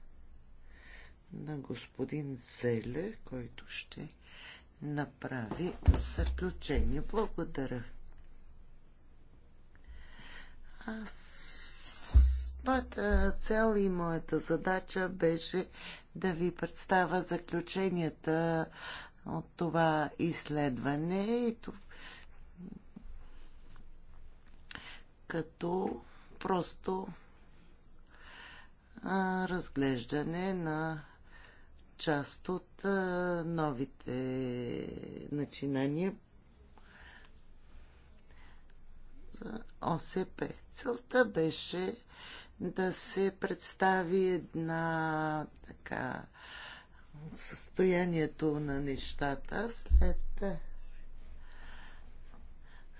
на господин Зеле, който ще направи заключение. Благодаря. Аз, моята цел и моята задача беше да ви представя заключенията от това изследване и като просто разглеждане на част от новите начинания за ОСП. Целта беше да се представи една така състоянието на нещата след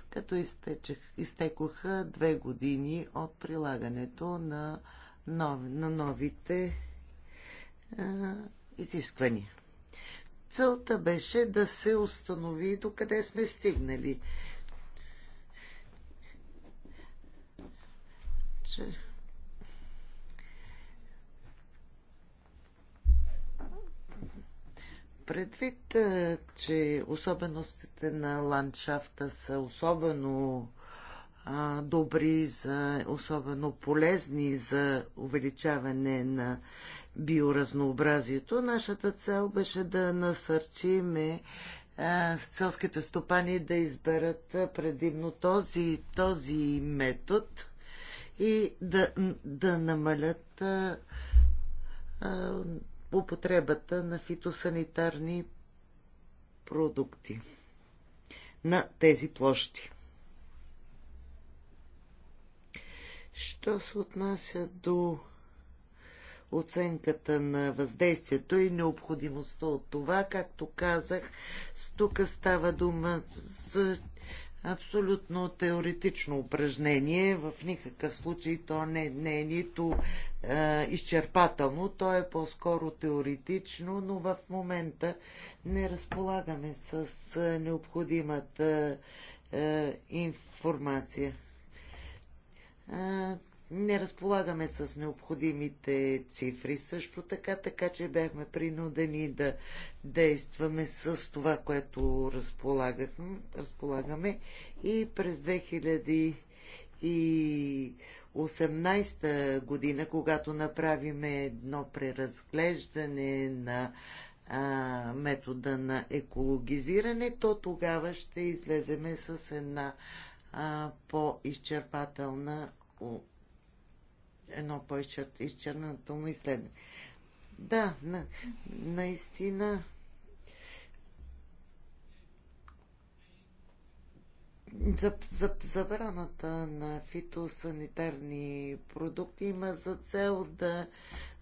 като изтечех, изтекоха две години от прилагането на, нов, на новите е, изисквания. Целта беше да се установи докъде сме стигнали. че предвид, че особеностите на ландшафта са особено добри, за, особено полезни за увеличаване на биоразнообразието, нашата цел беше да насърчим селските стопани да изберат предимно този, този метод – и да, да намалят а, а, употребата на фитосанитарни продукти на тези площи. Що се отнася до оценката на въздействието и необходимостта от това, както казах, тук става дума за абсолютно теоретично упражнение. В никакъв случай то не, не е нито е, изчерпателно, то е по-скоро теоретично, но в момента не разполагаме с е, необходимата е, информация. Е, не разполагаме с необходимите цифри също така, така че бяхме принудени да действаме с това, което разполагаме. И през 2018 година, когато направиме едно преразглеждане на а, метода на екологизиране, то тогава ще излеземе с една по-изчерпателна едно по му изследване. Да, на, наистина. За, за, забраната на фитосанитарни продукти има за цел да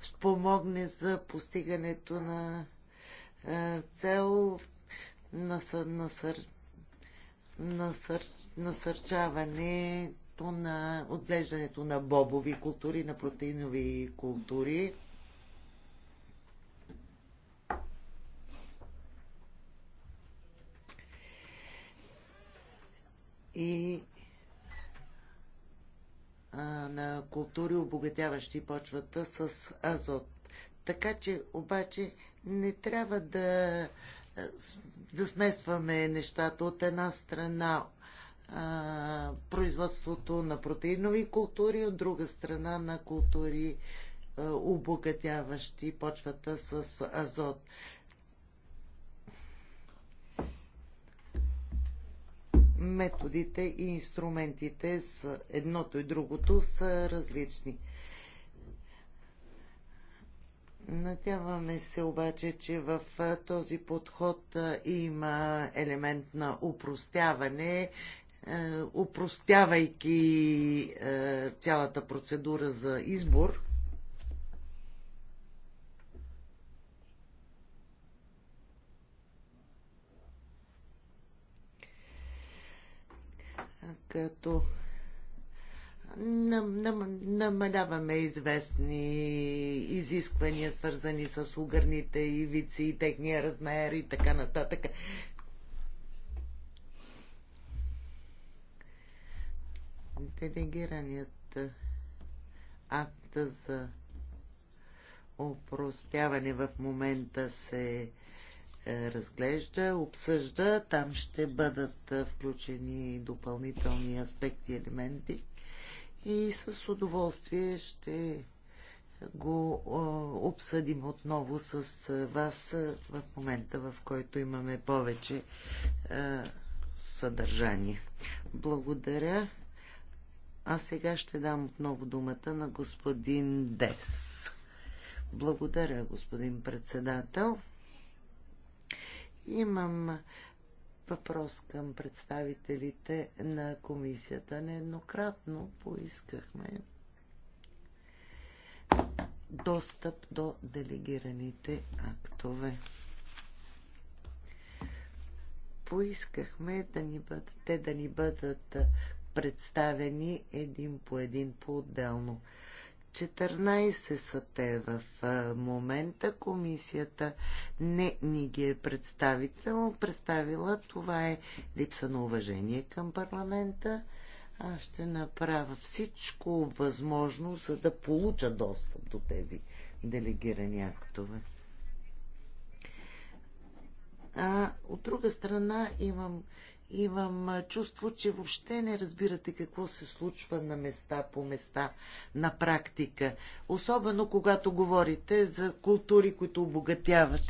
спомогне за постигането на е, цел насър, насър, насър, насърчаване на отглеждането на бобови култури, на протеинови култури. И на култури, обогатяващи почвата с азот. Така че обаче не трябва да, да смесваме нещата от една страна производството на протеинови култури, от друга страна на култури, обогатяващи почвата с азот. методите и инструментите с едното и другото са различни. Надяваме се обаче, че в този подход има елемент на упростяване е, упростявайки е, цялата процедура за избор, като намаляваме известни изисквания, свързани с угърните ивици и техния размер и така нататък. Делегираният акт за опростяване в момента се е, разглежда, обсъжда. Там ще бъдат е, включени допълнителни аспекти и елементи. И с удоволствие ще го е, обсъдим отново с вас в момента, в който имаме повече съдържание. Благодаря. А сега ще дам отново думата на господин Дес. Благодаря, господин председател. Имам въпрос към представителите на комисията. Нееднократно поискахме достъп до делегираните актове. Поискахме да ни бъдат, те да ни бъдат представени един по един по-отделно. 14 са те в момента. Комисията не ни ги е представител, представила. Това е липса на уважение към парламента. Аз ще направя всичко възможно, за да получа достъп до тези делегирани актове. А от друга страна имам Имам чувство, че въобще не разбирате какво се случва на места по места, на практика. Особено когато говорите за култури, които обогатяват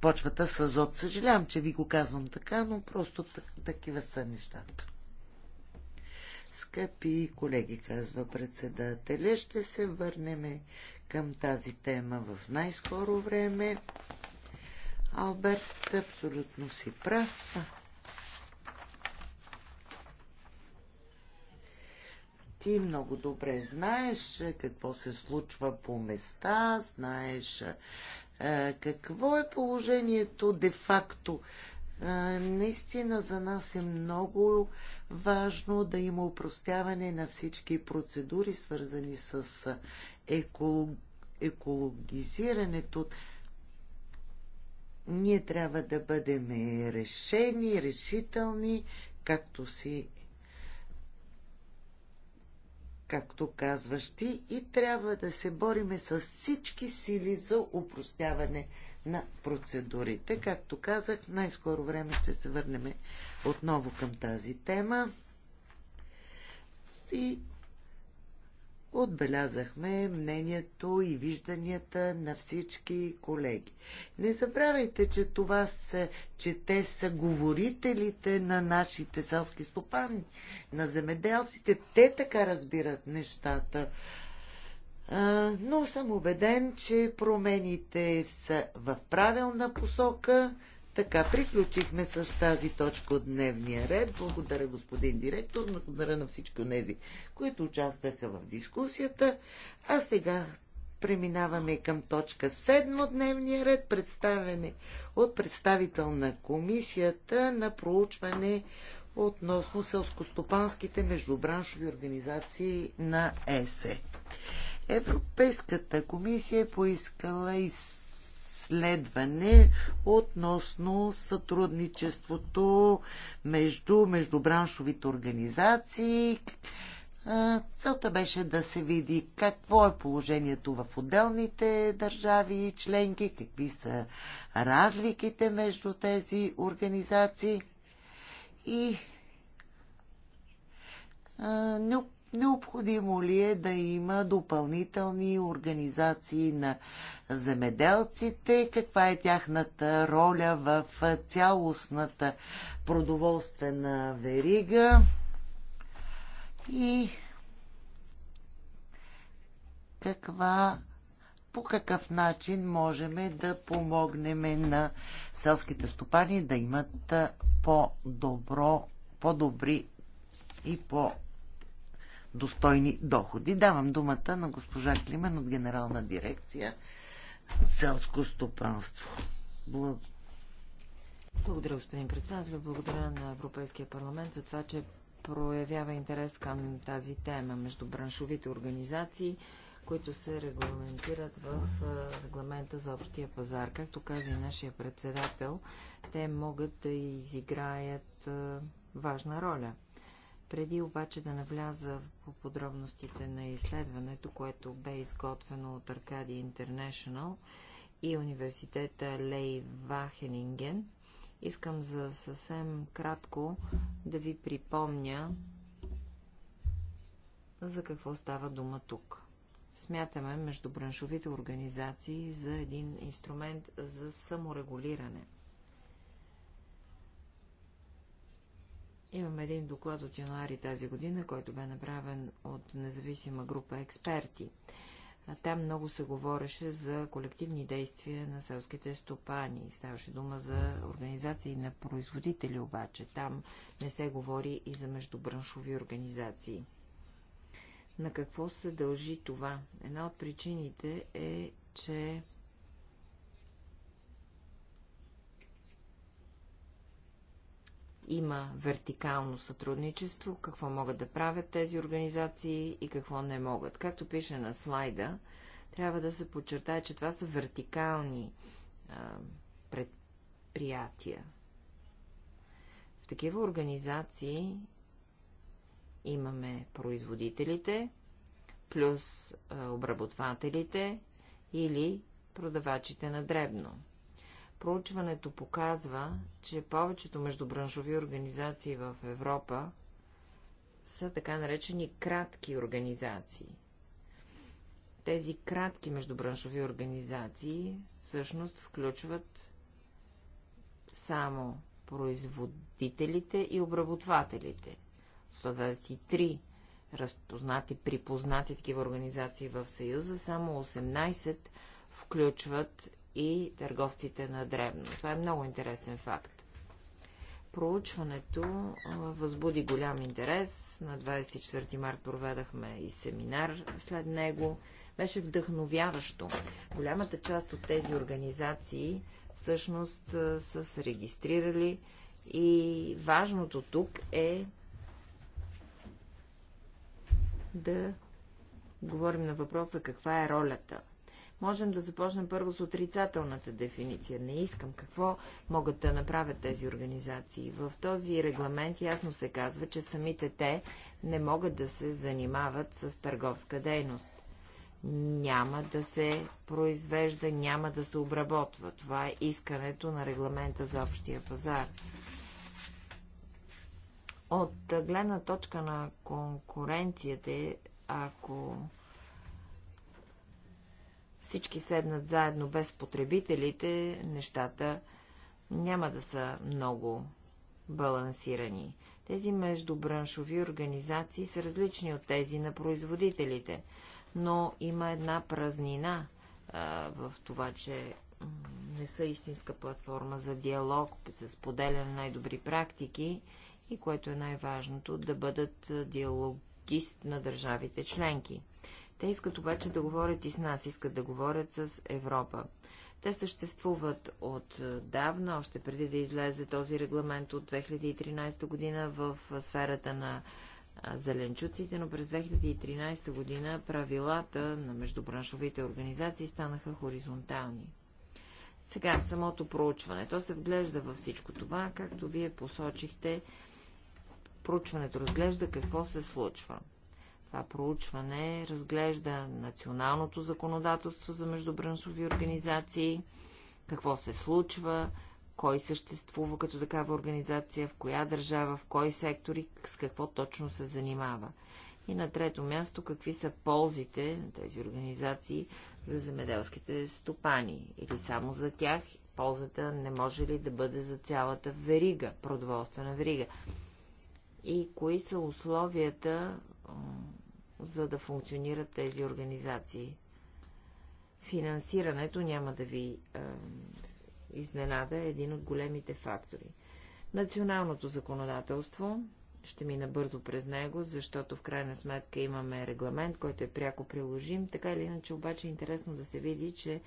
почвата с азот. Съжалявам, че ви го казвам така, но просто такива са нещата. Скъпи колеги, казва председателя, ще се върнем към тази тема в най-скоро време. Алберт абсолютно си прав. ти много добре знаеш е, какво се случва по места, знаеш е, е какво е положението де-факто. Е, наистина за нас е много важно да има упростяване на всички процедури, свързани с е, еколог... екологизирането. Ние трябва да бъдем решени, решителни, както си както казващи, и трябва да се бориме с всички сили за упростяване на процедурите. Както казах, най-скоро време ще се върнем отново към тази тема. И отбелязахме мнението и вижданията на всички колеги. Не забравяйте, че това са, че те са говорителите на нашите селски стопани, на земеделците. Те така разбират нещата. Но съм убеден, че промените са в правилна посока така, приключихме с тази точка от дневния ред. Благодаря господин директор, благодаря на всички от тези, които участваха в дискусията. А сега преминаваме към точка 7 от дневния ред, представяне от представител на комисията на проучване относно селскостопанските междубраншови организации на ЕСЕ. Европейската комисия е поискала из изследване относно сътрудничеството между междубраншовите организации. Целта беше да се види какво е положението в отделните държави и членки, какви са разликите между тези организации и Необходимо ли е да има допълнителни организации на земеделците? Каква е тяхната роля в цялостната продоволствена верига? И каква по какъв начин можем да помогнем на селските стопани да имат по-добро, по-добри и по достойни доходи. Давам думата на госпожа Климен от Генерална дирекция селско стопанство. Благодаря. Благодаря, господин председател. Благодаря на Европейския парламент за това, че проявява интерес към тази тема между браншовите организации, които се регламентират в регламента за общия пазар. Както каза и нашия председател, те могат да изиграят важна роля. Преди обаче да навляза по подробностите на изследването, което бе изготвено от Аркадия International и университета Лей Вахенинген, искам за съвсем кратко да ви припомня за какво става дума тук. Смятаме между браншовите организации за един инструмент за саморегулиране – Имаме един доклад от януари тази година, който бе направен от независима група експерти. там много се говореше за колективни действия на селските стопани. Ставаше дума за организации на производители обаче. Там не се говори и за междубраншови организации. На какво се дължи това? Една от причините е, че има вертикално сътрудничество, какво могат да правят тези организации и какво не могат. Както пише на слайда, трябва да се подчертае, че това са вертикални а, предприятия. В такива организации имаме производителите, плюс а, обработвателите или продавачите на дребно. Проучването показва, че повечето междубраншови организации в Европа са така наречени кратки организации. Тези кратки междубраншови организации всъщност включват само производителите и обработвателите. 123 разпознати, припознати такива организации в Съюза, само 18 включват и търговците на дребно. Това е много интересен факт. Проучването възбуди голям интерес. На 24 март проведахме и семинар след него. Беше вдъхновяващо. Голямата част от тези организации всъщност са се регистрирали и важното тук е да говорим на въпроса каква е ролята – Можем да започнем първо с отрицателната дефиниция. Не искам какво могат да направят тези организации. В този регламент ясно се казва, че самите те не могат да се занимават с търговска дейност. Няма да се произвежда, няма да се обработва. Това е искането на регламента за общия пазар. От гледна точка на конкуренцията, ако всички седнат заедно без потребителите, нещата няма да са много балансирани. Тези междубраншови организации са различни от тези на производителите, но има една празнина а, в това, че не са истинска платформа за диалог, за споделяне на най-добри практики и, което е най-важното, да бъдат диалогист на държавите членки. Те искат обаче да говорят и с нас, искат да говорят с Европа. Те съществуват от е, давна, още преди да излезе този регламент от 2013 година в е, сферата на е, зеленчуците, но през 2013 година правилата на междубраншовите организации станаха хоризонтални. Сега, самото проучване. То се вглежда във всичко това, както вие посочихте. Проучването разглежда какво се случва. Това проучване разглежда националното законодателство за междубраншови организации, какво се случва, кой съществува като такава организация, в коя държава, в кой сектор и с какво точно се занимава. И на трето място, какви са ползите на тези организации за земеделските стопани или само за тях, ползата не може ли да бъде за цялата верига, продоволствена верига. И кои са условията, за да функционират тези организации. Финансирането няма да ви е, изненада, е един от големите фактори. Националното законодателство, ще мина бързо през него, защото в крайна сметка имаме регламент, който е пряко приложим. Така или иначе, обаче е интересно да се види, че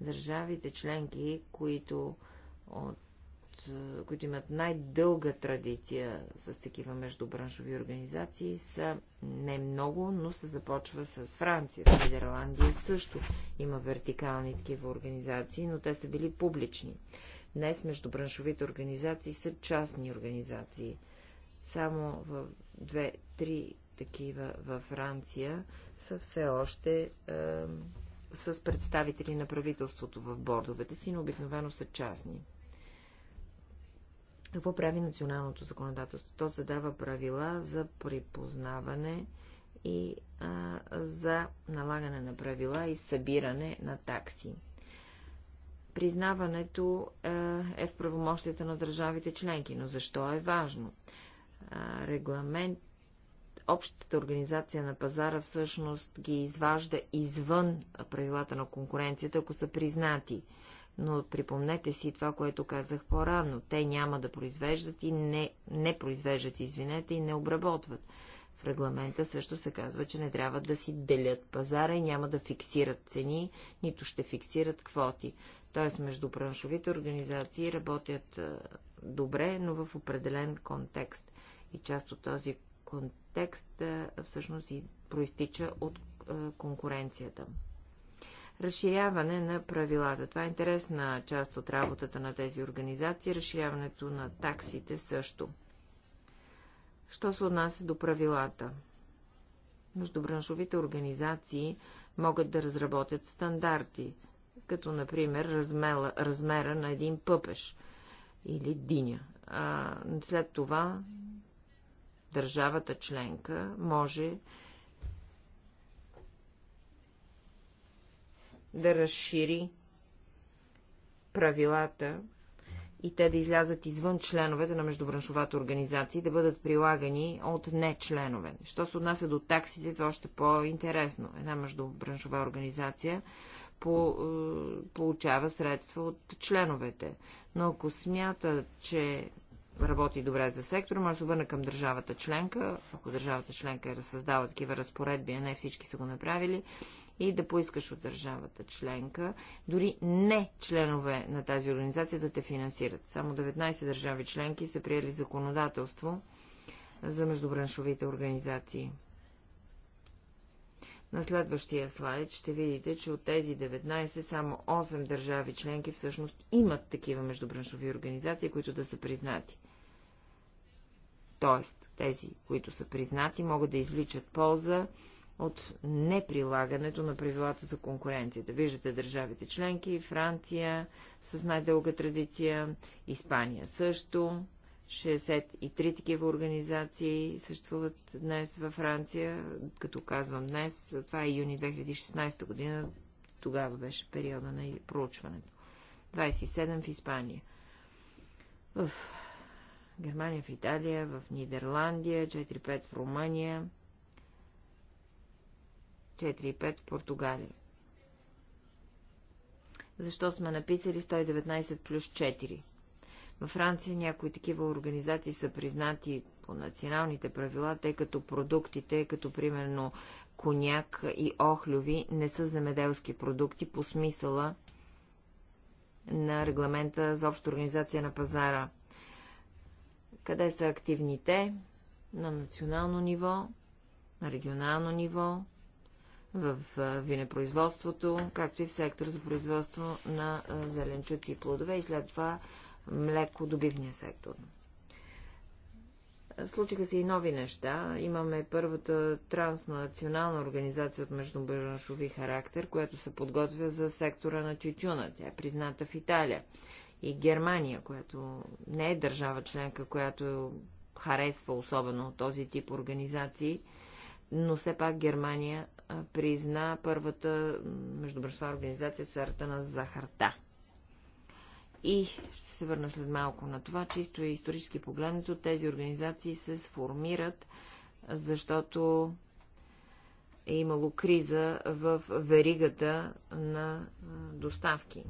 държавите членки, които от е, които имат най-дълга традиция с такива междубраншови организации, са не много, но се започва с Франция. В Нидерландия също има вертикални такива организации, но те са били публични. Днес междубраншовите организации са частни организации. Само в две-три такива във Франция са все още е, с представители на правителството в бордовете си, но обикновено са частни. Какво прави националното законодателство? То задава правила за припознаване и а, за налагане на правила и събиране на такси. Признаването а, е в правомощията на държавите членки, но защо е важно? А, регламент общата организация на пазара всъщност ги изважда извън правилата на конкуренцията, ако са признати но припомнете си това, което казах по-рано. Те няма да произвеждат и не, не произвеждат, извинете, и не обработват. В регламента също се казва, че не трябва да си делят пазара и няма да фиксират цени, нито ще фиксират квоти. Тоест, между браншовите организации работят добре, но в определен контекст. И част от този контекст всъщност и проистича от конкуренцията разширяване на правилата. Това е интересна част от работата на тези организации, разширяването на таксите също. Що се отнася до правилата? Междубраншовите организации могат да разработят стандарти, като например размера, размера на един пъпеш или диня. А, след това държавата членка може да разшири правилата и те да излязат извън членовете на междубраншовата организация и да бъдат прилагани от не членове. Що се отнася до таксите, това е още по-интересно. Една междубраншова организация по, е, получава средства от членовете. Но ако смята, че работи добре за сектора, може да се обърне към държавата членка, ако държавата членка е разсъздава такива разпоредби, а не всички са го направили, и да поискаш от държавата членка, дори не членове на тази организация да те финансират. Само 19 държави членки са приели законодателство за междубраншовите организации. На следващия слайд ще видите, че от тези 19 само 8 държави членки всъщност имат такива междубраншови организации, които да са признати. Тоест, тези, които са признати, могат да извличат полза от неприлагането на правилата за конкуренцията. Виждате държавите членки, Франция с най-дълга традиция, Испания също, 63 такива организации съществуват днес във Франция. Като казвам днес, това е юни 2016 година, тогава беше периода на проучването. 27 в Испания. В Германия, в Италия, в Нидерландия, 4-5 в Румъния, 4 и 5 в Португалия. Защо сме написали 119 плюс 4? Във Франция някои такива организации са признати по националните правила, тъй като продуктите, като примерно коняк и охлюви, не са земеделски продукти по смисъла на регламента за обща организация на пазара. Къде са активните? На национално ниво, на регионално ниво, в винепроизводството, както и в сектор за производство на зеленчуци и плодове и след това млекодобивния сектор. Случиха се и нови неща. Имаме първата транснационална организация от междубраншови характер, която се подготвя за сектора на тютюна. Тя е призната в Италия и Германия, която не е държава членка, която харесва особено този тип организации, но все пак Германия призна първата междубраншова организация в сферата на захарта. И ще се върна след малко на това, чисто и е исторически погледнато, тези организации се сформират, защото е имало криза в веригата на доставки.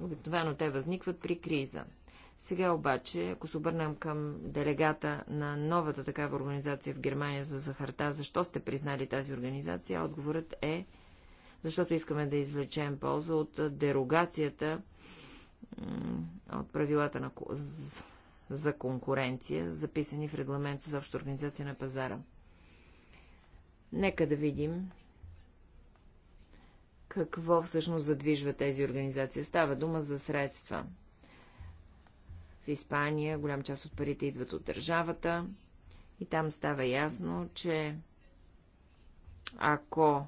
Обикновено те възникват при криза. Сега обаче, ако се обърнем към делегата на новата такава организация в Германия за захарта, защо сте признали тази организация, отговорът е, защото искаме да извлечем полза от дерогацията от правилата на, за конкуренция, записани в регламент за обща организация на пазара. Нека да видим какво всъщност задвижва тези организации. Става дума за средства. В Испания голям част от парите идват от държавата и там става ясно, че ако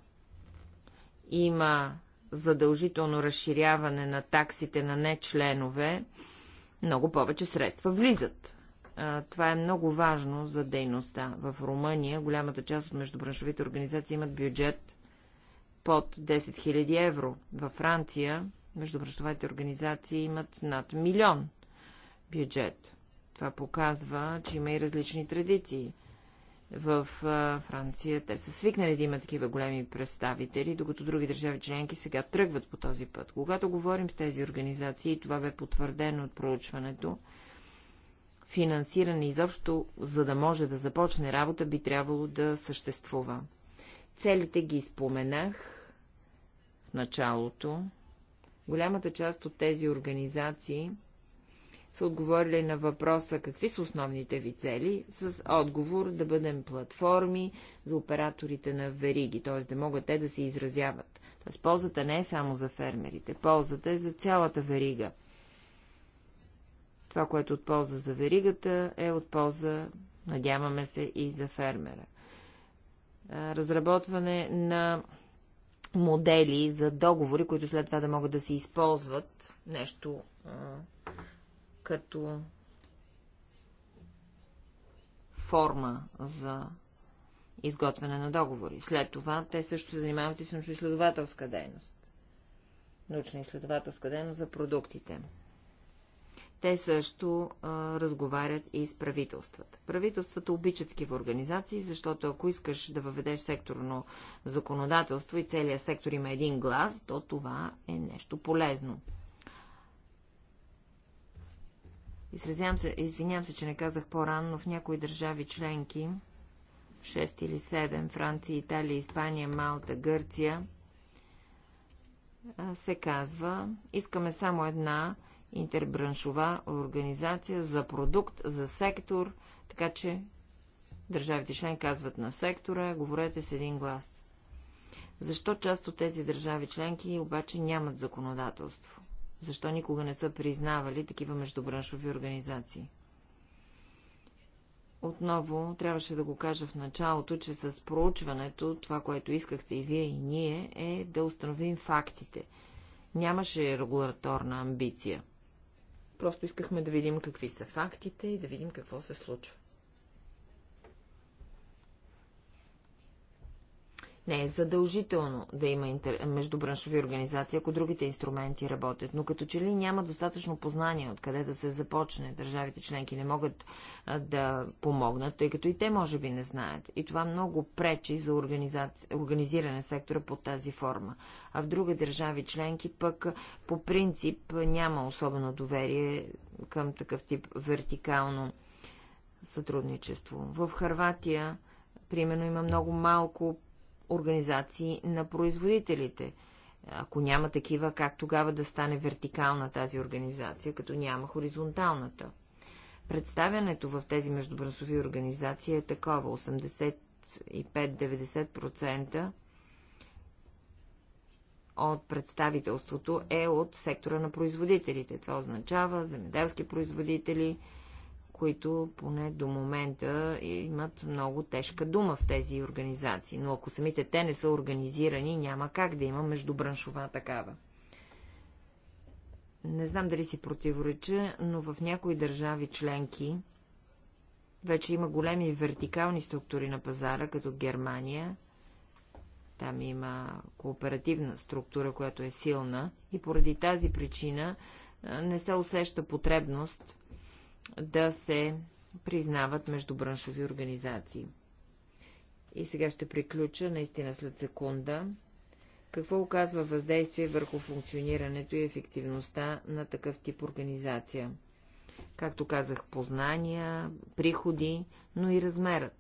има задължително разширяване на таксите на нечленове, много повече средства влизат. Това е много важно за дейността. В Румъния голямата част от междубраншовите организации имат бюджет под 10 000 евро. Във Франция междубраншовите организации имат над милион бюджет. Това показва, че има и различни традиции. В Франция те са свикнали да има такива големи представители, докато други държави членки сега тръгват по този път. Когато говорим с тези организации, това бе потвърдено от проучването, финансиране изобщо, за да може да започне работа, би трябвало да съществува. Целите ги споменах в началото. Голямата част от тези организации са отговорили на въпроса какви са основните ви цели, с отговор да бъдем платформи за операторите на вериги, т.е. да могат те да се изразяват. Т.е. ползата не е само за фермерите, ползата е за цялата верига. Това, което е от полза за веригата, е от полза, надяваме се, и за фермера. Разработване на модели за договори, които след това да могат да се използват нещо като форма за изготвяне на договори. След това те също се занимават и с научно-изследователска дейност. Научно-изследователска дейност за продуктите. Те също а, разговарят и с правителствата. Правителствата обичат такива организации, защото ако искаш да въведеш секторно законодателство и целият сектор има един глас, то това е нещо полезно. Изразявам се, извинявам се, че не казах по-рано, но в някои държави членки, 6 или 7, Франция, Италия, Испания, Малта, Гърция, се казва, искаме само една интербраншова организация за продукт, за сектор, така че държавите член казват на сектора, говорете с един глас. Защо част от тези държави членки обаче нямат законодателство? Защо никога не са признавали такива междубраншови организации? Отново трябваше да го кажа в началото, че с проучването, това, което искахте и вие и ние, е да установим фактите. Нямаше регулаторна амбиция. Просто искахме да видим какви са фактите и да видим какво се случва. Не е задължително да има интер... междубраншови организации, ако другите инструменти работят, но като че ли няма достатъчно познание откъде да се започне. Държавите членки не могат а, да помогнат, тъй като и те може би не знаят. И това много пречи за организаци... организиране сектора под тази форма. А в други държави членки пък по принцип няма особено доверие към такъв тип вертикално сътрудничество. В Харватия, примерно, има много малко организации на производителите. Ако няма такива, как тогава да стане вертикална тази организация, като няма хоризонталната? Представянето в тези междубрасови организации е такова. 85-90% от представителството е от сектора на производителите. Това означава земеделски производители, които поне до момента имат много тежка дума в тези организации. Но ако самите те не са организирани, няма как да има междубраншова такава. Не знам дали си противореча, но в някои държави членки вече има големи вертикални структури на пазара, като Германия. Там има кооперативна структура, която е силна и поради тази причина не се усеща потребност да се признават между браншови организации. И сега ще приключа, наистина след секунда, какво оказва въздействие върху функционирането и ефективността на такъв тип организация. Както казах, познания, приходи, но и размерът.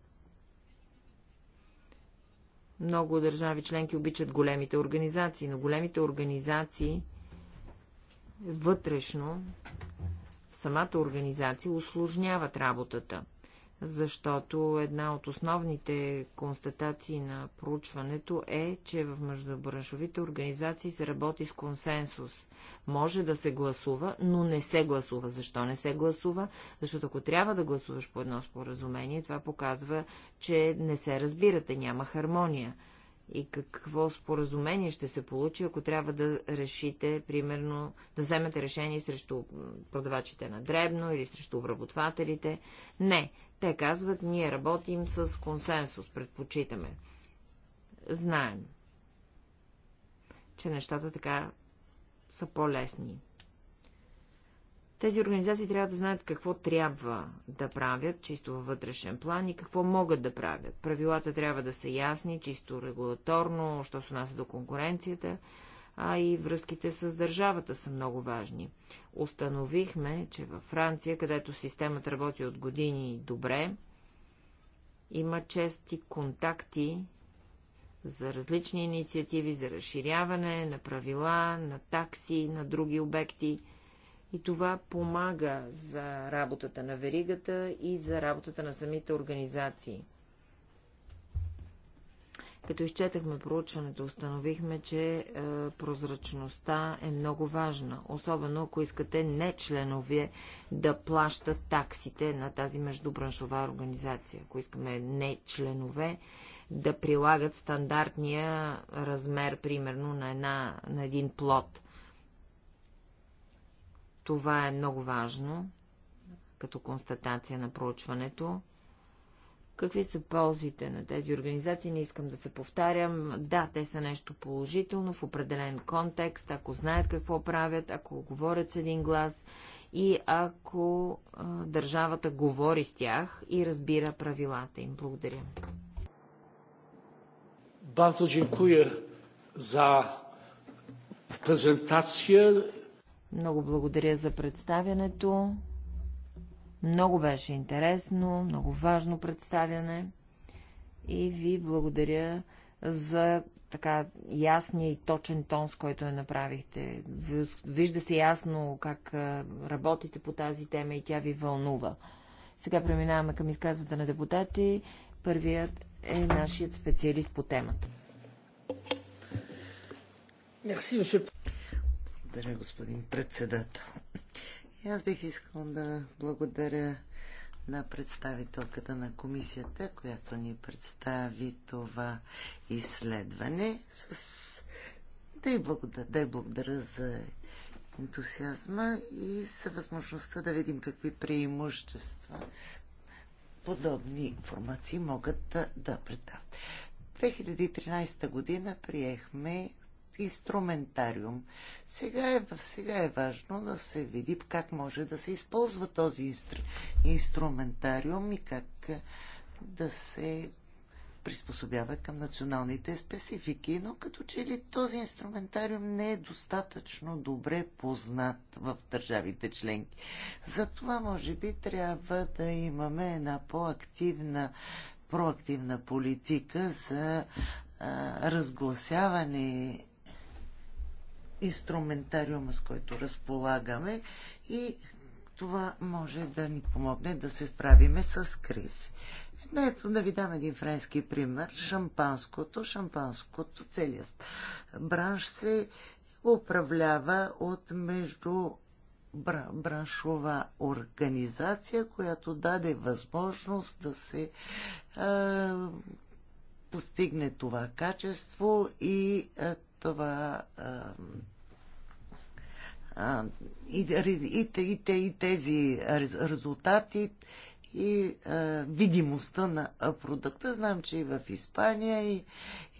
Много държави членки обичат големите организации, но големите организации вътрешно самата организация усложняват работата, защото една от основните констатации на проучването е, че в междубраншовите организации се работи с консенсус. Може да се гласува, но не се гласува. Защо не се гласува? Защото ако трябва да гласуваш по едно споразумение, това показва, че не се разбирате, няма хармония и какво споразумение ще се получи, ако трябва да решите, примерно, да вземете решение срещу продавачите на дребно или срещу обработвателите. Не, те казват, ние работим с консенсус, предпочитаме. Знаем, че нещата така са по-лесни. Тези организации трябва да знаят какво трябва да правят, чисто във вътрешен план и какво могат да правят. Правилата трябва да са ясни, чисто регулаторно, що се отнася до конкуренцията, а и връзките с държавата са много важни. Установихме, че във Франция, където системата работи от години добре, има чести контакти за различни инициативи, за разширяване на правила, на такси, на други обекти – и това помага за работата на веригата и за работата на самите организации. Като изчетахме проучването, установихме, че е, прозрачността е много важна, особено ако искате не членове да плащат таксите на тази междубраншова организация. Ако искаме не членове да прилагат стандартния размер, примерно, на, една, на един плод. Това е много важно, като констатация на проучването. Какви са ползите на тези организации? Не искам да се повтарям. Да, те са нещо положително в определен контекст, ако знаят какво правят, ако говорят с един глас и ако а, държавата говори с тях и разбира правилата им. Благодаря. Bardzo dziękuję за презентация. Много благодаря за представянето. Много беше интересно, много важно представяне. И ви благодаря за така ясния и точен тон, с който я направихте. Вижда се ясно как работите по тази тема и тя ви вълнува. Сега преминаваме към изказвата на депутати. Първият е нашият специалист по темата. Мерси, благодаря, господин председател. И аз бих искал да благодаря на представителката на комисията, която ни представи това изследване. С... Да, й благодаря, да й благодаря за ентусиазма и за възможността да видим какви преимущества подобни информации могат да, да представят. 2013 година приехме инструментариум. Сега е, сега е важно да се види как може да се използва този инстру, инструментариум и как е, да се приспособява към националните специфики, но като че ли този инструментариум не е достатъчно добре познат в държавите членки. Затова, може би, трябва да имаме една по-активна, проактивна политика за а, разгласяване инструментариума, с който разполагаме и това може да ни помогне да се справиме с кризи. Ето да ви дам един френски пример. Шампанското, шампанското, целият бранш се управлява от между браншова организация, която даде възможност да се а, постигне това качество и а, това и, и, и, и тези резултати и а, видимостта на продукта. Знам, че и в Испания и,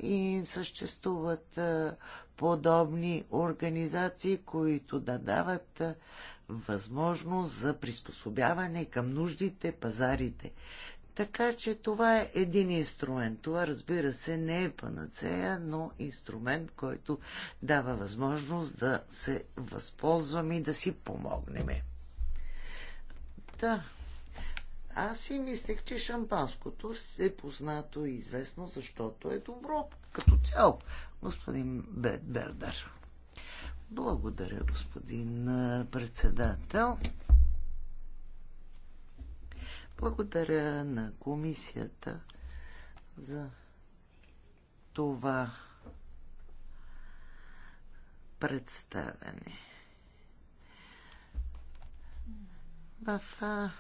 и съществуват а, подобни организации, които да дават а, възможност за приспособяване към нуждите, пазарите. Така че това е един инструмент. Това, разбира се, не е панацея, но инструмент, който дава възможност да се възползваме и да си помогнем. Да. Аз си мислех, че шампанското е познато и известно, защото е добро като цяло, господин Бердър. Благодаря, господин председател. Благодаря на комисията за това представяне. В а,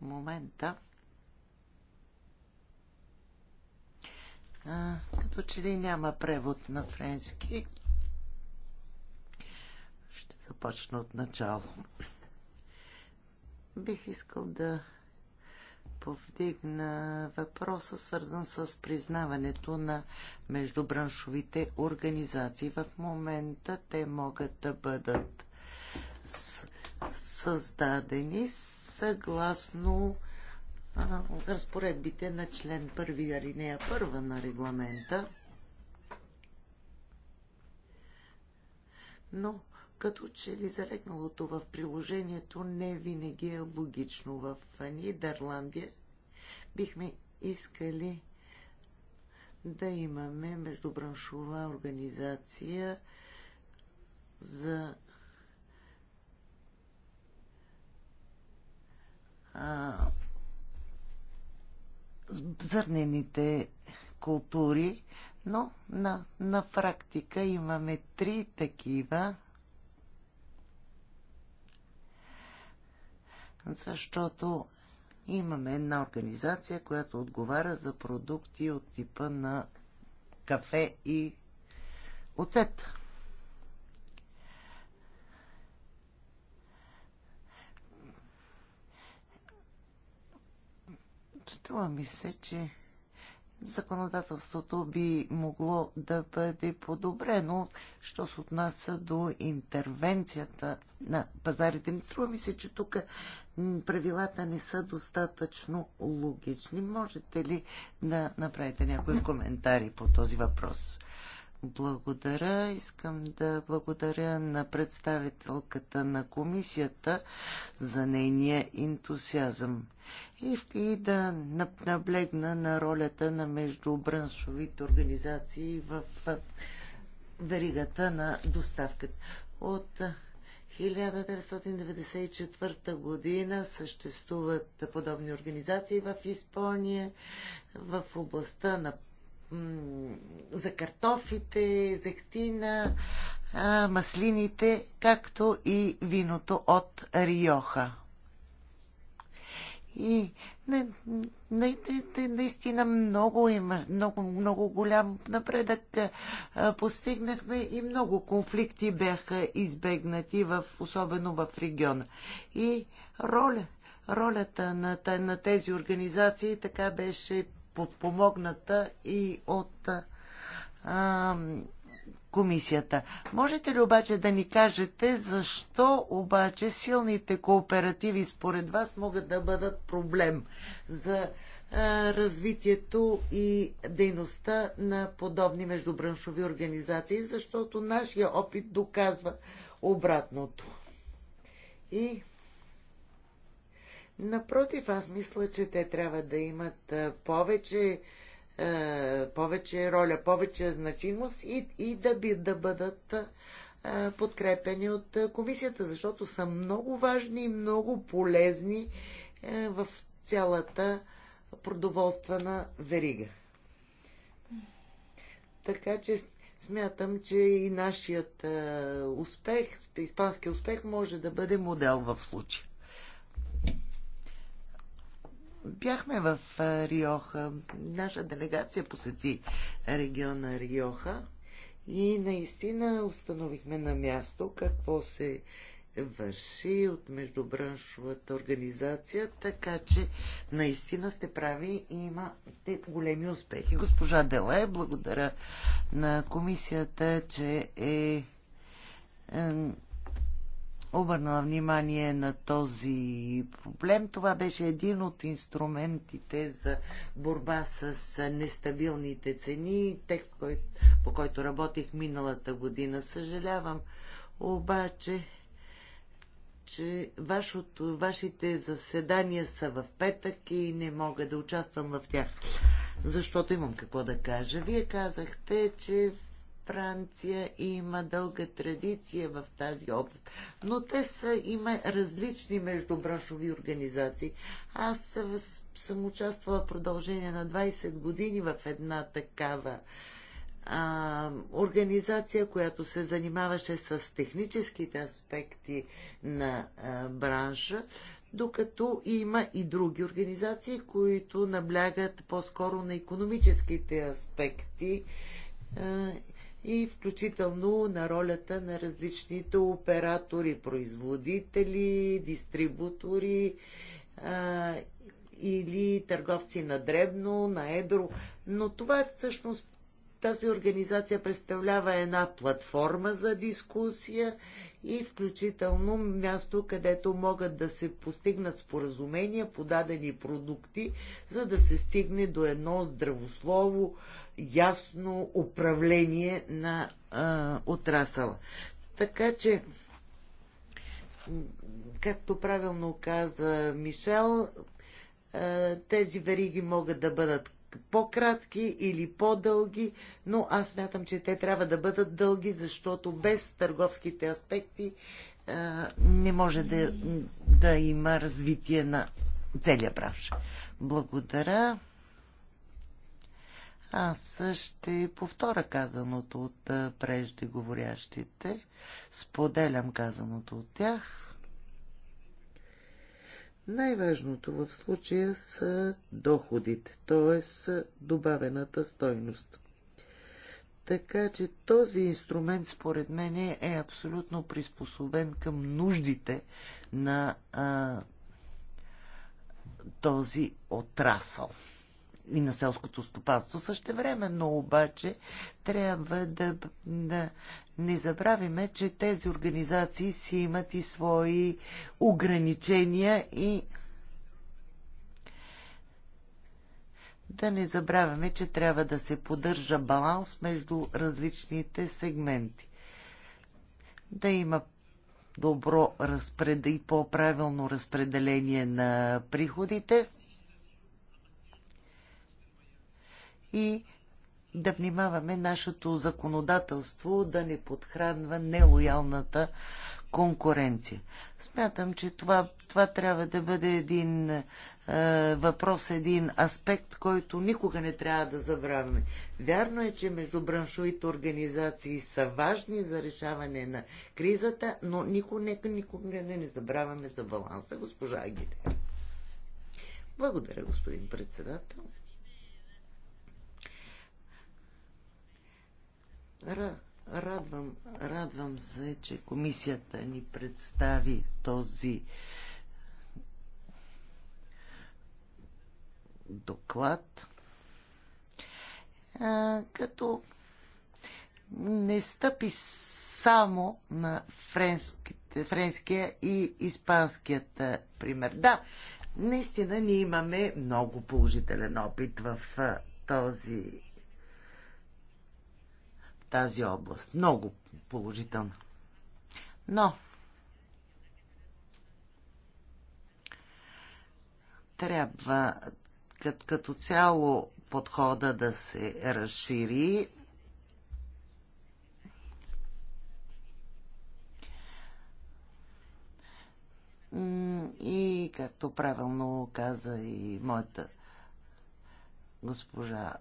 момента а, като че ли няма превод на френски, ще започна от начало. Бих искал да повдигна въпроса, свързан с признаването на междубраншовите организации. В момента те могат да бъдат създадени съгласно а, разпоредбите на член 1 алинея 1 на регламента. Но като че ли залегналото в приложението не винаги е логично. В Нидерландия бихме искали да имаме междубраншова организация за зърнените култури, но на, на практика имаме три такива защото имаме една организация, която отговаря за продукти от типа на кафе и оцет. Това ми се, че законодателството би могло да бъде подобрено, що се отнася до интервенцията на пазарите. Не струва ми се, че тук правилата не са достатъчно логични. Можете ли да направите някои коментари по този въпрос? благодаря. Искам да благодаря на представителката на комисията за нейния ентусиазъм и, да наблегна на ролята на междубраншовите организации в веригата на доставката. От 1994 година съществуват подобни организации в Испания в областта на за картофите, зехтина, маслините, както и виното от Риоха. И не, не, не, не, наистина много има, много, много голям напредък постигнахме и много конфликти бяха избегнати, в, особено в региона. И роля, ролята на, на тези организации така беше подпомогната и от а, комисията. Можете ли обаче да ни кажете защо обаче силните кооперативи според вас могат да бъдат проблем за а, развитието и дейността на подобни междубраншови организации, защото нашия опит доказва обратното. И Напротив, аз мисля, че те трябва да имат повече, повече роля, повече значимост и, и да, би, да бъдат подкрепени от комисията, защото са много важни и много полезни е, в цялата продоволствена верига. Така че смятам, че и нашият успех, испанския успех може да бъде модел в случая. Бяхме в Риоха. Наша делегация посети региона Риоха и наистина установихме на място какво се върши от междубраншовата организация, така че наистина сте прави и имате големи успехи. Госпожа Деле, благодаря на комисията, че е обърнала внимание на този проблем. Това беше един от инструментите за борба с нестабилните цени, текст, по който работих миналата година. Съжалявам, обаче, че вашето, вашите заседания са в петък и не мога да участвам в тях, защото имам какво да кажа. Вие казахте, че Франция има дълга традиция в тази област, но те са, има различни междубраншови организации. Аз съм участвала в продължение на 20 години в една такава а, организация, която се занимаваше с техническите аспекти на а, бранша, докато има и други организации, които наблягат по-скоро на економическите аспекти и включително на ролята на различните оператори, производители, дистрибутори а, или търговци на дребно, на едро. Но това всъщност тази организация представлява една платформа за дискусия и включително място, където могат да се постигнат споразумения подадени продукти, за да се стигне до едно здравослово, ясно управление на а, отрасъла. Така че, както правилно каза Мишел, тези вериги могат да бъдат по-кратки или по-дълги, но аз смятам, че те трябва да бъдат дълги, защото без търговските аспекти а, не може да, да има развитие на целия бранш. Благодаря. Аз ще повторя казаното от преждеговорящите. Споделям казаното от тях. Най-важното в случая са доходите, т.е. добавената стойност. Така че този инструмент, според мен, е абсолютно приспособен към нуждите на а, този отрасъл и на селското стопанство. Същевременно обаче трябва да, да не забравиме, че тези организации си имат и свои ограничения и да не забравяме, че трябва да се поддържа баланс между различните сегменти. Да има добро разпред... и по-правилно разпределение на приходите – и да внимаваме нашето законодателство да не подхранва нелоялната конкуренция. Смятам, че това, това трябва да бъде един е, въпрос, един аспект, който никога не трябва да забравяме. Вярно е, че междубраншовите организации са важни за решаване на кризата, но никога, нека никога не, не забравяме за баланса, госпожа Агиле. Благодаря, господин председател. радвам, радвам се, че комисията ни представи този доклад. А, като не стъпи само на френските, френския и испанският пример. Да, наистина ние имаме много положителен опит в този тази област. Много положителна. Но трябва като, като цяло подхода да се разшири. И както правилно каза и моята госпожа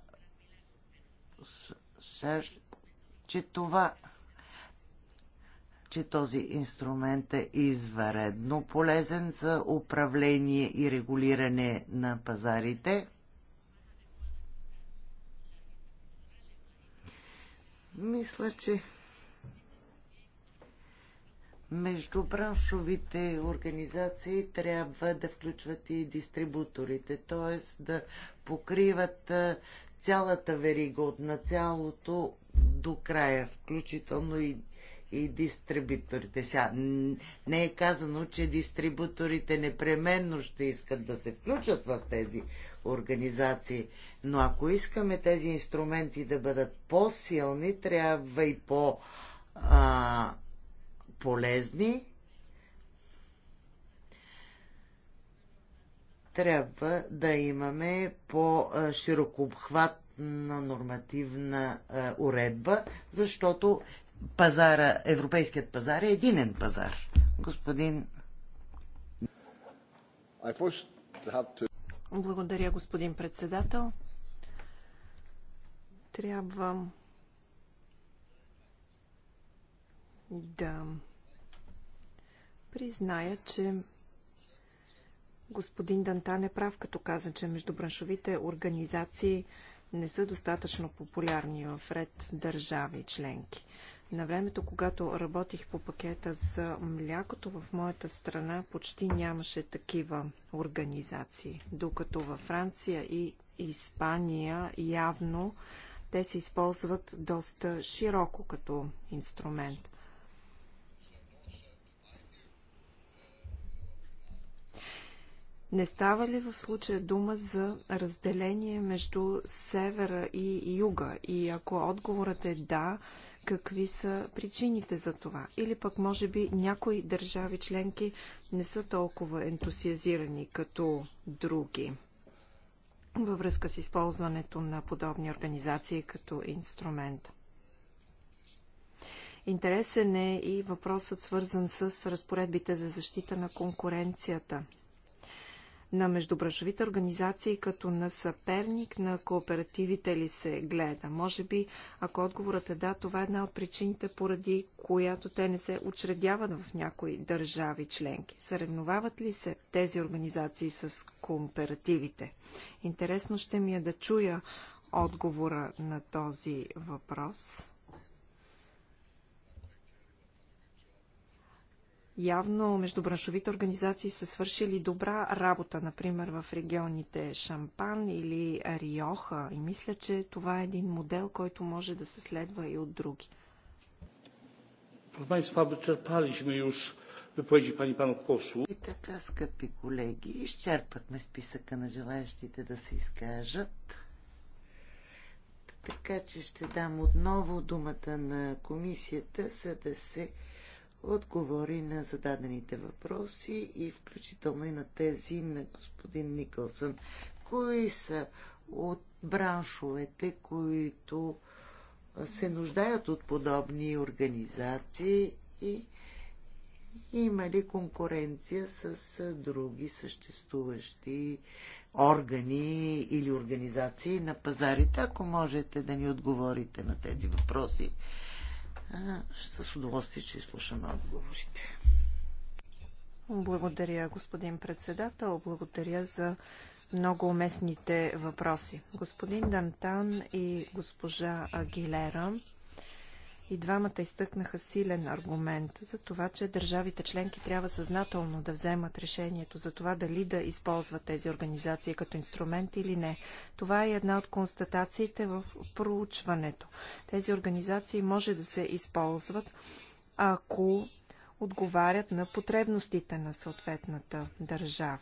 Саж, че това че този инструмент е изваредно полезен за управление и регулиране на пазарите. Мисля, че междубраншовите организации трябва да включват и дистрибуторите, т.е. да покриват цялата верига от началото до края, включително и, и дистрибуторите. Сега, не е казано, че дистрибуторите непременно ще искат да се включат в тези организации, но ако искаме тези инструменти да бъдат по-силни, трябва и по-полезни, трябва да имаме по-широкообхват на нормативна а, е, уредба, защото пазара, европейският пазар е единен пазар. Господин. Благодаря, господин председател. Трябва да призная, че господин Дантан е прав, като каза, че междубраншовите организации не са достатъчно популярни в ред държави членки. На времето, когато работих по пакета за млякото, в моята страна почти нямаше такива организации, докато във Франция и Испания явно те се използват доста широко като инструмент. Не става ли в случая дума за разделение между севера и юга? И ако отговорът е да, какви са причините за това? Или пък може би някои държави членки не са толкова ентусиазирани като други във връзка с използването на подобни организации като инструмент. Интересен е и въпросът свързан с разпоредбите за защита на конкуренцията – на междубрашовите организации като на съперник на кооперативите ли се гледа? Може би, ако отговорът е да, това е една от причините, поради която те не се учредяват в някои държави членки. Съревновават ли се тези организации с кооперативите? Интересно ще ми е да чуя отговора на този въпрос. Явно междубраншовите организации са свършили добра работа, например в регионите Шампан или Риоха. И мисля, че това е един модел, който може да се следва и от други. И така, скъпи колеги, изчерпахме списъка на желаящите да се изкажат. Така че ще дам отново думата на комисията, за да се отговори на зададените въпроси и включително и на тези на господин Никълсън. Кои са от браншовете, които се нуждаят от подобни организации и има ли конкуренция с други съществуващи органи или организации на пазарите? Ако можете да ни отговорите на тези въпроси, с удоволствие, че изслушаме отговорите. Благодаря, господин председател. Благодаря за много уместните въпроси. Господин Дантан и госпожа Агилера и двамата изтъкнаха силен аргумент за това, че държавите членки трябва съзнателно да вземат решението за това дали да използват тези организации като инструмент или не. Това е една от констатациите в проучването. Тези организации може да се използват, ако отговарят на потребностите на съответната държава.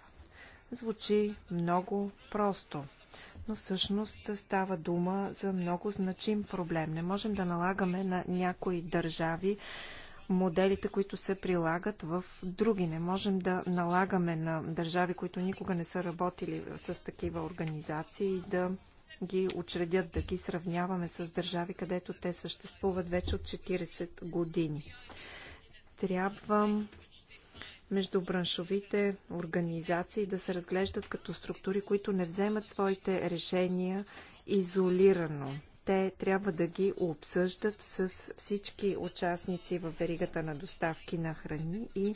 Звучи много просто но всъщност става дума за много значим проблем. Не можем да налагаме на някои държави моделите, които се прилагат в други. Не можем да налагаме на държави, които никога не са работили с такива организации, да ги учредят, да ги сравняваме с държави, където те съществуват вече от 40 години. Трябва междубраншовите организации да се разглеждат като структури, които не вземат своите решения изолирано. Те трябва да ги обсъждат с всички участници в веригата на доставки на храни и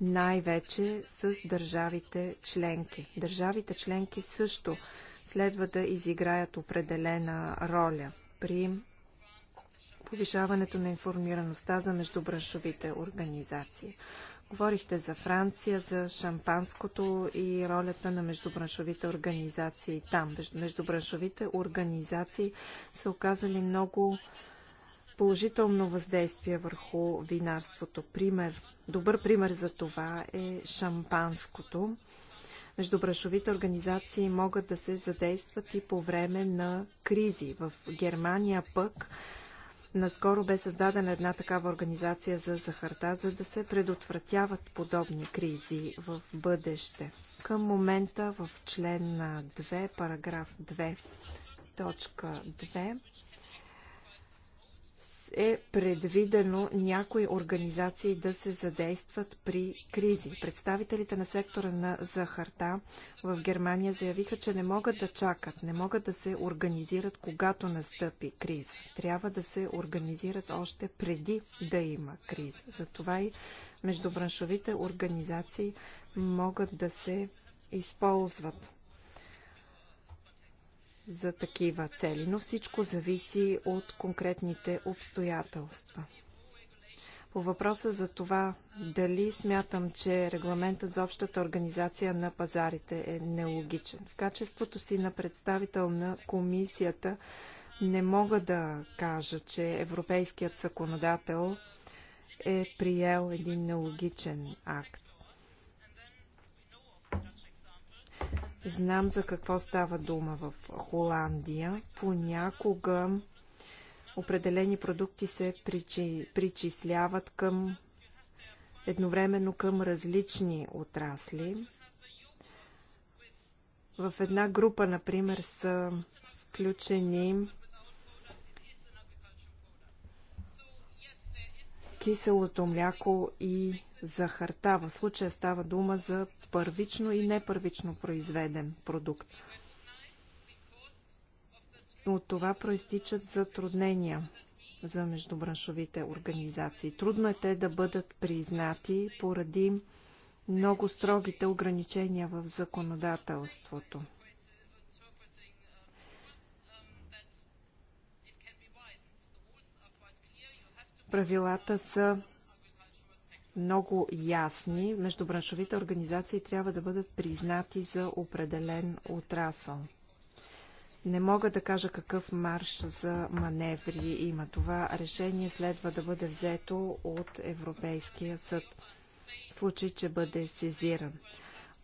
най-вече с държавите членки. Държавите членки също следва да изиграят определена роля при повишаването на информираността за междубраншовите организации. Говорихте за Франция, за шампанското и ролята на междубраншовите организации там. Междубраншовите организации са оказали много положително въздействие върху винарството. Пример, добър пример за това е шампанското. Междубрашовите организации могат да се задействат и по време на кризи. В Германия пък Наскоро бе създадена една такава организация за захарта, за да се предотвратяват подобни кризи в бъдеще. Към момента в член на 2, параграф 2, точка 2, е предвидено някои организации да се задействат при кризи. Представителите на сектора на захарта в Германия заявиха, че не могат да чакат, не могат да се организират, когато настъпи криза. Трябва да се организират още преди да има криза. Затова и междубраншовите организации могат да се използват за такива цели, но всичко зависи от конкретните обстоятелства. По въпроса за това дали смятам, че регламентът за общата организация на пазарите е нелогичен. В качеството си на представител на комисията не мога да кажа, че европейският законодател е приел един нелогичен акт. Знам за какво става дума в Холандия. Понякога определени продукти се причи, причисляват към едновременно към различни отрасли. В една група, например, са включени киселото мляко и захарта. В случая става дума за първично и непървично произведен продукт. От това проистичат затруднения за междубраншовите организации. Трудно е те да бъдат признати поради много строгите ограничения в законодателството. Правилата са много ясни. Междубраншовите организации трябва да бъдат признати за определен отрасъл. Не мога да кажа какъв марш за маневри има. Това решение следва да бъде взето от Европейския съд, в случай, че бъде сезиран.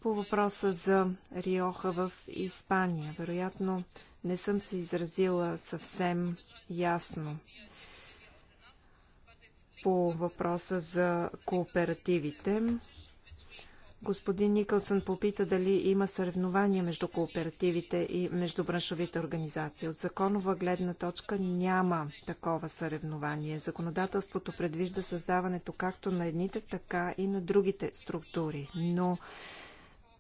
По въпроса за Риоха в Испания, вероятно не съм се изразила съвсем ясно по въпроса за кооперативите. Господин Никълсън попита дали има съревнования между кооперативите и между браншовите организации. От законова гледна точка няма такова съревнование. Законодателството предвижда създаването както на едните, така и на другите структури. Но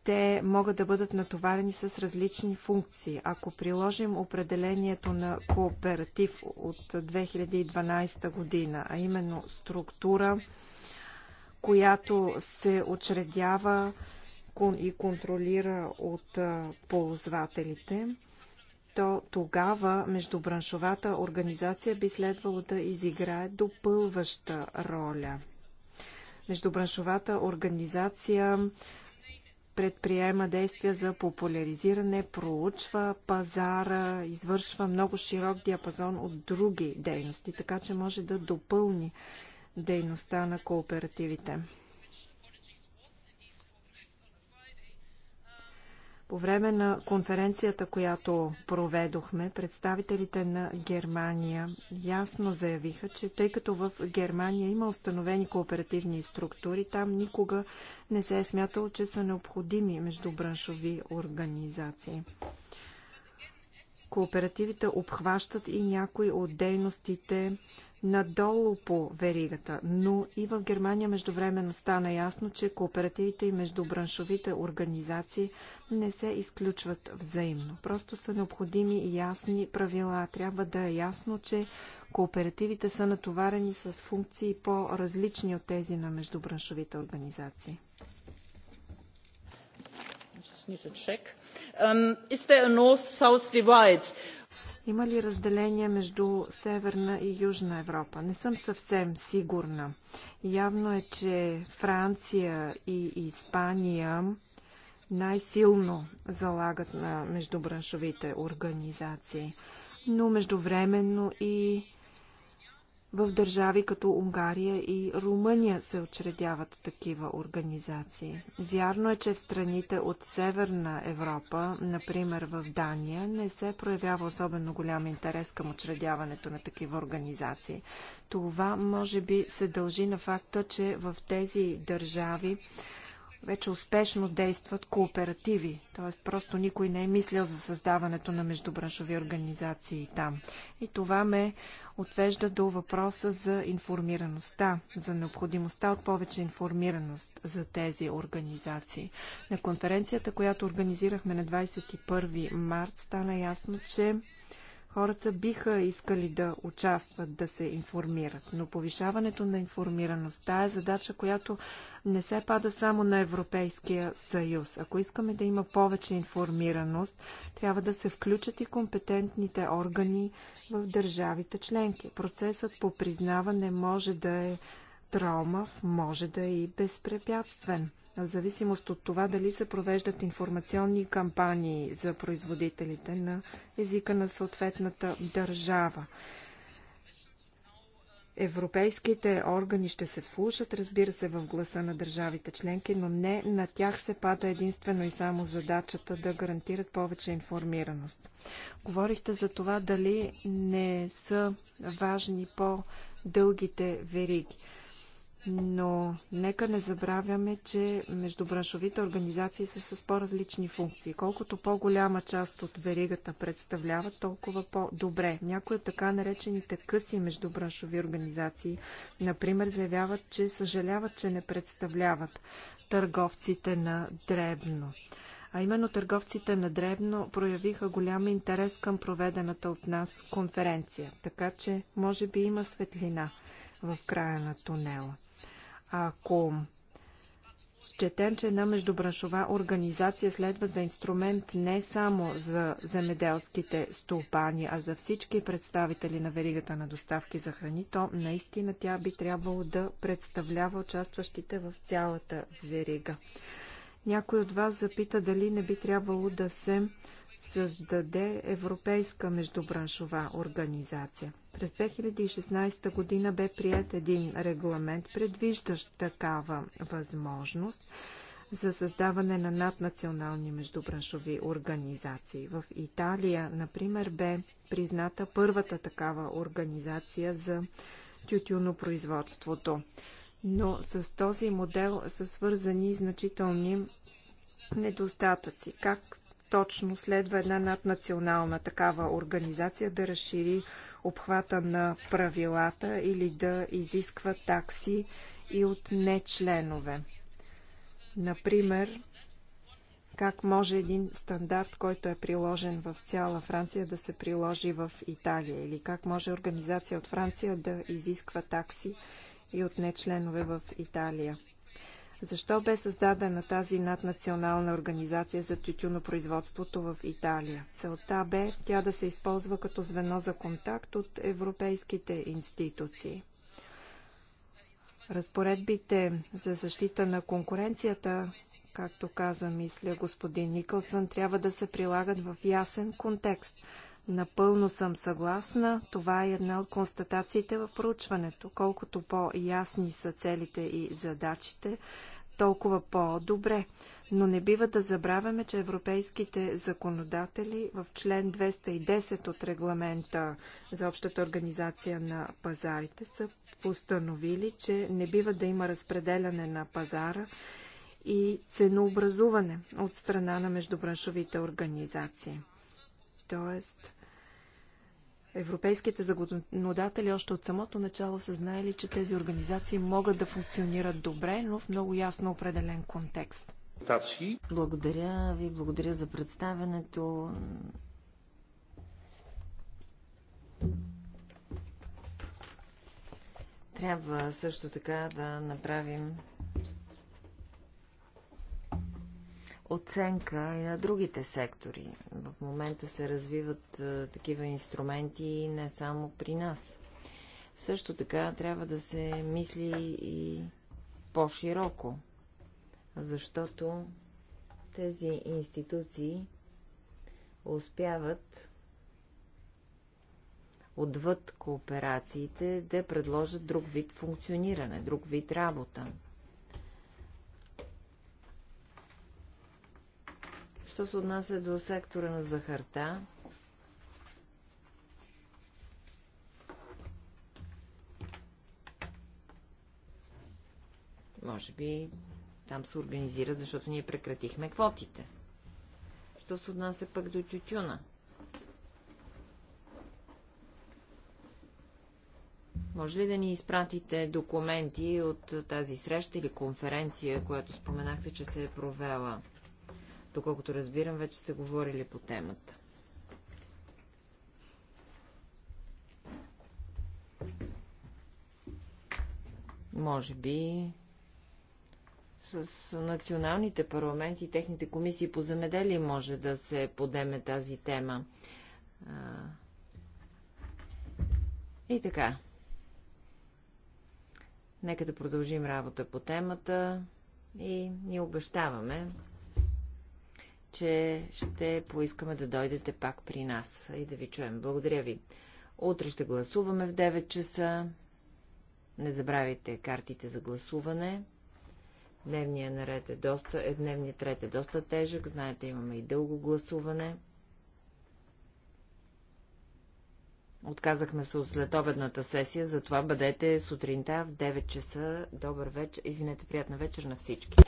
те могат да бъдат натоварени с различни функции. Ако приложим определението на кооператив от 2012 година, а именно структура, която се очредява и контролира от ползвателите, то тогава междубраншовата организация би следвало да изиграе допълваща роля. Междубраншовата организация предприема действия за популяризиране, проучва пазара, извършва много широк диапазон от други дейности, така че може да допълни дейността на кооперативите. По време на конференцията, която проведохме, представителите на Германия ясно заявиха, че тъй като в Германия има установени кооперативни структури, там никога не се е смятало, че са необходими междубраншови организации. Кооперативите обхващат и някои от дейностите надолу по веригата, но и в Германия междувременно стана ясно, че кооперативите и междубраншовите организации не се изключват взаимно. Просто са необходими ясни правила. Трябва да е ясно, че кооперативите са натоварени с функции по-различни от тези на междубраншовите организации. Just need to check. Има ли разделение между Северна и Южна Европа? Не съм съвсем сигурна. Явно е, че Франция и Испания най-силно залагат на междубраншовите организации. Но междувременно и в държави като Унгария и Румъния се очредяват такива организации. Вярно е, че в страните от Северна Европа, например в Дания, не се проявява особено голям интерес към очредяването на такива организации. Това може би се дължи на факта, че в тези държави вече успешно действат кооперативи, т.е. просто никой не е мислил за създаването на междубраншови организации там. И това ме отвежда до въпроса за информираността, за необходимостта от повече информираност за тези организации. На конференцията, която организирахме на 21 март, стана ясно, че хората биха искали да участват, да се информират. Но повишаването на информираността е задача, която не се пада само на Европейския съюз. Ако искаме да има повече информираност, трябва да се включат и компетентните органи в държавите членки. Процесът по признаване може да е тромав, може да е и безпрепятствен. В зависимост от това дали се провеждат информационни кампании за производителите на езика на съответната държава. Европейските органи ще се вслушат, разбира се, в гласа на държавите членки, но не на тях се пада единствено и само задачата да гарантират повече информираност. Говорихте за това дали не са важни по-дългите вериги но нека не забравяме, че междубраншовите организации са с по-различни функции. Колкото по-голяма част от веригата представляват, толкова по-добре. Някои от така наречените къси междубраншови организации, например, заявяват, че съжаляват, че не представляват търговците на дребно. А именно търговците на Дребно проявиха голям интерес към проведената от нас конференция, така че може би има светлина в края на тунела. Ако счетем, че една междубраншова организация следва да е инструмент не само за земеделските стопани, а за всички представители на веригата на доставки за храни, то наистина тя би трябвало да представлява участващите в цялата верига. Някой от вас запита дали не би трябвало да се създаде европейска междубраншова организация. През 2016 година бе прият един регламент, предвиждащ такава възможност за създаване на наднационални междубраншови организации. В Италия, например, бе призната първата такава организация за тютюнопроизводството. Но с този модел са свързани значителни недостатъци. Как точно следва една наднационална такава организация да разшири обхвата на правилата или да изисква такси и от нечленове. Например, как може един стандарт, който е приложен в цяла Франция, да се приложи в Италия? Или как може организация от Франция да изисква такси и от нечленове в Италия? Защо бе създадена тази наднационална организация за тютюнопроизводството в Италия? Целта бе тя да се използва като звено за контакт от европейските институции. Разпоредбите за защита на конкуренцията, както каза, мисля, господин Никълсън, трябва да се прилагат в ясен контекст – Напълно съм съгласна. Това е една от констатациите в проучването. Колкото по-ясни са целите и задачите, толкова по-добре. Но не бива да забравяме, че европейските законодатели в член 210 от регламента за общата организация на пазарите са постановили, че не бива да има разпределяне на пазара и ценообразуване от страна на междубраншовите организации. Тоест, Европейските законодатели още от самото начало са знаели, че тези организации могат да функционират добре, но в много ясно определен контекст. Благодаря ви, благодаря за представянето. Трябва също така да направим оценка и на другите сектори. В момента се развиват е, такива инструменти не само при нас. Също така трябва да се мисли и по-широко, защото тези институции успяват отвъд кооперациите да предложат друг вид функциониране, друг вид работа. Що се отнася до сектора на захарта, може би там се организира, защото ние прекратихме квотите. Що се отнася пък до тютюна? Може ли да ни изпратите документи от тази среща или конференция, която споменахте, че се е провела? доколкото разбирам, вече сте говорили по темата. Може би с националните парламенти и техните комисии по земеделие може да се подеме тази тема. И така. Нека да продължим работа по темата и ни обещаваме че ще поискаме да дойдете пак при нас и да ви чуем. Благодаря ви. Утре ще гласуваме в 9 часа. Не забравяйте картите за гласуване. Дневният наред е доста, е, дневният ред е доста тежък. Знаете, имаме и дълго гласуване. Отказахме се от следобедната сесия, затова бъдете сутринта в 9 часа. Добър вечер, извинете, приятна вечер на всички.